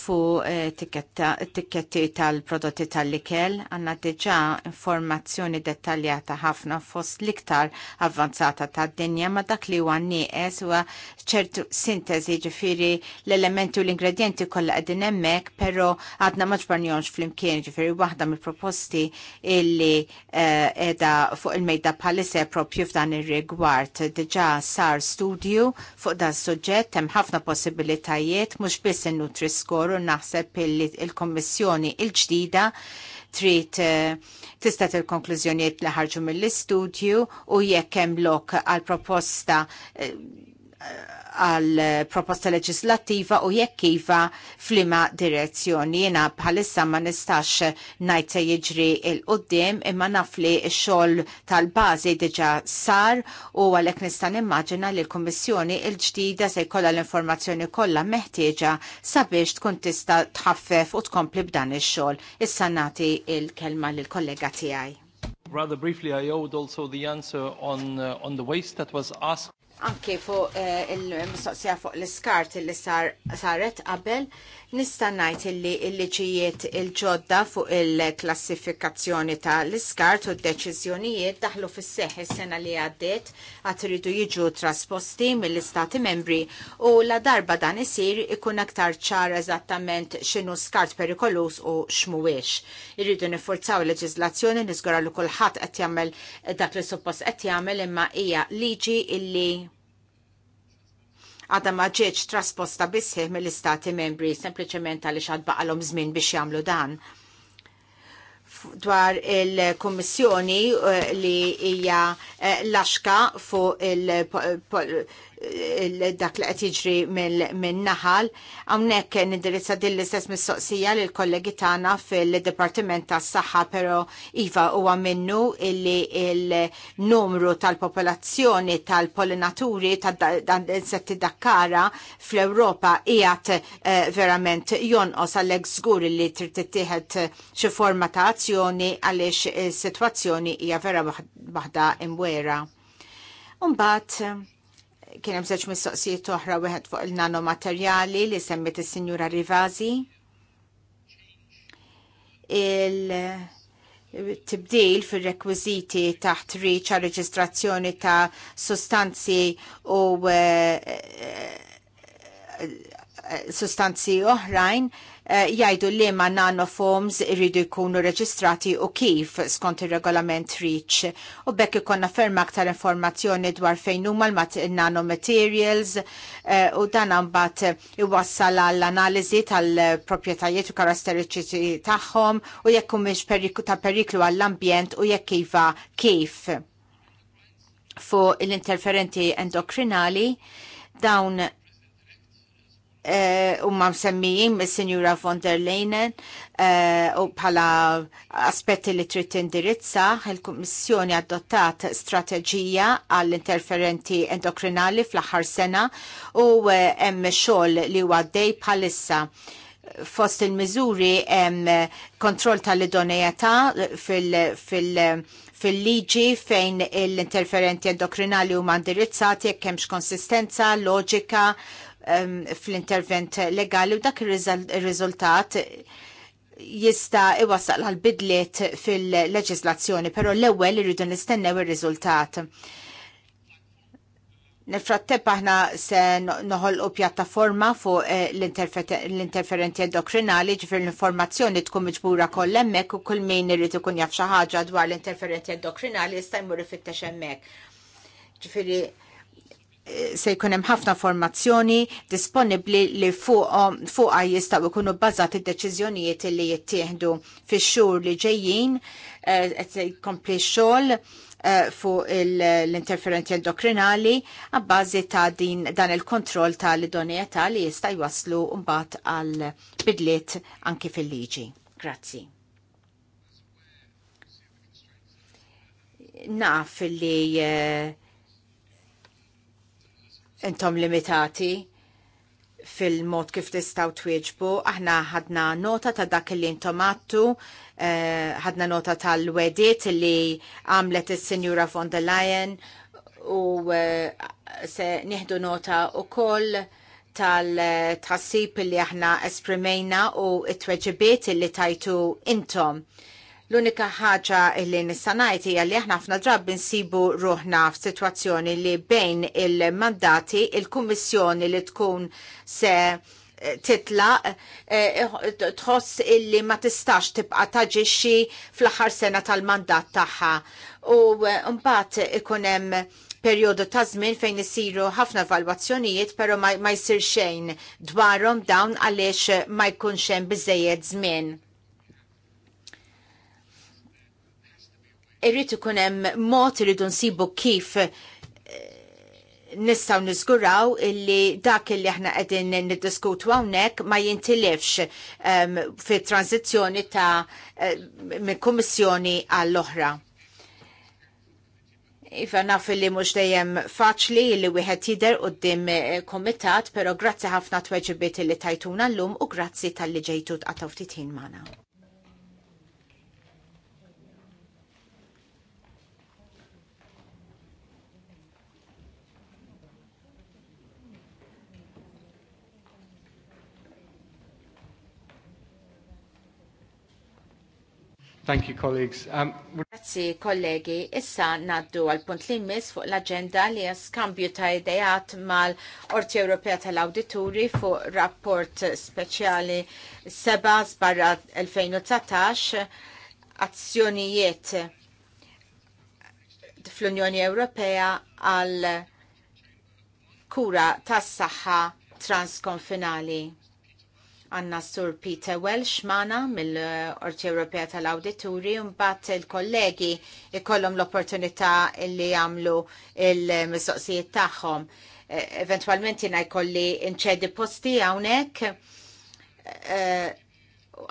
fu eh, tikketti tal-prodotti tal-likel għanna diġa informazzjoni dettaljata ħafna fost liktar avvanzata ta' dinja ma dak li huwa nieqes huwa ċertu sintesi ġifiri l-elementi u l-ingredienti kollha qegħdin hemmhekk, però għadna ma ġbarnjonx flimkien ġifiri waħda mill-proposti illi qiegħda eh, fuq il-mejda bħalissa propju f'dan ir-rigward. Diġa sar studju fuq dan suġġett hemm ħafna possibilitajiet mhux biss in nutri ieħor u naħseb il-Kommissjoni il-ġdida trid eh, tista' til-konklużjonijiet li ħarġu mill-istudju u jekk hemm lok għal proposta eh, għal proposta leġislattiva u jekk iva flima direzzjoni. Jena bħalissa ma nistax najt se jiġri il-qoddim imma nafli xol tal-bazi diġa sar u għalek nistan immaġina li l komissjoni il-ġdida se jkollha l-informazzjoni kollha meħtieġa sabiex tkun tista' tħaffef u tkompli b'dan ix-xogħol. Issa nagħti il-kelma lill-kollega tiegħi. Rather briefly, I owed also the answer on, uh, on the waste that was asked anke fuq eh, il-mistoqsija fuq l-iskart li saret qabel Nista' ngħid illi l-liġijiet il-ġodda fuq il-klassifikazzjoni ta' l-iskart u d-deċiżjonijiet daħlu fis seħħ is-sena li għaddiet għad iridu jiġu trasposti mill-Istati membri u la darba dan isir ikun aktar ċar eżattament x'inhu skart perikolus u x'mhuwiex. Irridu niforzaw il-leġiżlazzjoni niżgura li kulħadd qed jagħmel dak li suppost qed jagħmel imma hija liġi illi Għada ma ġietx trasposta bisħieħ mill-istati membri, sempliċement għaliex xad baqalom żmien biex jagħmlu dan dwar il-Kommissjoni eh, li hija eh, laxka fuq il dak li qed jiġri min-naħal. Hawnhekk nindirizza din l-istess mistoqsija lil kollegi tagħna fil-Dipartiment tas-Saħħa, però iva huwa minnu illi il-numru tal-popolazzjoni tal-pollinaturi tad insetti dakkara fl-Ewropa qiegħed eh, verament jonqos għalhekk żgur li trid tittieħed xi forma ta' azzjoni għaliex is-sitwazzjoni hija vera waħda imwera. Imbagħad kien hemm żewġ mistoqsijiet oħra wieħed fuq il-nanomaterjali li semmet is-Sinjura Rivazi. Il-tibdil fir-rekwiżiti taħt riċ reġistrazzjoni ta' sustanzi u eh, eh, eh, sustanzi oħrajn Eh, jgħidu li ma forms irridu jkunu reġistrati u kif skont ir-regolament REACH. U bekk ikonna ferma aktar informazzjoni dwar fejn huma nanomaterials eh, u dan mbagħad iwassal għall analiżi tal-proprjetajiet u karatteristiċi tagħhom u jekk humiex ta' periklu għall-ambjent u jekk iva kif Fu l-interferenti endokrinali dawn Eh, ma' msemmijin mis sinjura von der Leyen eh, u bħala aspetti li trid tindirizza il-Kummissjoni adottat strateġija għall interferenti endokrinali fl-aħħar sena u eh, hemm xogħol li huwa dej bħalissa fost il-miżuri hemm kontroll tal-idonejata fil-, fil fil-liġi fejn l-interferenti endokrinali huma indirizzati jekk hemmx konsistenza, loġika fl-intervent legali u dak il-riżultat jista iwassal għal bidliet fil-leġislazzjoni, pero l-ewwel irridu nistennew ir-riżultat. Nifratteb aħna se noħol u pjattaforma fuq eh, l-interferenti endokrinali ġifir l-informazzjoni tkun miġbura koll hemmhekk u kull min irid ikun jaf xi ħaġa dwar l-interferenti endokrinali jista' jmur ifittex hemmhekk. Ġifieri se jkun hemm ħafna formazzjoni disponibbli li fuq jistaw jistgħu jkunu bbażati d-deċiżjonijiet li jittieħdu fix-xhur li ġejjin eh, qed jkompli xogħol eh, fuq l-interferenti endokrinali għabbażi ta' din dan il-kontroll l idoneità li jista' jwaslu mbagħad għal bidliet anki fil-liġi. Grazzi. Naf li eh, intom limitati fil-mod kif tistaw twieġbu, aħna ħadna nota ta' dak li għattu, eh, ħadna nota tal-wedit li għamlet il-Senjura von der Leyen u eh, se nieħdu nota u koll tal-tħassib li aħna esprimejna u it-tweġibiet li tajtu intom L-unika ħaġa li nistanajti għalli aħna ħafna drabi nsibu ruħna f'sitwazzjoni li bejn il-mandati il-kummissjoni li tkun se eh, titla eh, tħoss illi ma tistax tibqa taġixxi fl-aħħar sena tal-mandat tagħha. U eh, mbagħad ikun hemm perjodu ta' żmien fejn isiru ħafna valwazzjonijiet però ma jsir xejn dwarhom dawn għaliex ma jkunx hemm biżejjed żmien irrid ikun hemm mod iridu nsibu kif eh, nistaw nizguraw illi dak illi aħna qegħdin niddiskutu hawnhekk ma jintilifx um, fi tranzizzjoni ta' uh, minn kummissjoni għall-oħra. Iva naf li mhux dejjem faċli li wieħed jidher quddiem eh, komitat, però grazzi ħafna tweġibiet li tajtuna llum u grazzi tal-li ġejtu tqataw ftit ħin magħna. Thank you, colleagues. Um, Grazie, kollegi. Issa naddu għal punt li mis fuq l-agenda li skambju ta' idejat mal-Orti Ewropea tal auditori fuq rapport speċjali 7 barra 2019 azzjonijiet fl-Unjoni Ewropea għal kura tas-saħħa transkonfinali għanna Sur Peter Welsh mana mill-Orti Ewropea tal-Awdituri mbagħad il-kollegi jkollhom l-opportunità li jagħmlu il-mistoqsijiet tagħhom. E, Eventwalment jiena jkolli inċedi posti hawnhekk. E,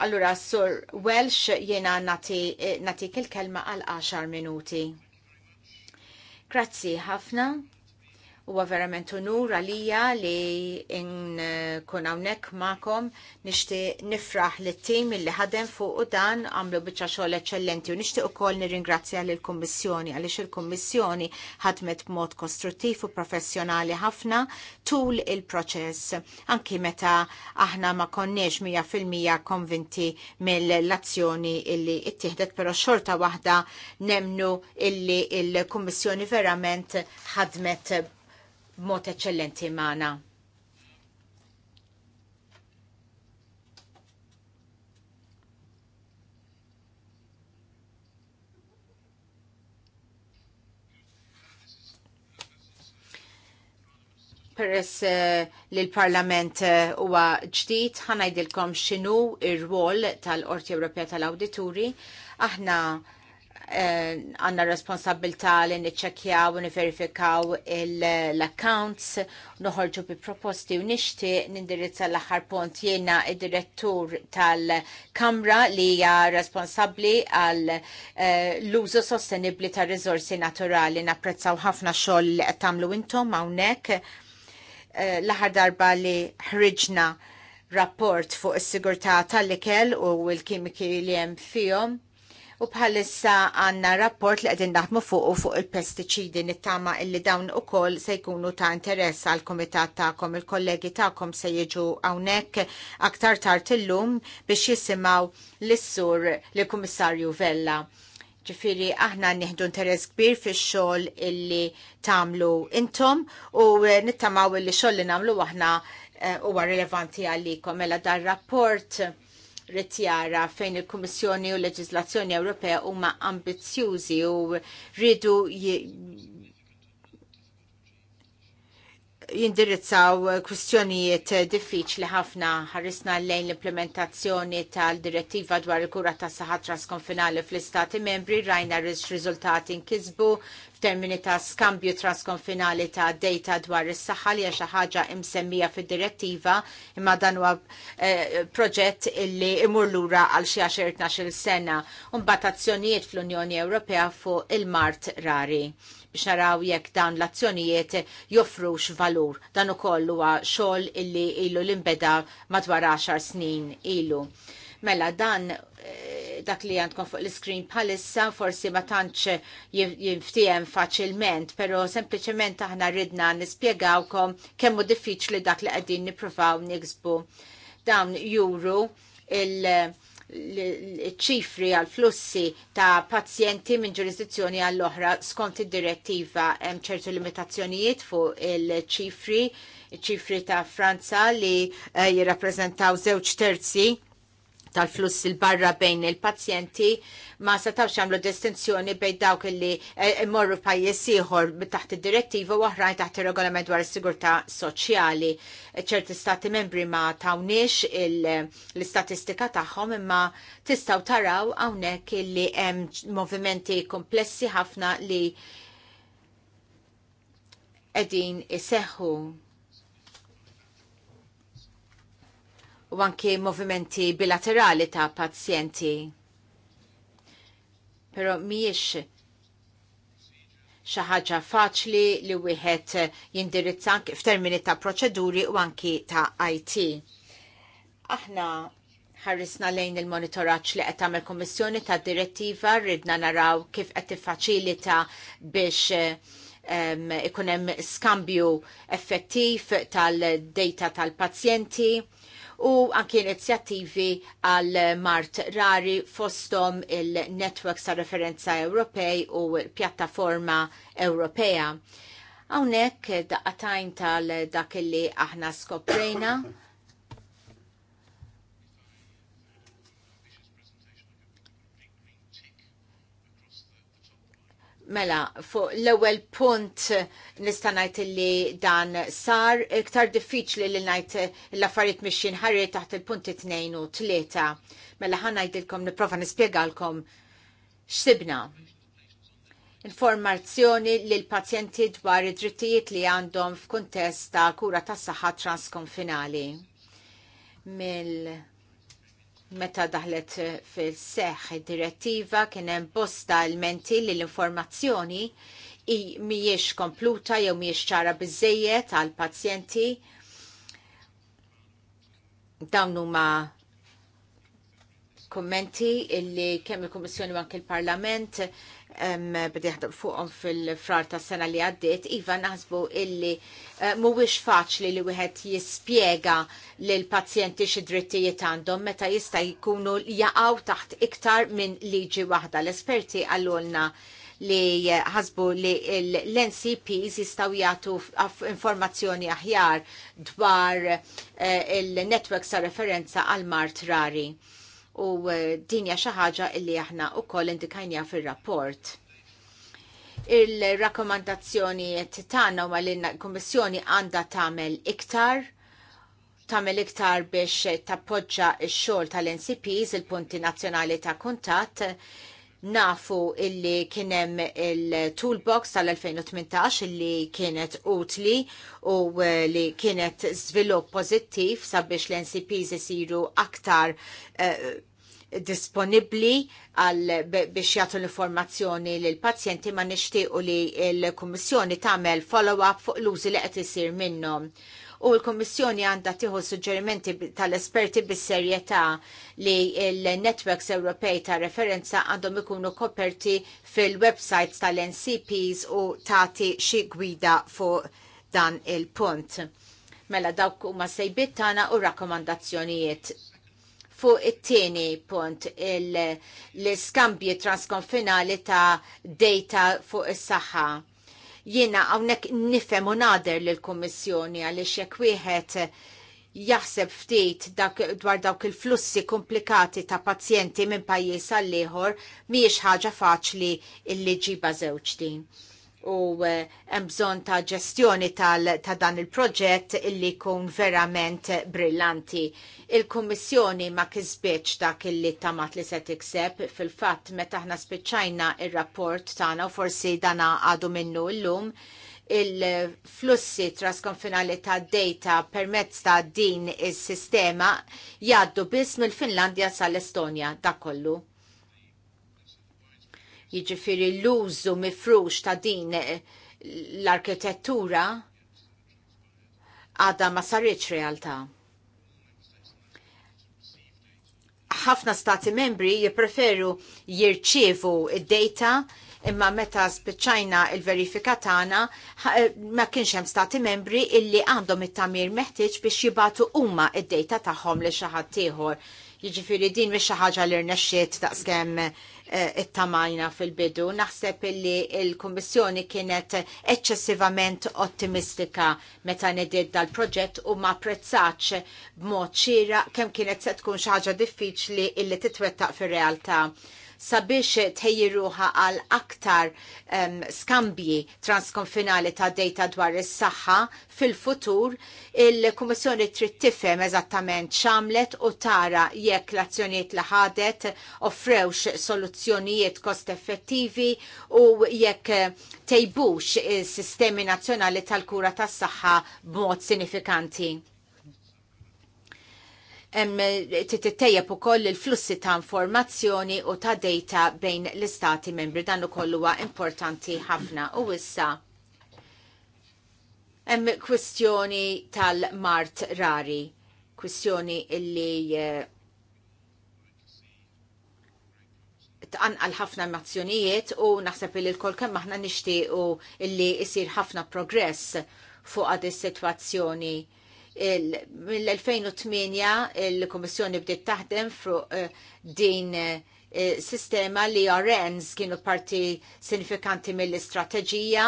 allura Sur Welsh jiena natik il-kelma għal 10 minuti. Grazzi ħafna. Huwa verament unur għalija li nkun eh, hawnhekk magħkom nixtieq nifraħ lit tim illi ħadem fuq u dan għamlu biċċa xogħol eċċellenti u nixtieq ukoll nirringrazzja lill kummissjoni għaliex il-Kummissjoni ħadmet b'mod kostruttiv u professjonali ħafna tul il-proċess anki meta aħna ma konniex 100% konvinti mill-azzjoni illi ittieħdet però xorta waħda nemnu illi il-Kummissjoni verament ħadmet b'mod eċċellenti magħna. Peress eh, li l-Parlament eh, huwa ġdid, ħanajdilkom x'inhu ir-rwol tal-Qorti Ewropea tal-Awdituri. Aħna Eh, għanna responsabilta li niċċekjaw u niverifikaw l-accounts, noħorġu bi proposti u nixti nindirizza l-axar pont jena id-direttur tal-Kamra li hija responsabli għal eh, l-użu sostenibli ta' rizorsi naturali. Napprezzaw ħafna xogħol li qed tagħmlu intom hawnhekk eh, l axar darba li ħriġna rapport fuq is-sigurtà tal-ikel u l-kimiki li hemm fihom u bħalissa għanna rapport li għedin naħdmu fuq u fuq il-pesticidi nittama illi dawn u koll se jkunu ta' interess għal komitat ta'kom il-kollegi ta'kom se jieġu għawnek aktar tard illum biex jisimaw l-sur li kummissarju Vella ġifiri aħna nieħdu interess kbir fix xogħol illi tagħmlu intom u nittamaw illi xogħol li nagħmlu aħna eh, huwa rilevanti għalikom mela dar rapport rettjara jara fejn il-Kummissjoni u l-Leġislazzjoni Ewropea huma ambizzjużi u rridu jindirizzaw kwistjonijiet diffiċli ħafna ħarisna lejn l-implementazzjoni tal-direttiva dwar il-kura ta' saħħa transkonfinali fl-istati membri rajna riz-rizultati nkisbu f'termini ta' skambju transkonfinali ta' data dwar is-saħħa li xi ħaġa msemmija fid-direttiva imma dan huwa eh, proġett illi imur lura għal xi 10 il sena u mbagħad fl-Unjoni Ewropea fuq il-Mart rari biex naraw jekk dawn l-azzjonijiet joffrux valur. Dan ukoll kollu xogħol illi ilu l imbeda madwar 10 snin ilu. Mela dan eh, dak li għandkom fuq l-screen bħalissa forsi ma tantx jinftijem faċilment, pero sempliciment aħna ridna nispjegawkom kemmu diffiċli dak li qegħdin nippruvaw niksbu dawn juru il- ċifri għal flussi ta' pazjenti minn ġurisdizzjoni għall oħra skont id-direttiva hemm ċertu limitazzjonijiet fuq il-ċifri, ċifri ta' Franza li eh, jirrappreżentaw żewġ terzi tal-fluss il-barra bejn il-pazjenti ma setawx għamlu distinzjoni bejn dawk li eh, morru pajjiż ieħor taħt id-direttiva u oħrajn taħt ir-regolament dwar is-sigurtà soċjali. ċerti stati membri ma tawniex l-istatistika tagħhom imma tistgħu taraw hawnhekk li hemm movimenti komplessi ħafna li qegħdin iseħħu u anke movimenti bilaterali ta' pazjenti. Pero miex xi ħaġa faċli li wieħed jindirizza f'termini ta' proċeduri u anki ta' IT. Aħna ħarrisna lejn il-monitoraġġ li qed tagħmel Kummissjoni tad direttiva rridna naraw kif qed tiffaċilita biex um, ikun hemm skambju effettiv tal-data tal-pazjenti u anki inizjattivi għal mart rari fostom il network ta' Referenza Ewropej u pjattaforma Ewropea. Hawnhekk daqqatajn tal dak li aħna skoprejna Mela, fuq l-ewwel punt nista' ngħid li dan sar iktar diffiċli li ngħid l-affarijiet mixin ħarri taħt il-punti tnejn u tlieta. Mela ħa ngħidilkom nipprova nispjegalkom x'sibna. Informazzjoni l pazjenti dwar id-drittijiet li għandhom f'kuntest ta' kura tas-saħħa transkonfinali mill meta daħlet fil-seħ direttiva kien hemm bosta elementi li l-informazzjoni mhijiex kompluta jew mhijiex ċara biżejjed għal pazjenti dawn huma kommenti illi kemm il-Kummissjoni u anke il-Parlament bdi jaħdem fuqhom fil-frar ta' sena li għaddiet, iva naħsbu illi eh, mhuwiex faċli li wieħed jispjega lil pazjenti xi drittijiet għandhom meta jista' jkunu jaqgħu taħt iktar minn liġi waħda. L-esperti għallulna li ħasbu li l-NCPs jistaw jgħatu informazzjoni aħjar dwar eh, il-networks ta' referenza għal-mart rari u eh, dinja xi ħaġa illi aħna wkoll indikajnija fir-rapport. Il-rakkomandazzjoni tagħna huma li l-Kummissjoni għandha tagħmel iktar tagħmel iktar biex tappoġġa x-xogħol tal-NCPs il-punti nazzjonali ta' kuntatt nafu illi kienem il-toolbox tal-2018 illi kienet utli u eh, li kienet svilup pozittiv sabiex l-NCPs jisiru aktar eh, disponibli għal biex jagħtu l-informazzjoni lil pazjenti ma nixtiequ li l-Kummissjoni tagħmel follow-up fuq l-użi li qed isir minnhom u l-Kommissjoni għandha tieħu suġġerimenti tal-esperti bis-serjetà li l-networks Ewropej ta' referenza għandhom ikunu koperti fil-websites tal-NCPs u tagħti xi gwida fuq dan il-punt. Mela dawk huma sejbit tagħna u rakkomandazzjonijiet fuq it-tieni punt l-iskambji transkonfinali ta' data fuq is-saħħa. Jiena hawnhekk nifhem u nader lill-Kummissjoni għaliex jekk wieħed jaħseb ftit dak, dwar dawk il-flussi komplikati ta' pazjenti minn pajjiż għall ieħor mhijiex ħaġa faċli illi ġiba żewġ din u eh, hemm bżonn ta' ġestjoni ta' dan il-proġett illi jkun verament brillanti. Il-Kummissjoni ma kisbitx dak illi tamat li se tikseb fil-fatt meta aħna spiċċajna ir-rapport tagħna u forsi dana għadu minnu llum il-flussi trasconfinali ta' data permezz ta' din is-sistema jgħaddu biss mill-Finlandja sal-Estonja dakollu. kollu jiġifieri l-użu mifrux ta' din l-arkitettura għadha ma saritx realtà. Ħafna stati membri jippreferu jirċievu id-data imma meta spiċċajna il-verifika tagħna eh, ma kienx hemm stati membri illi għandhom it-tamir meħtieġ biex jibatu huma id-dejta tagħhom li xi ħadd ieħor. Jiġifieri din mhix xi ħaġa li rnexxiet daqskemm Eh, ittamajna fil-bidu. Naħseb illi il-Kummissjoni kienet eċċessivament ottimistika meta nediet dal-proġett u ma prezzaċ b'mod xira kemm kienet se tkun xi ħaġa diffiċli illi titwettaq fir-realtà sabiex tħejjiruha għal aktar um, skambji transkonfinali ta' data dwar is-saħħa fil-futur, il-Kummissjoni trid tifhem eżattament x'għamlet u tara jekk l-azzjonijiet li ħadet offrewx soluzzjonijiet kost effettivi u jekk tejbux is-sistemi nazzjonali tal-kura tas-saħħa b'mod sinifikanti titejjeb ukoll il-flussi ta' informazzjoni u ta' data bejn l-istati membri dan ukoll huwa importanti ħafna u issa hemm kwistjoni tal-mart rari, kwistjoni illi eh, tqanqal ħafna mazzjonijiet u naħseb li l-kol kemm aħna nixtiequ illi jsir ħafna progress fuq għad is-sitwazzjoni mill-2008 il-Komissjoni bdiet taħdem fuq eh, din eh, sistema li RNs kienu parti sinifikanti mill-istrateġija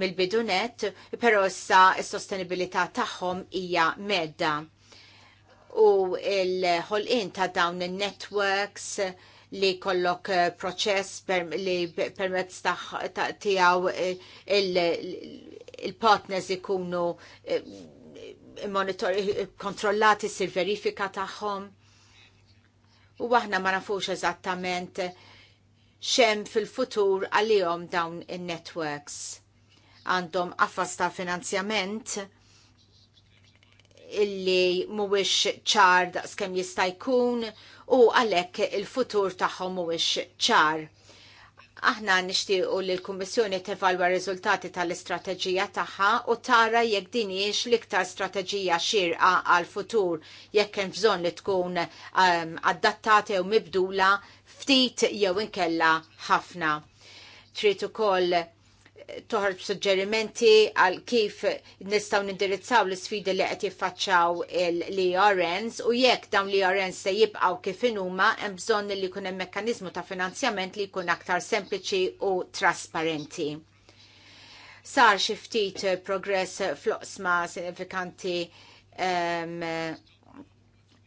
mill-bidunet, però issa s-sostenibilità tagħhom hija medda. U l-ħolqien ta' dawn in-networks li kollok eh, proċess li permezz tiegħu il-partners ikunu monitor kontrollati sir verifika tagħhom. U aħna ma nafux eżattament xem fil-futur għalihom dawn in-networks. Għandhom qafas ta' finanzjament illi mhuwiex ċar daqskemm jista' jkun u għalhekk il-futur tagħhom mhuwiex ċar Aħna nixtiequ li l-Kummissjoni tevalwa r-riżultati tal-istrateġija tagħha u tara jekk din hiex l-iktar strateġija xirqa għal futur jekk hemm bżonn li tkun um, adattata jew mibdula ftit jew inkella ħafna. Trid ukoll toħroġ suġġerimenti għal kif nistaw nindirizzaw l-sfidi li qed jiffaċċaw l-ERNs u jekk dawn l-ERNs se jibqgħu kif inhuma hemm bżonn li jkun hemm mekkaniżmu ta' finanzjament li jkun aktar sempliċi u trasparenti. Sar xi ftit progress floqsma sinifikanti um,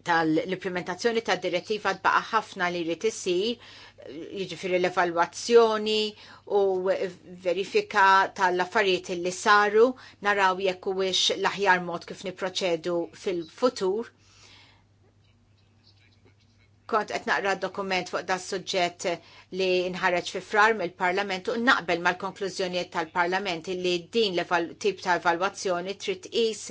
tal-implementazzjoni tad direttiva tbaqa' ħafna li jrid isir jiġifieri l-evalwazzjoni u verifika tal-affarijiet li saru naraw jekk huwiex l-aħjar mod kif niproċedu fil-futur kont qed naqra dokument fuq da suġġett li nħareġ fi frar mill-Parlament u naqbel mal-konklużjonijiet tal-Parlament li din l tip ta' evalwazzjoni trid tqis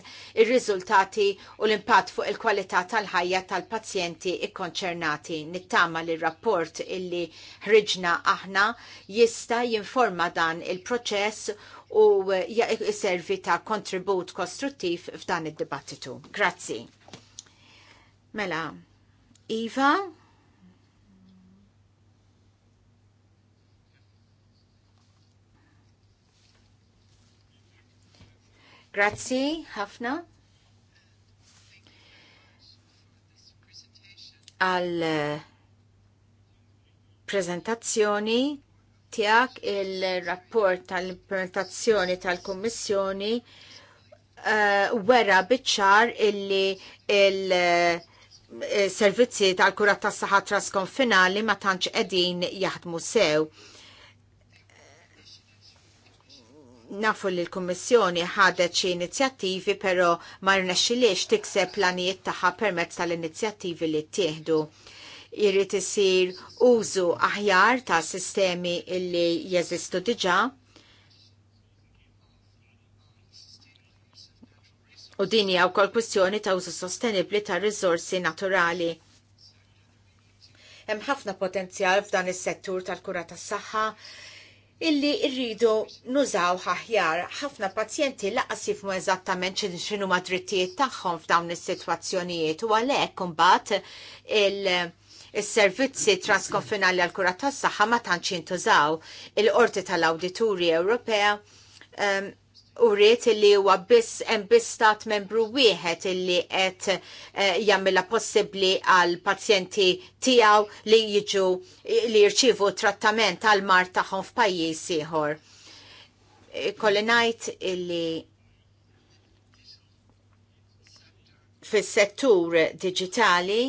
ir-riżultati u l-impatt fuq il-kwalità tal-ħajja tal-pazjenti ikkonċernati. Nittama li rapport illi ħriġna aħna jista' jinforma dan il-proċess u jservi ta' kontribut kostruttiv f'dan id-dibattitu. Grazzi. Mela, Iva? Grazzi, ħafna. Għal eh, prezentazzjoni tiegħek il-rapport tal-implementazzjoni tal-Kommissjoni uh, eh, wera bitċar illi il- uh, Eh, servizzi tal-kura tas-saħħa trasconfinali ma tantx qegħdin jaħdmu sew. nafu li l kummissjoni ħadet xi inizjattivi però ma rnexxiliex tikseb planijiet tagħha permezz tal-inizjattivi li ttieħdu. Irid isir użu aħjar ta' sistemi illi jeżistu diġà U din hija wkoll kwistjoni ta' użu sostenibbli ta' rizorsi naturali. Hemm ħafna potenzjal f'dan is-settur tal-kura tas-saħħa illi rridu nużaw ħaħjar. ħafna pazjenti laqas jifmu eżattament x'inhu ma' drittijiet tagħhom f'dawn is-sitwazzjonijiet u għalhekk imbagħad il- Is-servizzi transkonfinali għall kura tas-saħħa ma tantx jintużaw. Il-Qorti tal-Awditurji Ewropea um, u rrit illi huwa biss hemm biss stat membru wieħed illi qed eh, jagħmilha possibbli għal pazjenti tiegħu li jiġu li jirċivu trattament għal mar tagħhom f'pajjiż ieħor. Eh, kolli ngħid illi fis-settur diġitali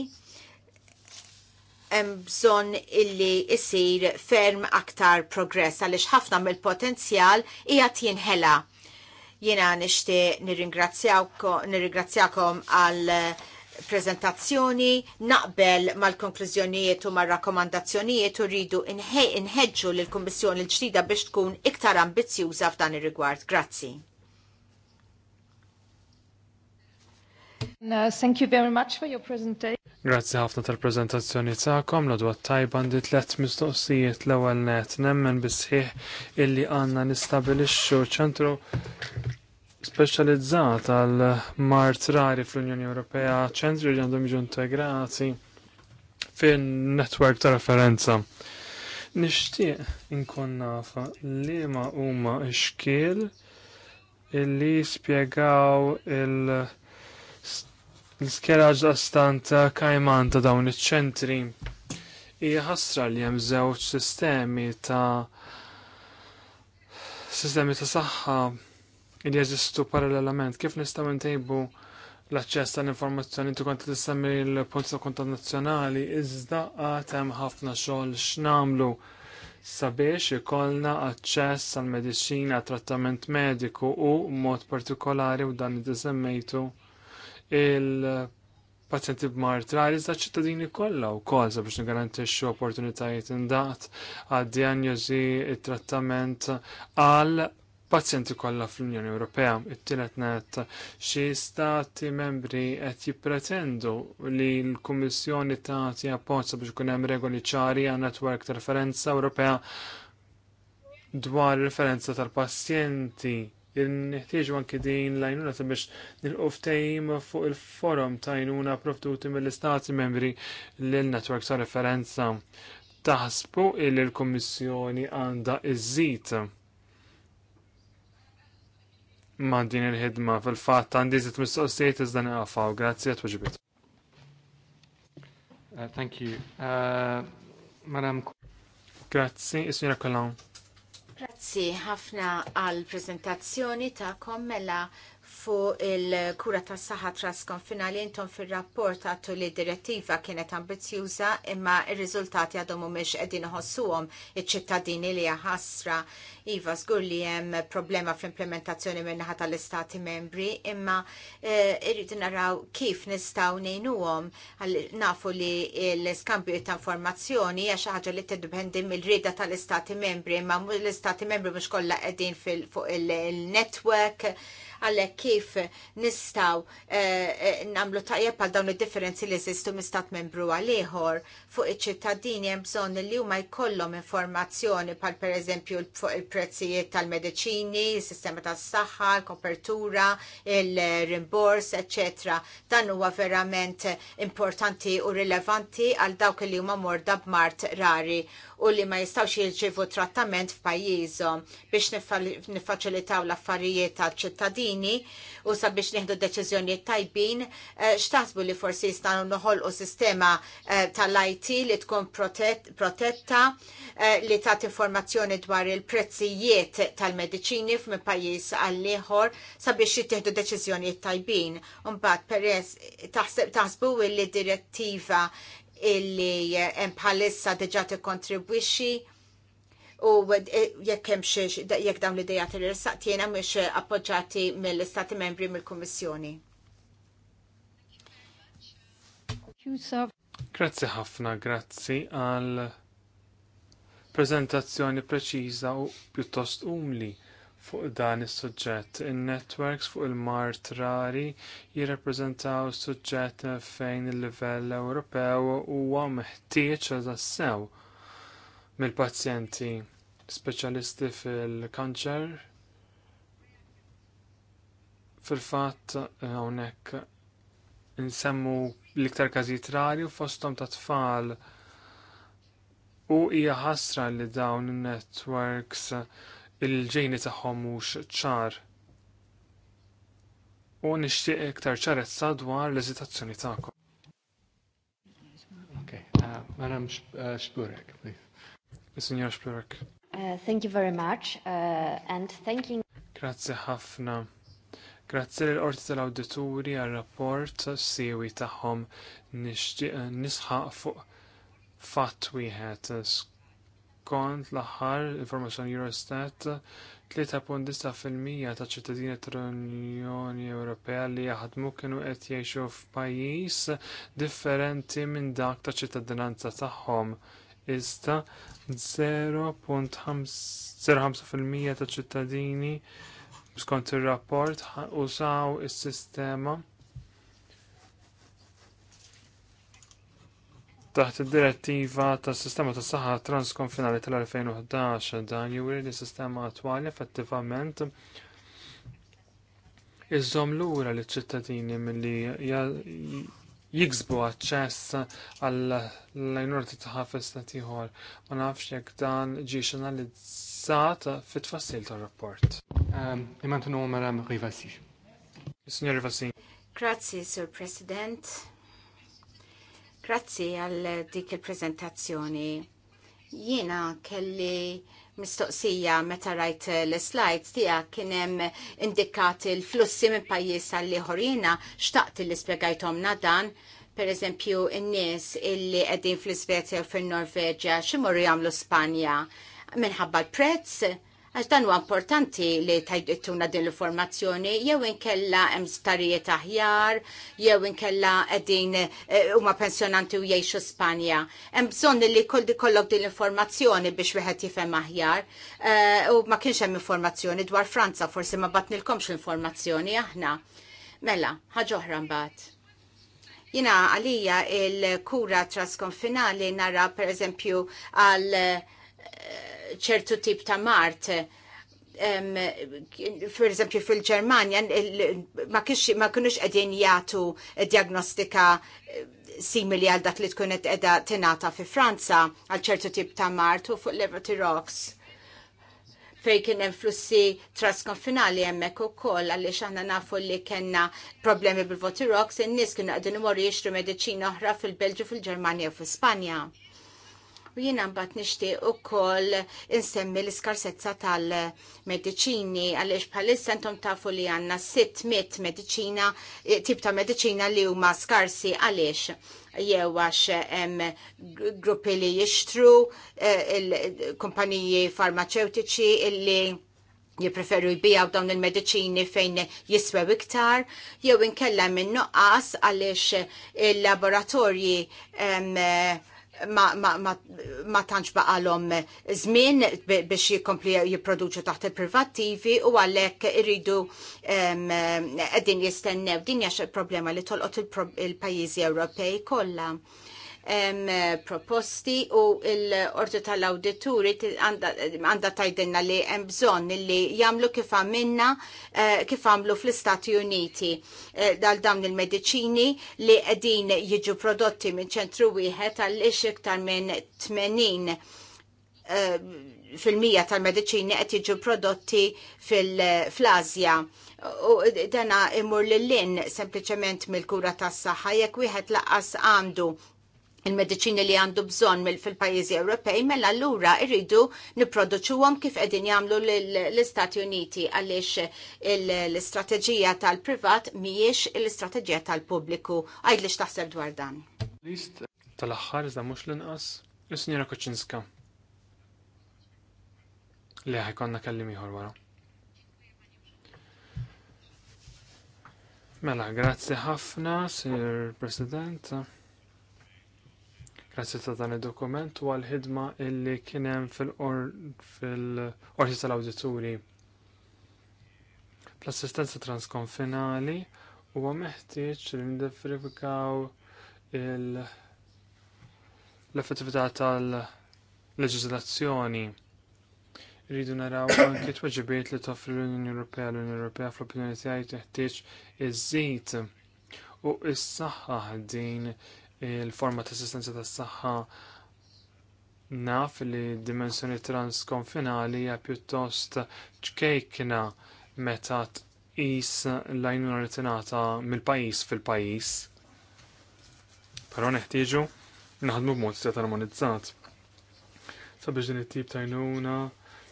hemm bżonn illi isir ferm aktar progress għaliex ħafna mill-potenzjal hija tinħela Jena nishti nirringrazzjakom għal eh, prezentazzjoni, naqbel mal-konklużjonijiet u mal-rakkomandazzjonijiet u rridu inħeġġu l-Kummissjoni l-ġdida biex tkun iktar ambizzjuża f'dan ir-rigward. Grazzi. Uh, thank you very much for your presentation. Grazzi ħafna tal-prezentazzjoni tagħkom l tajba għandi tliet mistoqsijiet l-ewwel net nemmen bisħiħ illi għandna nistabilixxu ċentru speċjalizzat għal mart rari fl-Unjoni Ewropea, ċentri li għandhom jiġu integrati fin-netwerk ta' referenza. Nixtieq inkun nafa liema huma xkiel illi spjegaw -il L-iskeraġ għastant kajman ta' dawn iċ-ċentri hija ħasra li hemm żewġ sistemi ta' sistemi ta' saħħa li jeżistu parallelament. Kif nistgħu ntejbu l-aċċess tal-informazzjoni tu kont tissemmi l-punt ta' konta nazzjonali iżda għad hemm ħafna xogħol x'namlu sabiex ikollna aċċess għal mediċina trattament mediku u mod partikolari u dan id-disemmejtu il-pazjenti b'mart rar ċittadini kollha wkoll sabiex nigarantixxu opportunitajiet indaqt għad-dijanjosi it-trattament għal pazjenti kollha fl-Unjoni Ewropea. It-tielet net xi stati membri qed jippretendu li l-Kummissjoni tagħti appoġġ sabiex ikun hemm regoli ċari għan netwerk ta' referenza Ewropea dwar referenza tal-pazjenti Nħtieġu anki din l-għajnuna sabiex nil-qoftejm fuq il-forum ta' għajnuna proftuti mill-istati membri l-network ta' referenza. Taħsbu il l-Kommissjoni għanda iż-żid ma' din il-ħidma fil-fatt għandi zit mistoqsijiet iżda għafaw. Grazzi għat wġibit. Uh, thank you. Uh, Madam. Grazzi, is-Sinjora Kolon. Grazzi ħafna għal prezentazzjoni ta' kommela fuq il-kura tas saħħa trasconfinali intom fir-rapport għattu li direttiva kienet ambizjuża imma il riżultati għadhom mhumiex qegħdin iħossuhom iċ-ċittadini li ħasra. Iva, żgur li hemm problema fl-implementazzjoni min-naħa tal-Istati membri, imma eh, irrid naraw kif nistgħu ngħinuhom nafu li l-iskambju ta' informazzjoni hija xi ħaġa li tiddependi mill-rieda tal-Istati membri, imma l-Istati membri mhux kollha qegħdin fuq il-network. il network għalhekk kif nistgħu namlu eh, eh, nagħmlu tajjeb għal dawn id-differenzi li jeżistu mistat membru għal ieħor fuq iċ-ċittadini hemm bżonn li huma jkollhom informazzjoni bħal pereżempju eżempju il-prezzijiet tal-mediċini, il sistema tas-saħħa, l-kopertura, il-rimbors, etc. Dan huwa verament importanti u rilevanti għal dawk li huma morda b'mart rari u li ma jistawx jirċivu trattament f'pajjiżhom biex nifaċilitaw l-affarijiet tal-ċittadini u sabiex nieħdu deċiżjonijiet tajbin eh, x'taħsbu li forsi jistgħu noħolqu sistema eh, tal-IT li tkun protetta eh, li tat informazzjoni dwar il-prezzijiet tal-mediċini f'min pajjiż għal ieħor sabiex jittieħdu deċiżjonijiet tajbin. Mbagħad peress taħsbu li direttiva illi eh, hemm bħalissa diġà tikkontribwixxi u eh, jekk hemm jekk dawn l-idejat li jiena mhux eh, appoġġjati mill-Istati Membri mill-Kummissjoni. Grazzi ħafna, grazzi għal prezentazzjoni preċiża u pjuttost umli fuq dan is-suġġett. In-networks fuq il-mart rari jirrappreżentaw suġġett fejn il-livell Ewropew huwa meħtieġ tassew mill-pazjenti speċjalisti fil-kanċer fil-fatt hawnhekk insemmu l-iktar każijiet rari u fosthom ta' tfal u hija ħasra li dawn in-networks il-ġejni tagħhom mhux ċar. U nixtieq iktar ċarezza dwar l-eżitazzjoni tagħkom. Okay, uh, Madam Spurek, uh, please. Signor Spurek. Uh, thank you very much uh, and thanking Grazzi ħafna. Grazzi l qorti tal-awdituri għal-rapport siwi e tagħhom nixtieq nisħaq fuq fatt wieħed kont l-aħħar informazzjoni Eurostat 3.9% ta' ċittadini tal-Unjoni Ewropea li jaħdmu kienu qed jgħixu f'pajjiż differenti minn dak ta' ċittadinanza tagħhom. Iżda 0.5% ta' ċittadini skont ir-rapport usaw is-sistema taħt id-direttiva tas sistema tas saħħa transkonfinali tal-2011 dan juri li sistema attwali effettivament l lura li ċittadini milli jiksbu aċċess għall lajnorti ta' ta' tiħor. Ma nafx jekk dan ġiex analizzat fit fassil tar-rapport. Imman tunu għamara Rivasi. Signor Rivasi. Grazie, Sir President. Grazzi għal dik il-prezentazzjoni. Jiena kelli mistoqsija meta rajt l-slides tiegħek kien hemm indikat il-flussi minn pajjiż għal ieħor jiena xtaqt li nadan. dan pereżempju n-nies illi qegħdin fl-Iżvezja u fin-Norveġja x'imorru jagħmlu Spanja minħabba l-prezz Għax dan huwa importanti li tajdittuna din l-informazzjoni, jew inkella hemm starijiet aħjar, jew inkella qegħdin eh, huma pensjonanti u jgħixu Spanja. Hemm bżonn li koldi kollok din l-informazzjoni biex wieħed jifhem aħjar. Eh, u ma kienx hemm informazzjoni dwar Franza, forsi ma batnilkomx l-informazzjoni aħna. Mela, ħaġa oħra mbagħad jina għalija il-kura trasconfinali nara per eżempju għal ċertu tip ta' mart. Um, per eżempju fil-Ġermanja ma kienx ma kienux qegħdin jagħtu diagnostika eh, simili għal dak li tkun qed qiegħda tingħata fi Franza għal ċertu tip ta' mart u fuq Rocks fej kien hemm flussi trasconfinali hemmhekk ukoll għaliex aħna nafu li kellna problemi bil-Votirox in-nies kienu qegħdin imorru jixtru mediċina oħra fil-Belġu fil-Ġermanja u fl-Ispanja. fil belġju fil ġermanja u fl fil fil ġermanja u fl ispanja u jiena nishti nixtieq ukoll insemmi l-iskarsezza tal-mediċini għaliex bħalissa ntom tafu li għandna 600 medicina, tip ta' mediċina li huma skarsi għaliex jew għax hemm gruppi li jixtru eh, il-kumpaniji farmaceutiċi illi jipreferu jbijaw dawn il-medicini fejn jiswew iktar, jew inkella minn nuqqas għaliex il-laboratorji ma, ma, ma, ma tantx baqalhom żmien biex jikompli jipproduċu taħt il-privattivi u għalhekk iridu qegħdin jistennew din hija problema li tolqot il-pajjiżi Ewropej kollha proposti u l-ordu tal-awdituri għanda tajdenna li hemm bżonn li jagħmlu kif għamilna eh, kif għamlu fl-Istati Uniti eh, dal dawn il-mediċini li qegħdin jiġu prodotti minn ċentru wieħed għaliex iktar minn 80 eh, fil-mija tal-mediċini qed jiġu prodotti fil-Azja. U dena imur l-lin sempliciment mill-kura tas saħħa jekk wieħed laqqas għandu il-medicini li għandu bżon fil pajjiżi Ewropej, mela allura irridu niproduċuhom kif qegħdin jagħmlu l-Istati Uniti għaliex l-istrateġija tal-privat mhijiex l-istrateġija tal-pubbliku. Għajd li x'taħseb dwar dan? List tal-aħħar iżda mhux l-inqas is-Sinjora Koċinska. Li ħajkonna kellim ieħor wara. Mela, grazzi ħafna, Sir President. Grazzi ta' dan id-dokument u għal-ħidma illi kienem fil qorti tal-awdituri. Fl-assistenza transkonfinali huwa meħtieġ li nidverifikaw l-effettività tal-leġiżlazzjoni. Rridu naraw t tweġibiet li toffri l-Unjoni Ewropea l-Unjoni Ewropea fl-opinjoni tiegħi teħtieġ iż-żid u s-saħħa din il-forma ta' assistenza tas saħħa naf li dimensjoni transkonfinali hija pjuttost ċkejkna meta tqis l-għajnuna li tingħata mill-pajjiż fil-pajjiż. Però neħtieġu naħdmu b'mod set armonizzat. Sabiex din it-tip ta' għajnuna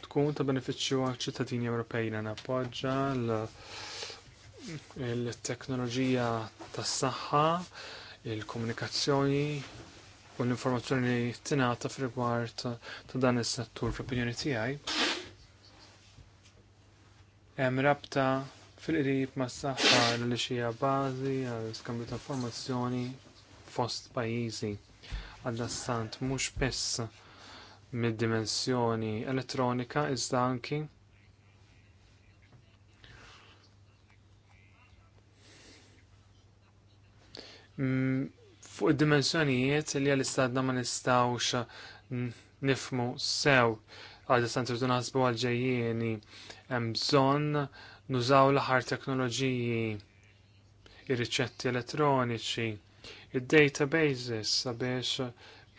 tkun ta' benefiċċju għal ċittadini Ewropej li nappoġġa l-teknoloġija tas-saħħa il-komunikazzjoni u l-informazzjoni li tingħata gwart ta' dan is-settur fl-opinjoni tiegħi. Hemm rabta fil-qrib ma' s-saħħa li xija bażi għal skambju ta' informazzjoni fost pajjiżi għall-assant mhux biss mid-dimensjoni elettronika iżda anki fuq id-dimensjonijiet li għal-istadna ma nistawx nifmu sew għadda santu naħsbu għal-ġejjieni hemm bżonn nużaw l-aħħar teknoloġiji ir-riċetti elettroniċi, id-databases sabiex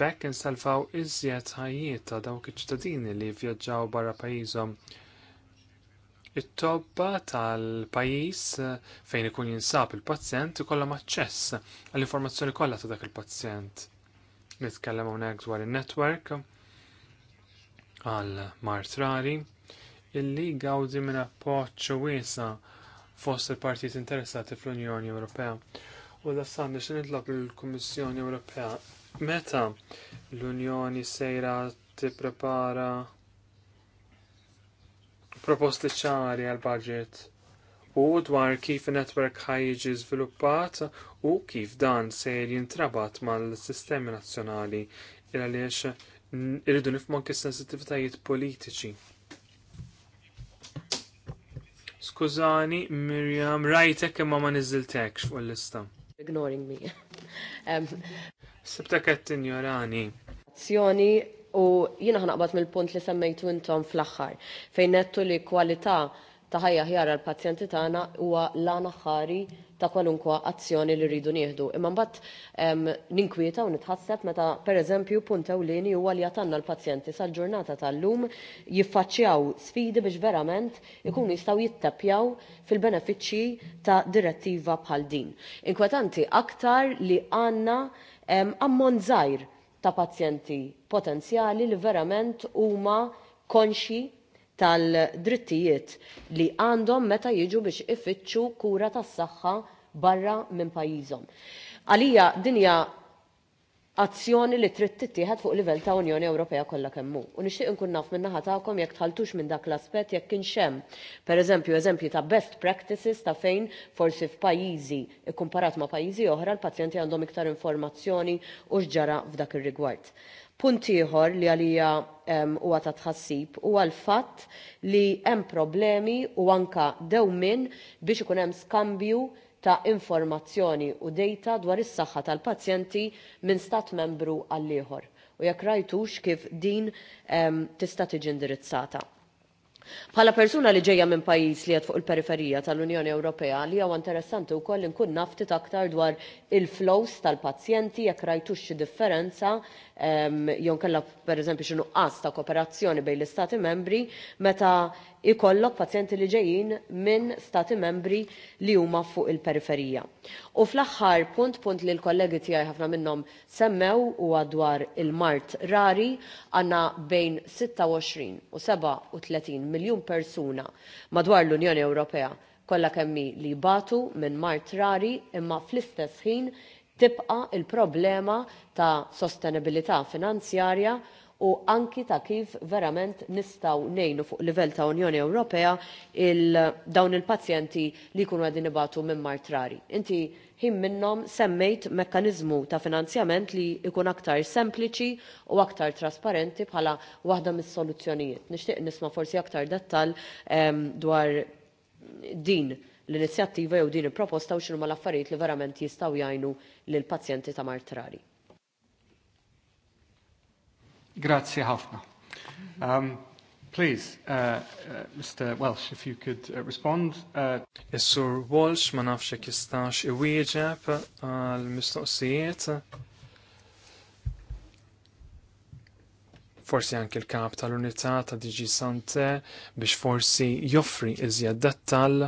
bekk insalfaw iżjed ħajjiet ta' dawk iċ-ċittadini li vjaġġaw barra pajjiżhom it-tobba tal-pajjiż eh, fejn ikun jinsab il-pazjent ikollhom aċċess għall-informazzjoni kollha ta' dak il-pazjent. Nitkellem hawnhekk dwar in-netwerk għal Mart Rari illi gawdi minn appoġġ wiesa fost il-partijiet interessati fl-Unjoni Ewropea. U da sandi xin nitlob l-Kommissjoni Ewropea meta l-Unjoni sejra tipprepara proposti ċari għal budget u dwar kif netwerk ħajġi żviluppat u kif dan se jintrabat mal-sistemi nazzjonali il għaliex irridu nifmu anke sensitivitajiet politiċi. Skużani, Mirjam, rajtek imma ma niżiltekx fuq l-lista. Ignoring me. um... Sibtek qed tinjorani. Azzjoni U jina ħanaqbad mill-punt li semmejtu intom fl-axħar, fejn nettu li kwalità ta' ħajja ħjar għal-pazjenti tagħna huwa l-għana ħari ta' kwalunkwa azzjoni li rridu nieħdu. Imma mbagħad ninkwieta u nitħasseb meta pereżempju punt ewlieni huwa li għatanna l-pazjenti sal-ġurnata tal-lum jiffaċċjaw sfidi biex verament ikunu jistgħu jittapjaw fil-benefiċċji ta' direttiva bħal din. Inkwetanti aktar li għandna ammont żgħir ta' pazjenti potenzjali li verament huma konxi tal-drittijiet li għandhom meta jiġu biex ifittxu kura tas-saħħa barra minn pajjiżhom. Għalija dinja azzjoni li trid tittieħed fuq livell ta' Unjoni Ewropea kollha kemm hu. U nixtieq inkun naf min-naħa tagħkom jekk tħaltux minn dak l-aspett jekk kienx hemm pereżempju eżempji ta' best practices ta' fejn forsi f'pajjiżi ikkumparat ma' pajjiżi oħra l-pazjenti għandhom iktar informazzjoni u x'ġara f'dak ir-rigward. Punt ieħor li għalija huwa ta' tħassib huwa l-fatt li hemm problemi u anka minn biex ikun hemm skambju ta' informazzjoni u data dwar is-saħħa tal-pazjenti minn stat membru għal ieħor u jekk rajtux kif din um, tista' tiġi indirizzata. Bħala persuna li ġejja minn pajjiż li qed fuq il-periferija tal-Unjoni Ewropea li huwa interessanti wkoll koll nkun nafti aktar dwar il-flows tal-pazjenti jekk rajtux xi differenza jonkella ehm, jew kellha pereżempju xi nuqqas ta' kooperazzjoni bejn l-istati membri meta ikollok pazjenti li ġejjin minn stati membri li huma fuq il-periferija. U fl-aħħar punt, punt li l-kollegi tiegħi ħafna minnhom semmew huwa dwar il-mart rari għandna bejn 26 u 37 miljun persuna madwar l-Unjoni Ewropea kollha kemmi li batu minn mart rari imma fl-istess ħin tibqa il-problema ta' sostenibilità finanzjarja u anki ta' kif verament nistaw nejnu fuq livell ta' Unjoni Ewropea il dawn il-pazjenti li kunu għadin ibatu minn martrari. Inti him minnom semmejt mekkanizmu ta' finanzjament li ikun aktar sempliċi u aktar trasparenti bħala waħda mis-soluzzjonijiet. Nixtieq nisma' forsi aktar dettal um, dwar din l-inizjattiva jew din il-proposta u xinu mal l-affarijiet li verament jistaw jajnu l pazjenti ta' martrari. Grazie ħafna. Um, please, uh, uh, Mr. Welsh, if you could uh, respond. Uh... Is-Sur Walsh ma nafx jekk jistax iwieġeb għal-mistoqsijiet. Forsi anke l-kap tal-unità ta' DG Sante biex forsi joffri iżjed dettal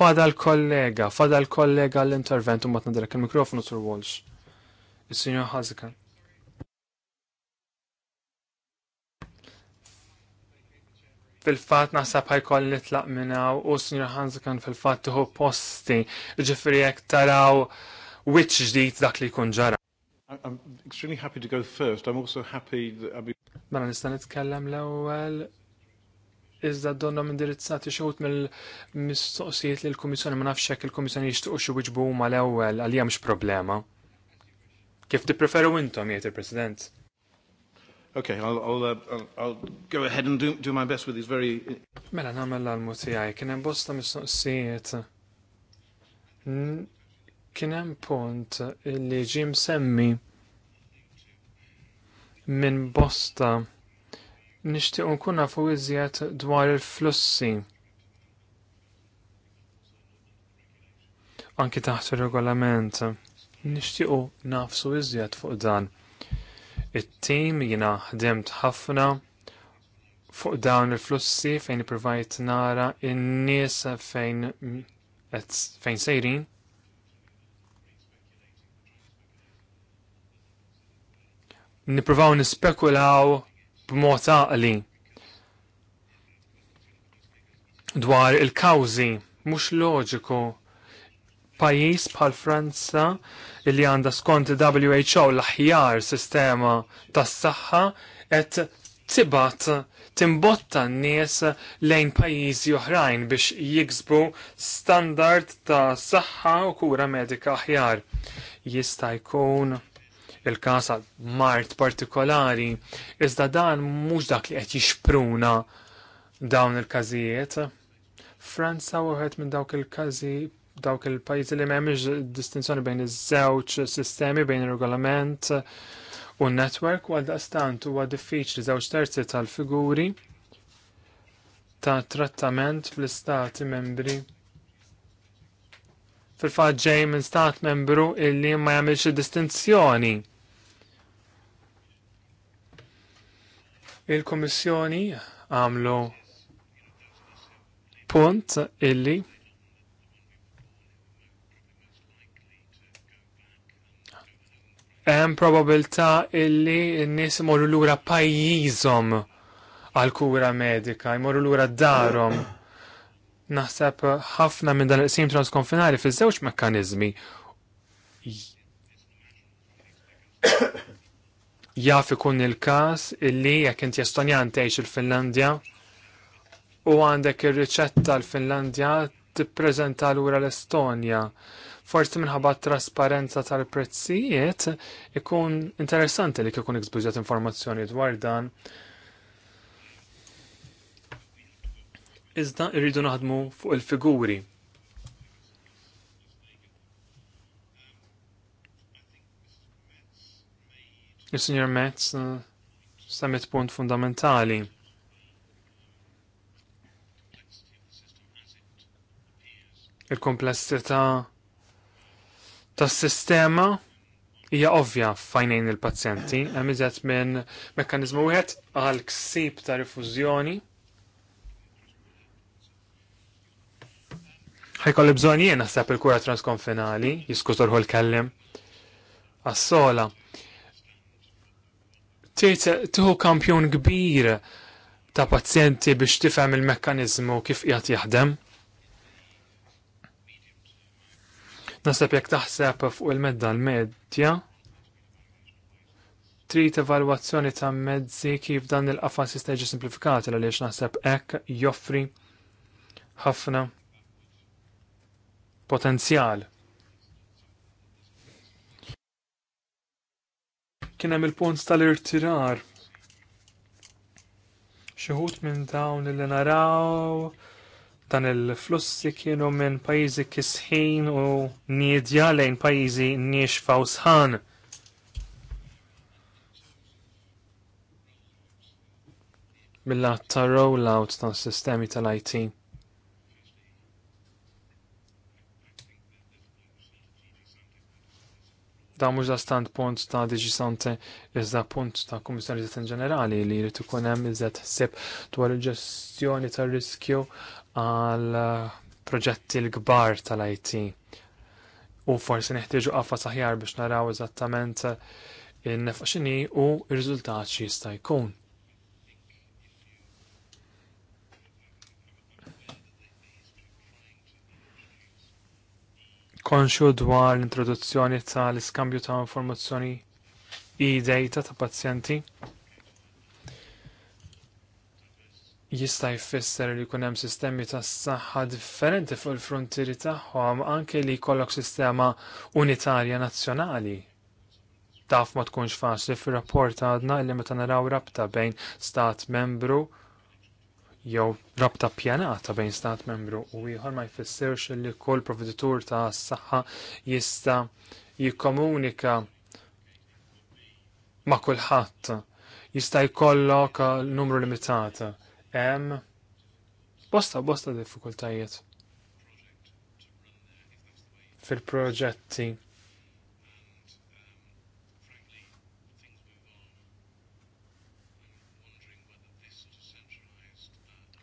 fada l-kollega, fada l-kollega l-interventu matna direk il-mikrofonu sur Walsh. Is-Sinjor Hazekan. fil-fat naħseb ħajkoll tlaq minnaw u sinjor Hanzekan fil-fat tuħu posti ġifri jek taraw which ġdijt dak li jkun ġara. I'm extremely happy to go first. I'm also happy that I'll be... Mela nista' nitkellem l-ewwel iżda donna indirizzati xogħod mill-mistoqsijiet li l-Kummissjoni ma nafx hekk il-Kummissjoni jixtiequ xi wiġbu huma l-ewwel għalija mhux problema. Kif tippreferu intom, jieti il-President? Okay, I'll, I'll, uh, I'll, I'll go ahead and do, do my best with these very... Mela namel l-almu għaj, kienem bosta mistoqsijiet. Kienem punt li ġim semmi minn bosta nishtiq nkun nafu iżjed dwar il-flussi. Anki taħt il-regolament. il regolament nixtiequ nafsu iżjed fuq dan. It-tim jiena ħdemt ħafna fuq dawn il-flussi fejn ippruvajt nara in-nies fejn fejn sejrin. Nipruvaw nispekulaw b'mod għaqli dwar il kawżi mhux loġiku pajjiż bħal Franza li għandha skont WHO l-aħjar sistema tas-saħħa qed tibat timbotta n-nies lejn pajjiżi oħrajn biex jiksbu standard ta' saħħa u kura medika aħjar. Jista' jkun il każ mart partikolari, iżda dan mhux dak li qed jixpruna dawn il-każijiet. Franza wieħed minn dawk il-każi dawk il-pajjiżi li m'hemmx distinzjoni bejn iż-żewġ sistemi bejn ir-regolament u n-netwerk għal daqstant huwa diffiċli żewġ terzi tal-figuri ta' trattament fl-istati membri fil-fatt ġej minn stat membru illi ma jagħmilx distinzjoni. Il-Kommissjoni għamlu punt illi hemm probabilità illi n-nies imorru lura pajjiżhom għal kura medika, imorru lura darhom. Naħseb ħafna minn dan il-qsim transkonfinari fiż-żewġ mekkaniżmi jaf ikun il-każ illi jekk inti Estonjan tgħix il-Finlandja u għandek ir-riċetta l-Finlandja tippreżenta lura l-Estonja. l estonja forsi minħabba trasparenza tal-prezzijiet ikun interessanti li kikun iksbuġat informazzjoni dwar dan. Iżda irridu naħdmu fuq il-figuri. Il-Sinjor Metz eh, samet punt fundamentali. il-komplessità tas-sistema hija ovvja fajnejn il-pazjenti, hemm iżgħet minn mekkaniżmu wieħed għal ksib ta' rifużjoni. Ħajkolli bżonn jien naħseb il-kura transkonfinali, jiskutor hu l-kellim. sola Tieħu kampjon kbir ta' pazjenti biex tifhem il-mekkaniżmu kif qiegħed jaħdem. Nasab jekk taħseb fuq il-medda l-medja, Trit evalwazzjoni ta' mezzi kif dan il-qafas jista' jiġi simplifikati għaliex naħseb hekk joffri ħafna potenzjal. Kien hemm il-punt tal-irtirar xi wħud minn dawn illi naraw dan il-flussi kienu minn pajjiżi kisħin u nidja lejn pajjiżi nixfa u sħan. mill ta' rollout ta' sistemi tal-IT. Da' mux da' stand punt ta' diġisante iżda punt ta' komissjoni in ġenerali li jrid ikun hemm iżda ħsieb dwar il-ġestjoni tar-riskju għal eh, proġetti l-kbar tal-IT. U forsi neħtieġu qafa saħjar biex naraw eżattament eh, in-nefqa x'inhi u r-riżultat xi jista' jkun. Konxu dwar l-introduzzjoni tal-iskambju ta' informazzjoni e-data ta' pazjenti jista' jfisser li jkun hemm sistemi tas-saħħa differenti fuq il-frontieri tagħhom anke li jkollok sistema unitarja nazzjonali. Taf ma tkunx faċli fir-rapport għadna li meta naraw rabta bejn stat membru jew rabta pjanata bejn stat membru u ieħor ma jfissirx li kull provveditur ta' saħħa jista' jikkomunika ma' kulħadd. Jista' jkollok eh, numru limitat hemm bosta bosta diffikultajiet fil-proġetti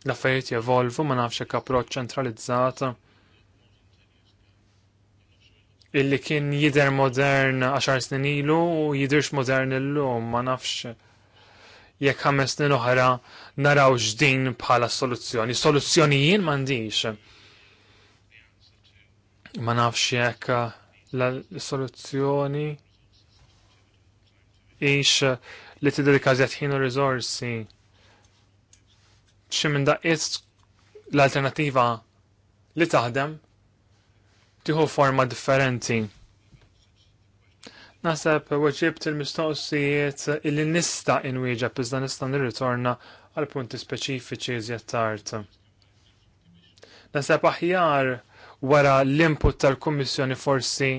l-affarijiet jevolvu ma nafx hekk approċċ illi kien jidher modern għaxar snin ilu u jidirx modern illum ma nafx jekk ħames snin oħra naraw ġdin bħala soluzzjoni. Soluzzjonijin m'għandix. Ma nafx jekk l-soluzzjoni ix li t zjat ħin u rizorsi. ċimin minn daqqiet l-alternativa li taħdem tiħu forma differenti. Nasab, weġibt il-mistoqsijiet illi nista inwieġeb iżda nista nirritorna għal punti speċifiċi iżjed tard. Naħseb aħjar wara l-input tal-Kummissjoni forsi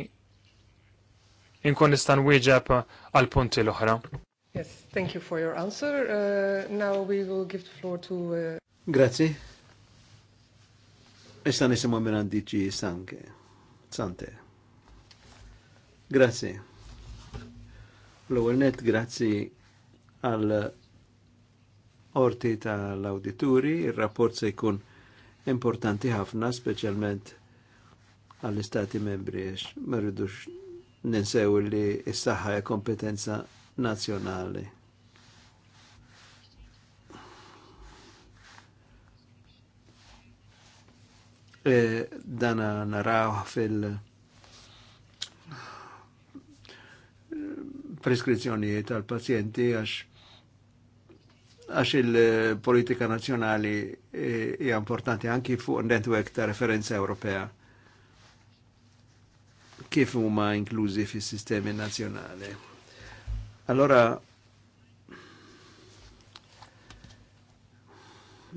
inkun nista' nwieġeb għal punti l-oħra. Yes, thank you for your answer. Uh, now we will give the floor to uh... Grazie. Issa nisimgħu minn għandi Sanke. Sante. Grazie. L-ewwel net grazzi għal orti tal-awdituri, ir-rapport se jkun importanti ħafna, speċjalment għall-istati membri, ma rridux ninsew li s-saħħa hija kompetenza nazzjonali. E, dana naraw fil- preskrizzjonijiet tal-pazjenti għax għax il-politika nazjonali hija importanti anki fuq netwerk ta' referenza Ewropea kif huma inklużi fis-sistemi nazzjonali. Allora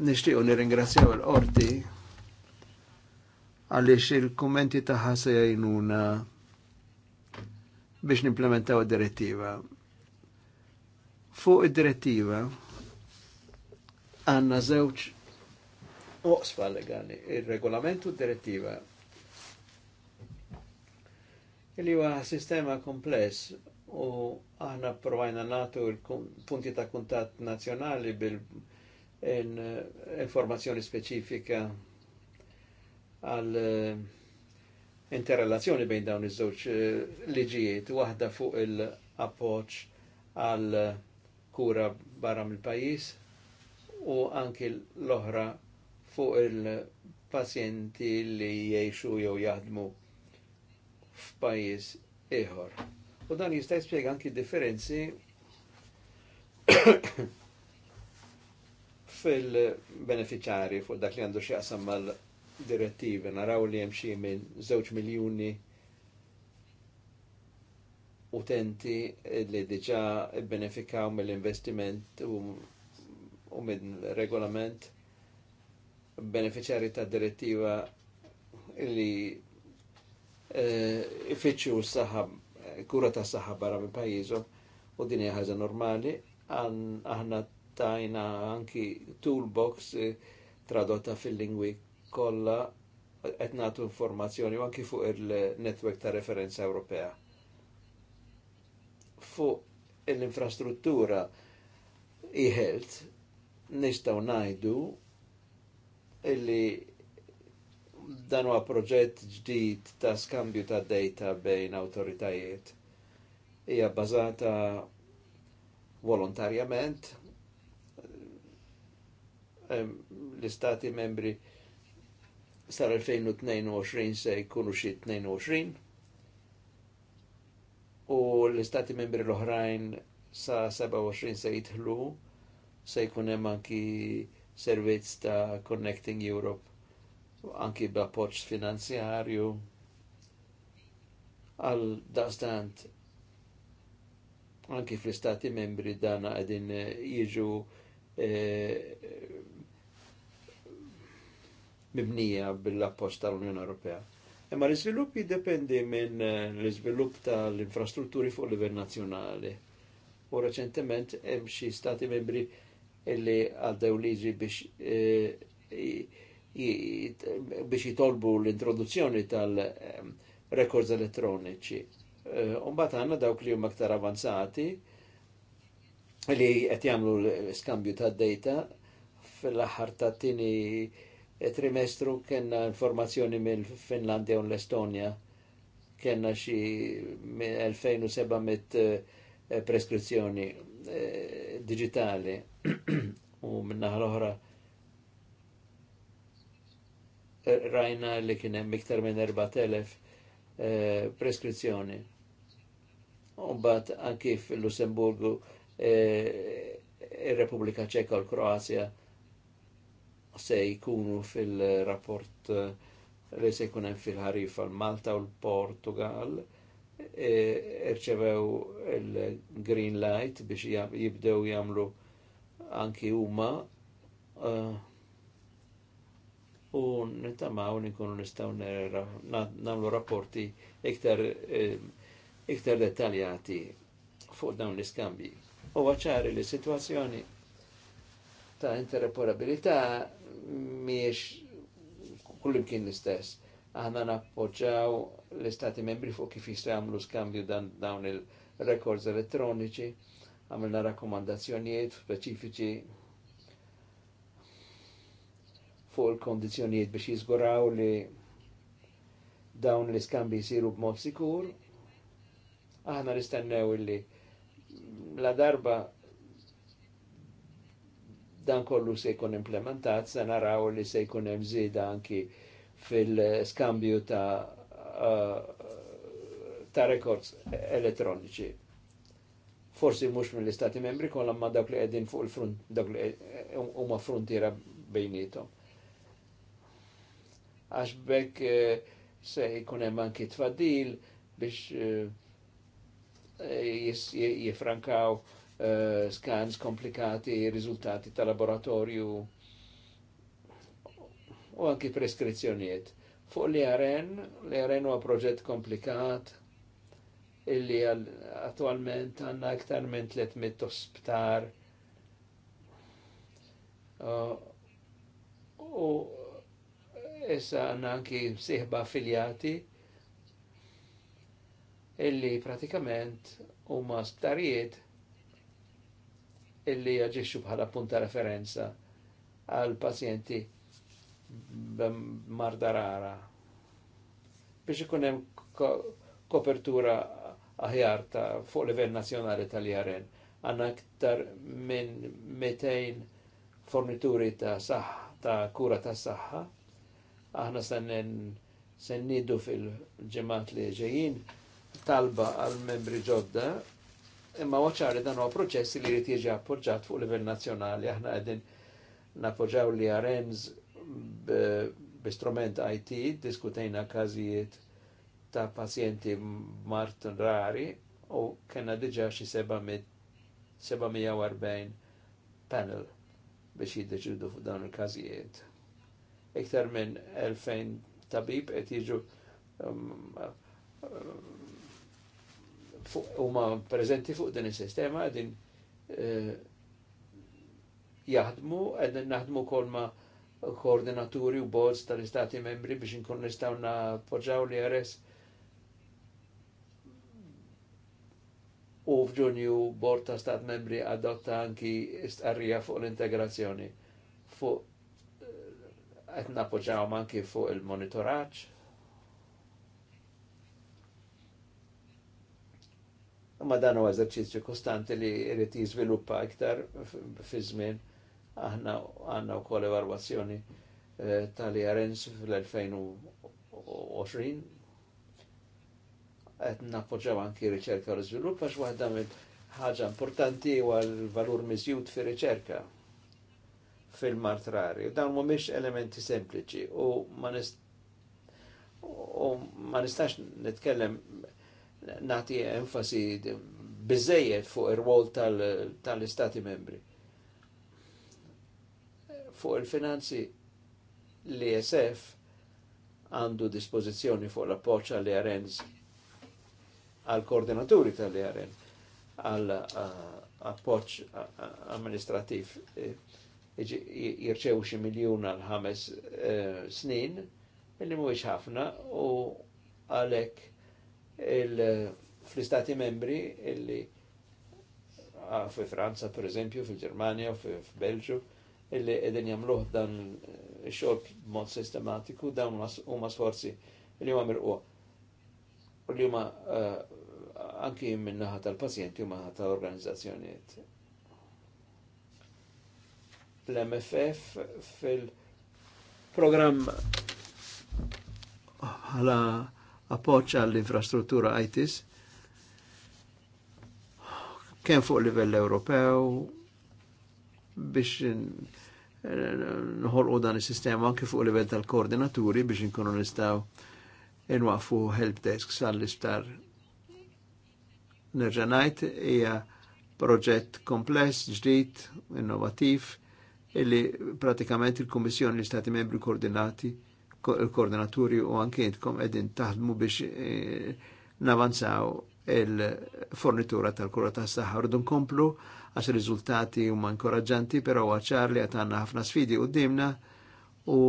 nixtiequ nirringrazzjaw il-qorti għaliex il-kommenti taħħa se jgħinuna biex nimplementaw id-direttiva. Fuq id-direttiva għanna zewċ uqsfa legali, il-regolamentu d-direttiva. Il huwa sistema kompless u aħna provajna natu il-punti ta' kuntat nazjonali bil-informazzjoni speċifika għal uh, interrelazzjoni bejn dawn iż-żewġ eh, liġijiet, waħda fuq il-appoġġ għal kura barra mill-pajjiż u anki l-oħra fuq il-pazjenti li jgħixu jew jaħdmu f'pajjiż ieħor. U dan jista' jispjega anki differenzi fil-beneficjari fuq dak li għandu x'jaqsam mal- direttivi, naraw li hemm xi minn żewġ miljuni utenti li diġà benefikaw mill-investiment u minn regolament beneficjari ta' direttiva li uh, ifittxu s-saħab, kura ta' s-saħab barra minn pajizom u din ħaġa normali, aħna tajna anki toolbox eh, tradotta fil-lingwi kolla etnatu informazzjoni anki fuq il-netwerk ta' referenza Ewropea. Fuq l-infrastruttura iħelt, nistaw najdu illi dan huwa proġett ġdid ta' skambju ta' data bejn awtoritajiet. Hija bbażata volontarjament l-istati membri sar-2022 se jkunu xi 22 u l-istati membri l-oħrajn sa 27 se jitħlu se jkun hemm anki servizz ta' Connecting Europe anki b'appoġġ finanzjarju għal dastant anki fl-istati membri dana għedin jiġu eh, mibnija bil-appoġġ tal-Unjoni Ewropea. Imma l-iżvilupp jiddependi minn eh, l-iżvilupp tal-infrastrutturi fuq livell nazzjonali. U reċentement hemm xi stati membri li għaddew liġi biex eh, biex jitolbu l-introduzzjoni tal-rekords elettroniċi. Eh, Umbat għanna dawk li huma aktar avanzati li qed jagħmlu l-iskambju ta' data fil-aħħar tat-tieni E trimestru kena informazzjoni mill Finlandia u l estonia kena xi 2700 eh, preskrizzjoni eh, digitali u minna l ohra eh, rajna li kienem miktar minn 4000 preskrizzjoni. u bat anki fil-Lussemburgu, il-Repubblika Ċeka u l-Kroazja, se jkunu fil-rapport eh, li se jkun fil-ħarifa l-Malta u l-Portugal e, irċevew il-green light biex jibdew jamlu anki huma eh, u nittamaw nikunu nistaw namlu rapporti iktar eh, iktar dettaljati fuq dawn l-iskambji. U għacħari li situazzjoni ta' interoperabilità miex kull imkien l-istess. Aħna nappoġġaw l-Istati membri fuq kif jagħmlu skambju dan dawn il-records elettroniċi, għamilna rakkomandazzjonijiet speċifiċi fuq il-kondizjonijiet biex jizguraw li dawn l-iskambi jisiru b'mod sikur. Aħna nistennew illi la darba dan kollu se jkun implementat, se naraw li se jkun hemm żieda anki fil-skambju ta' eh, ta' records elettroniċi. Forsi mhux mill-Istati Membri kollha ma dawk li qegħdin fuq il-front dawk li huma frontiera bejnietom. Għax bekk eh, se jkun hemm anki tfaddil biex eh, jifrankaw uh, uh, scans komplikati, rizultati ta' laboratorju u anki preskrizzjoniet. Fuq li irn li irn huwa proġett komplikat illi attualment għanna iktar minn 300 osptar eh, u issa għanna anki siħba affiljati illi pratikament huma starijiet illi jaġiċu bħala punta referenza għal pazjenti marda rara biex ikunem kopertura aħjar ta' fuq livell nazjonali tal-jaren għanna aktar minn 200 fornituri ta' saħ ta' kura ta' saħħa aħna sennen sennidu fil-ġemat li ġejjin talba għal membri ġodda imma waċari dan huwa proċess li jrid jiġi appoġġat fuq livell nazzjonali. Aħna qegħdin nappoġġaw li arenz bi strument IT, diskutejna każijiet ta' pazjenti Martin rari u kena diġa xi 740 panel biex jiddeċidu fuq dawn il-każijiet. Iktar minn 2000 tabib qed jiġu um, um, huma prezenti fuq din is-sistema din eh, jaħdmu qegħdin naħdmu kolma koordinaturi u boards tal-istati membri biex nkun nistgħu nappoġġaw li RS u f'ġunju bord ta' stat membri adotta anki istqarrija fuq l-integrazzjoni fuq qed eh, napoġġaw anki fuq il-monitoraġġ Ma dan u eżerċizzju kostanti li jrid jiżviluppa iktar fi żmien aħna għandna wkoll evalwazzjoni eh, tal-jarens fl-2020 qed nappoġġaw anki riċerka u l-iżvilupp għax waħda mill ħaġa importanti huwa l-valur miżjud fi riċerka fil-mart rari. Dan mhumiex elementi sempliċi u ma nistax nitkellem nati enfasi bizzejiet fuq il rwol tal-istati tal membri. Fuq il-finanzi li isf għandu dispozizjoni fuq l-appoċ għall arens għal koordinaturi tal-IRN għal appoċ amministrativ e, jirċewu xi miljun għal ħames e, snin illi mhuwiex ħafna u għalhekk fl-istati membri illi ah, fi Franza per eżempju, fil-Germania, fi belġu illi edin jamluħ dan eh, xol mod sistematiku, dan huma sforzi li huma mirqu u li huma eh, anki minn naħa tal-pazjenti u naħa tal-organizzazzjonijiet. L-MFF fil-programm oh, appoġġ għall-infrastruttura ITIS kien fuq livell Ewropew biex nħolqu dan is-sistema anke fuq livell tal-koordinaturi biex inkunu nistgħu inwaqfu help desk sal-isptar. Nerġa' ngħid hija proġett kompless, ġdid, innovativ, illi pratikament il-Kummissjoni l-Istati Membri koordinati il-koordinaturi u anke intkom qegħdin taħdmu biex e, navanzaw il-fornitura tal-kura tas saħħa rridu nkomplu għax il-rizultati huma inkoraġġanti però huwa ċar li għatanna għandna ħafna sfidi dimna u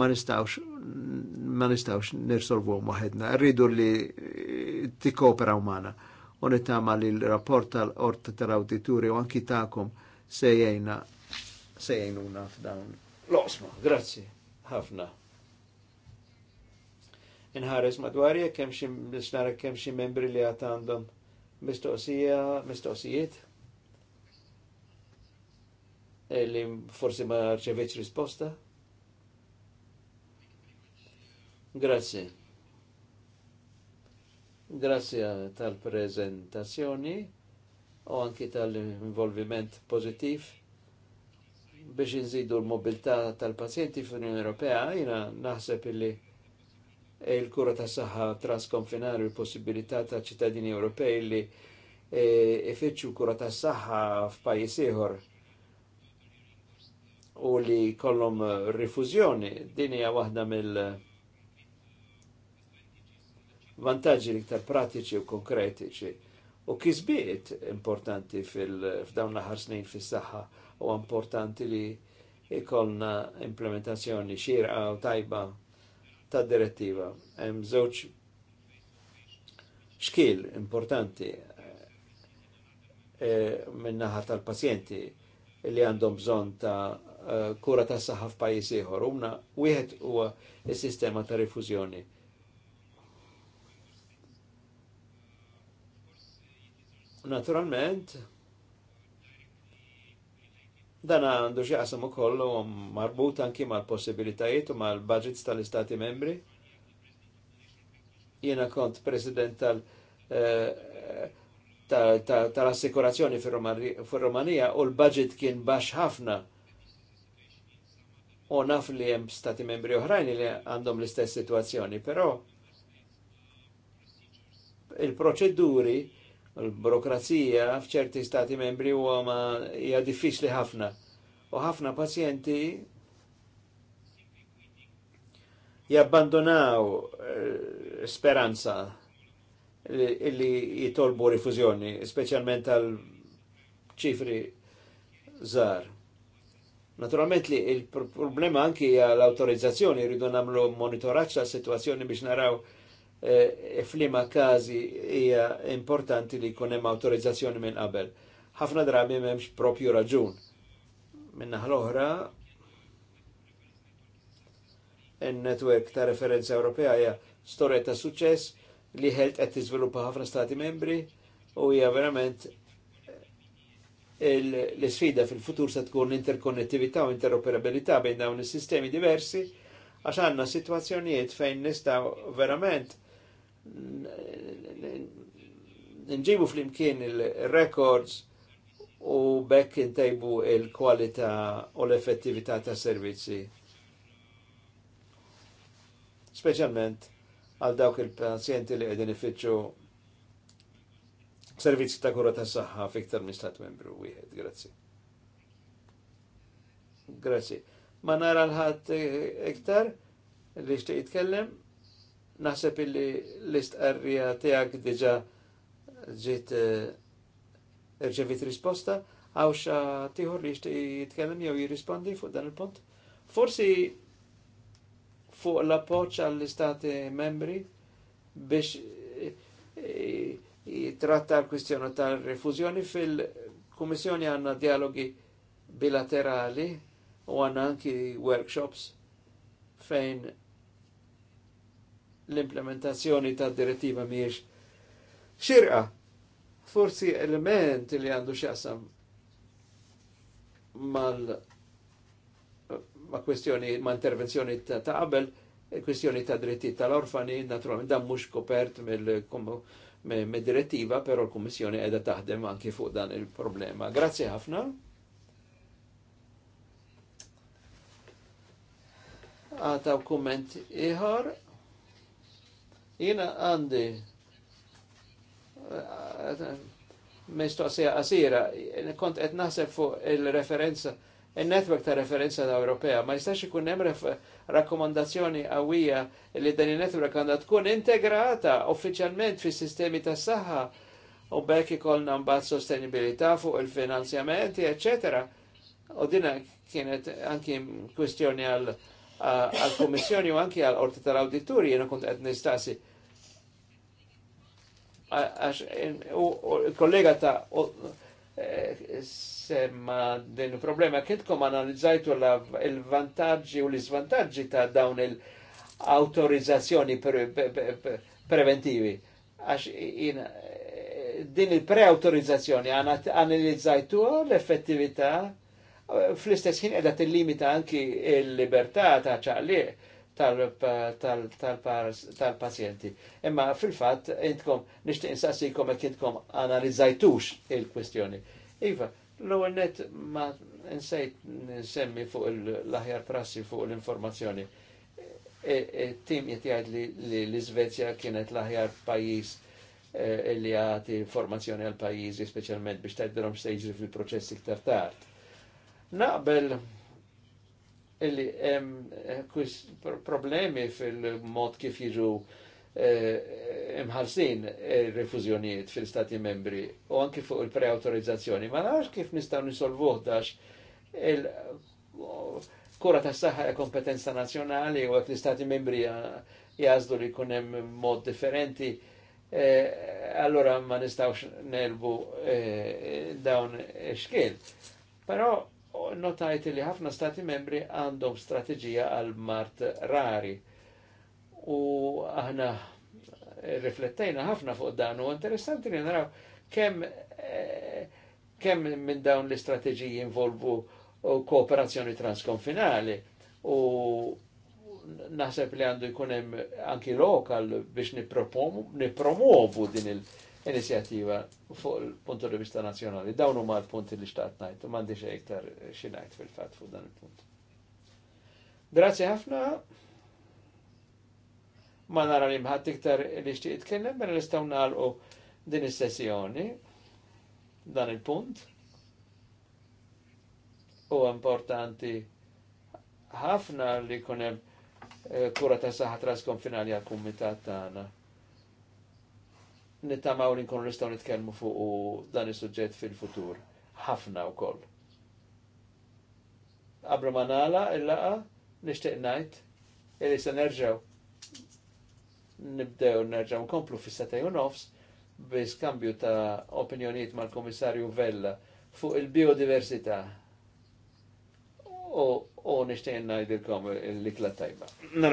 ma nistawx ma nistawx nirsolvu waħedna. Rridu li e, tikkopera umana. U nittama li l-rapport tal-ort tal auditori u anki ta'kom sejjajna sejjajnuna f'dawn. L-osma, grazzi, ħafna inħares madwar jekk hemm xi biex nara kemm xi membri li għad għandhom mistoqsija, mistoqsijiet e li forsi ma rċeveċ risposta. Grazie. Grazie tal-prezentazzjoni u anki tal-involviment pozittiv biex nżidu l-mobilità tal-pazjenti fl-Unjoni Ewropea, jina naħseb illi il-kura ta' saħħa transkonfinar il-possibilità ta' ċittadini Ewropej li e, ifittxu kura ta' saħħa f'pajjiż ieħor u li kollhom rifużjoni din hija waħda mill vantaġġi iktar pratiċi u konkretiċi u kisbiet importanti f'dawn l-aħħar snin fis-saħħa u importanti li ikollna implementazzjoni xirqa u tajba ta' direttiva. Hemm żewġ xkil importanti eh, eh, minn naħa tal-pazjenti li għandhom bżonn ta' eh, kura ta' saħħa f'pajjiż ieħor. Umna wieħed huwa s-sistema ta' rifużjoni. Naturalment, Dan għandu xieqasam u kollu marbut anki mal-possibilitajiet u mal-budgets tal-istati membri. Jena kont president tal- eh, tal-assikurazzjoni fir romania u l-budget kien bax ħafna u naf li jem stati membri oħrajn li għandhom l-istess situazzjoni, però il-proċeduri l-burokrazija f'ċerti stati membri u għama hija diffiċli ħafna. U ħafna pazjenti jabbandonaw eh, speranza illi jitolbu rifużjoni, specialment għal ċifri zar. Naturalment li il-problema anki għal autorizzazzjoni rridu nagħmlu monitoraġġ tas biex naraw Eh, e flima każi hija importanti li jkun hemm awtorizzazzjoni minn qabel. Ħafna drabi m'hemmx propju raġun. Minna l-oħra in-netwerk ta' referenza Ewropea hija storja ta' suċċess li ħelt qed tiżviluppa ħafna stati membri u hija verament l-sfida fil-futur se tkun interkonnettività u interoperabilità bejn dawn is-sistemi diversi għax għandna sitwazzjonijiet fejn nista' verament nġibu fl-imkien il-records u bekk intejbu il kualita u l effettivita ta' servizzi. Specialment għal dawk il-pazjenti li għedin ifittxu servizzi ta' kura ta' saħħa fiktar minn stat membru u wieħed, grazzi. Grazzi. Ma nara l ħat iktar li xtieq jitkellem? Naħseb illi l-istqarrija tiegħek diġà ġiet irċevit eh, risposta, għaw xa tiħor li jitkellem jew jirrispondi fuq dan il-punt. Forsi fuq l-appoċ għall-istati membri biex eh, jitratta l-kwistjoni tal-refużjoni fil-Kummissjoni għanna dialogi bilaterali u għanna anki workshops fejn l-implementazzjoni ta' direttiva miex xirqa. Forsi element li għandu xaqsam mal ma kwestjoni, ma intervenzjoni ta' qabel, eh, kwestjoni ta' dritti tal-orfani, naturalment dan mhux kopert mill-direttiva, però l kommissjoni qiegħda taħdem anki fuq dan il-problema. Grazzi ħafna. Għataw komment iħor jina għandi mistoqsija qasira, kont qed naħseb fuq il-referenza, il-network ta' referenza ta' Ewropea, ma jistax ikun hemm rakkomandazzjoni għawija li dan il-network għandha tkun integrata uffiċjalment fis-sistemi tas-saħħa u bekk ikollna mbagħad sostenibilità fuq il-finanzjamenti, eċetera. U dina kienet anki kwestjoni għal għal-Komissjoni u anki għal-Orti tal auditori jena kont għed nistaqsi. kollega ta' e, semma din problema kintkom analizzajtu il-vantaġġi u l-izvantaġġi ta' dawn il-autorizzazzjoni preventivi. Għax e, din il-preautorizzazzjoni analizzajtu l-effettività fl-istess ħin edha tillimita anki il-libertà ta' ċaqli tal-pazjenti. Imma fil-fat, intkom, nishtiq insaqsikom jek kintkom analizzajtux il-kwestjoni. Iva, l-ewwel net ma nsejt nsemmi fuq l-aħjar prassi fuq l-informazzjoni. E- e- tim qed li l-Iżvezja kienet l-aħjar pajjiż eh, li għati informazzjoni għal pajjiżi speċjalment biex tgħidilhom se jiġri fil-proċess ktar tard Naqbel illi hemm eh, problemi fil-mod kif jiġu eh, imħarsin il-refużjonijiet eh, fil-stati membri u anki fuq il-preautorizzazzjoni. Ma nafx kif nistaw nisolvuh dax il-kura ta' saħħa e kompetenza nazjonali u għek l-istati membri jazdu li kunem mod differenti. Allora ma nistawx nelbu dawn xkil. Pero notajt li ħafna stati membri għandhom strategija għal mart rari. U aħna riflettejna ħafna fuq dan u interessanti li naraw kemm eh, minn dawn l-istrateġiji involvu kooperazzjoni transkonfinali u naħseb li għandu jkun hemm anki lokal biex nipromuovu din il- inizjattiva fuq il-punt di vista nazjonali. Dawn huma l-punti li xtaqt ngħid, u m'għandix iktar xi najt fil-fatt fuq dan il-punt. Grazzi ħafna. Ma nara li mħat iktar li xtieq jitkellem, mela nistgħu nagħlqu din is-sessjoni dan il-punt. U importanti ħafna li kunem eh, kura ta' saħħa konfinali għal-kumitat tagħna. Ta nittamaw li nkun nistgħu nitkellmu fuq dan is-suġġett fil-futur ħafna wkoll. Qabra ma nagħla il-laqa nixtieq ngħid illi se nerġaw. nibdew nerġaw nkomplu fis-setej u nofs bi kambju ta' opinjonijiet mal-Komissarju Vella fuq il-biodiversità. U nixtieq ngħidilkom il-likla tajba.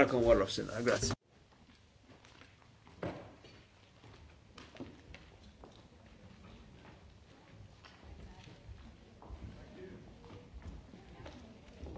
kum warrof sinna, grazie.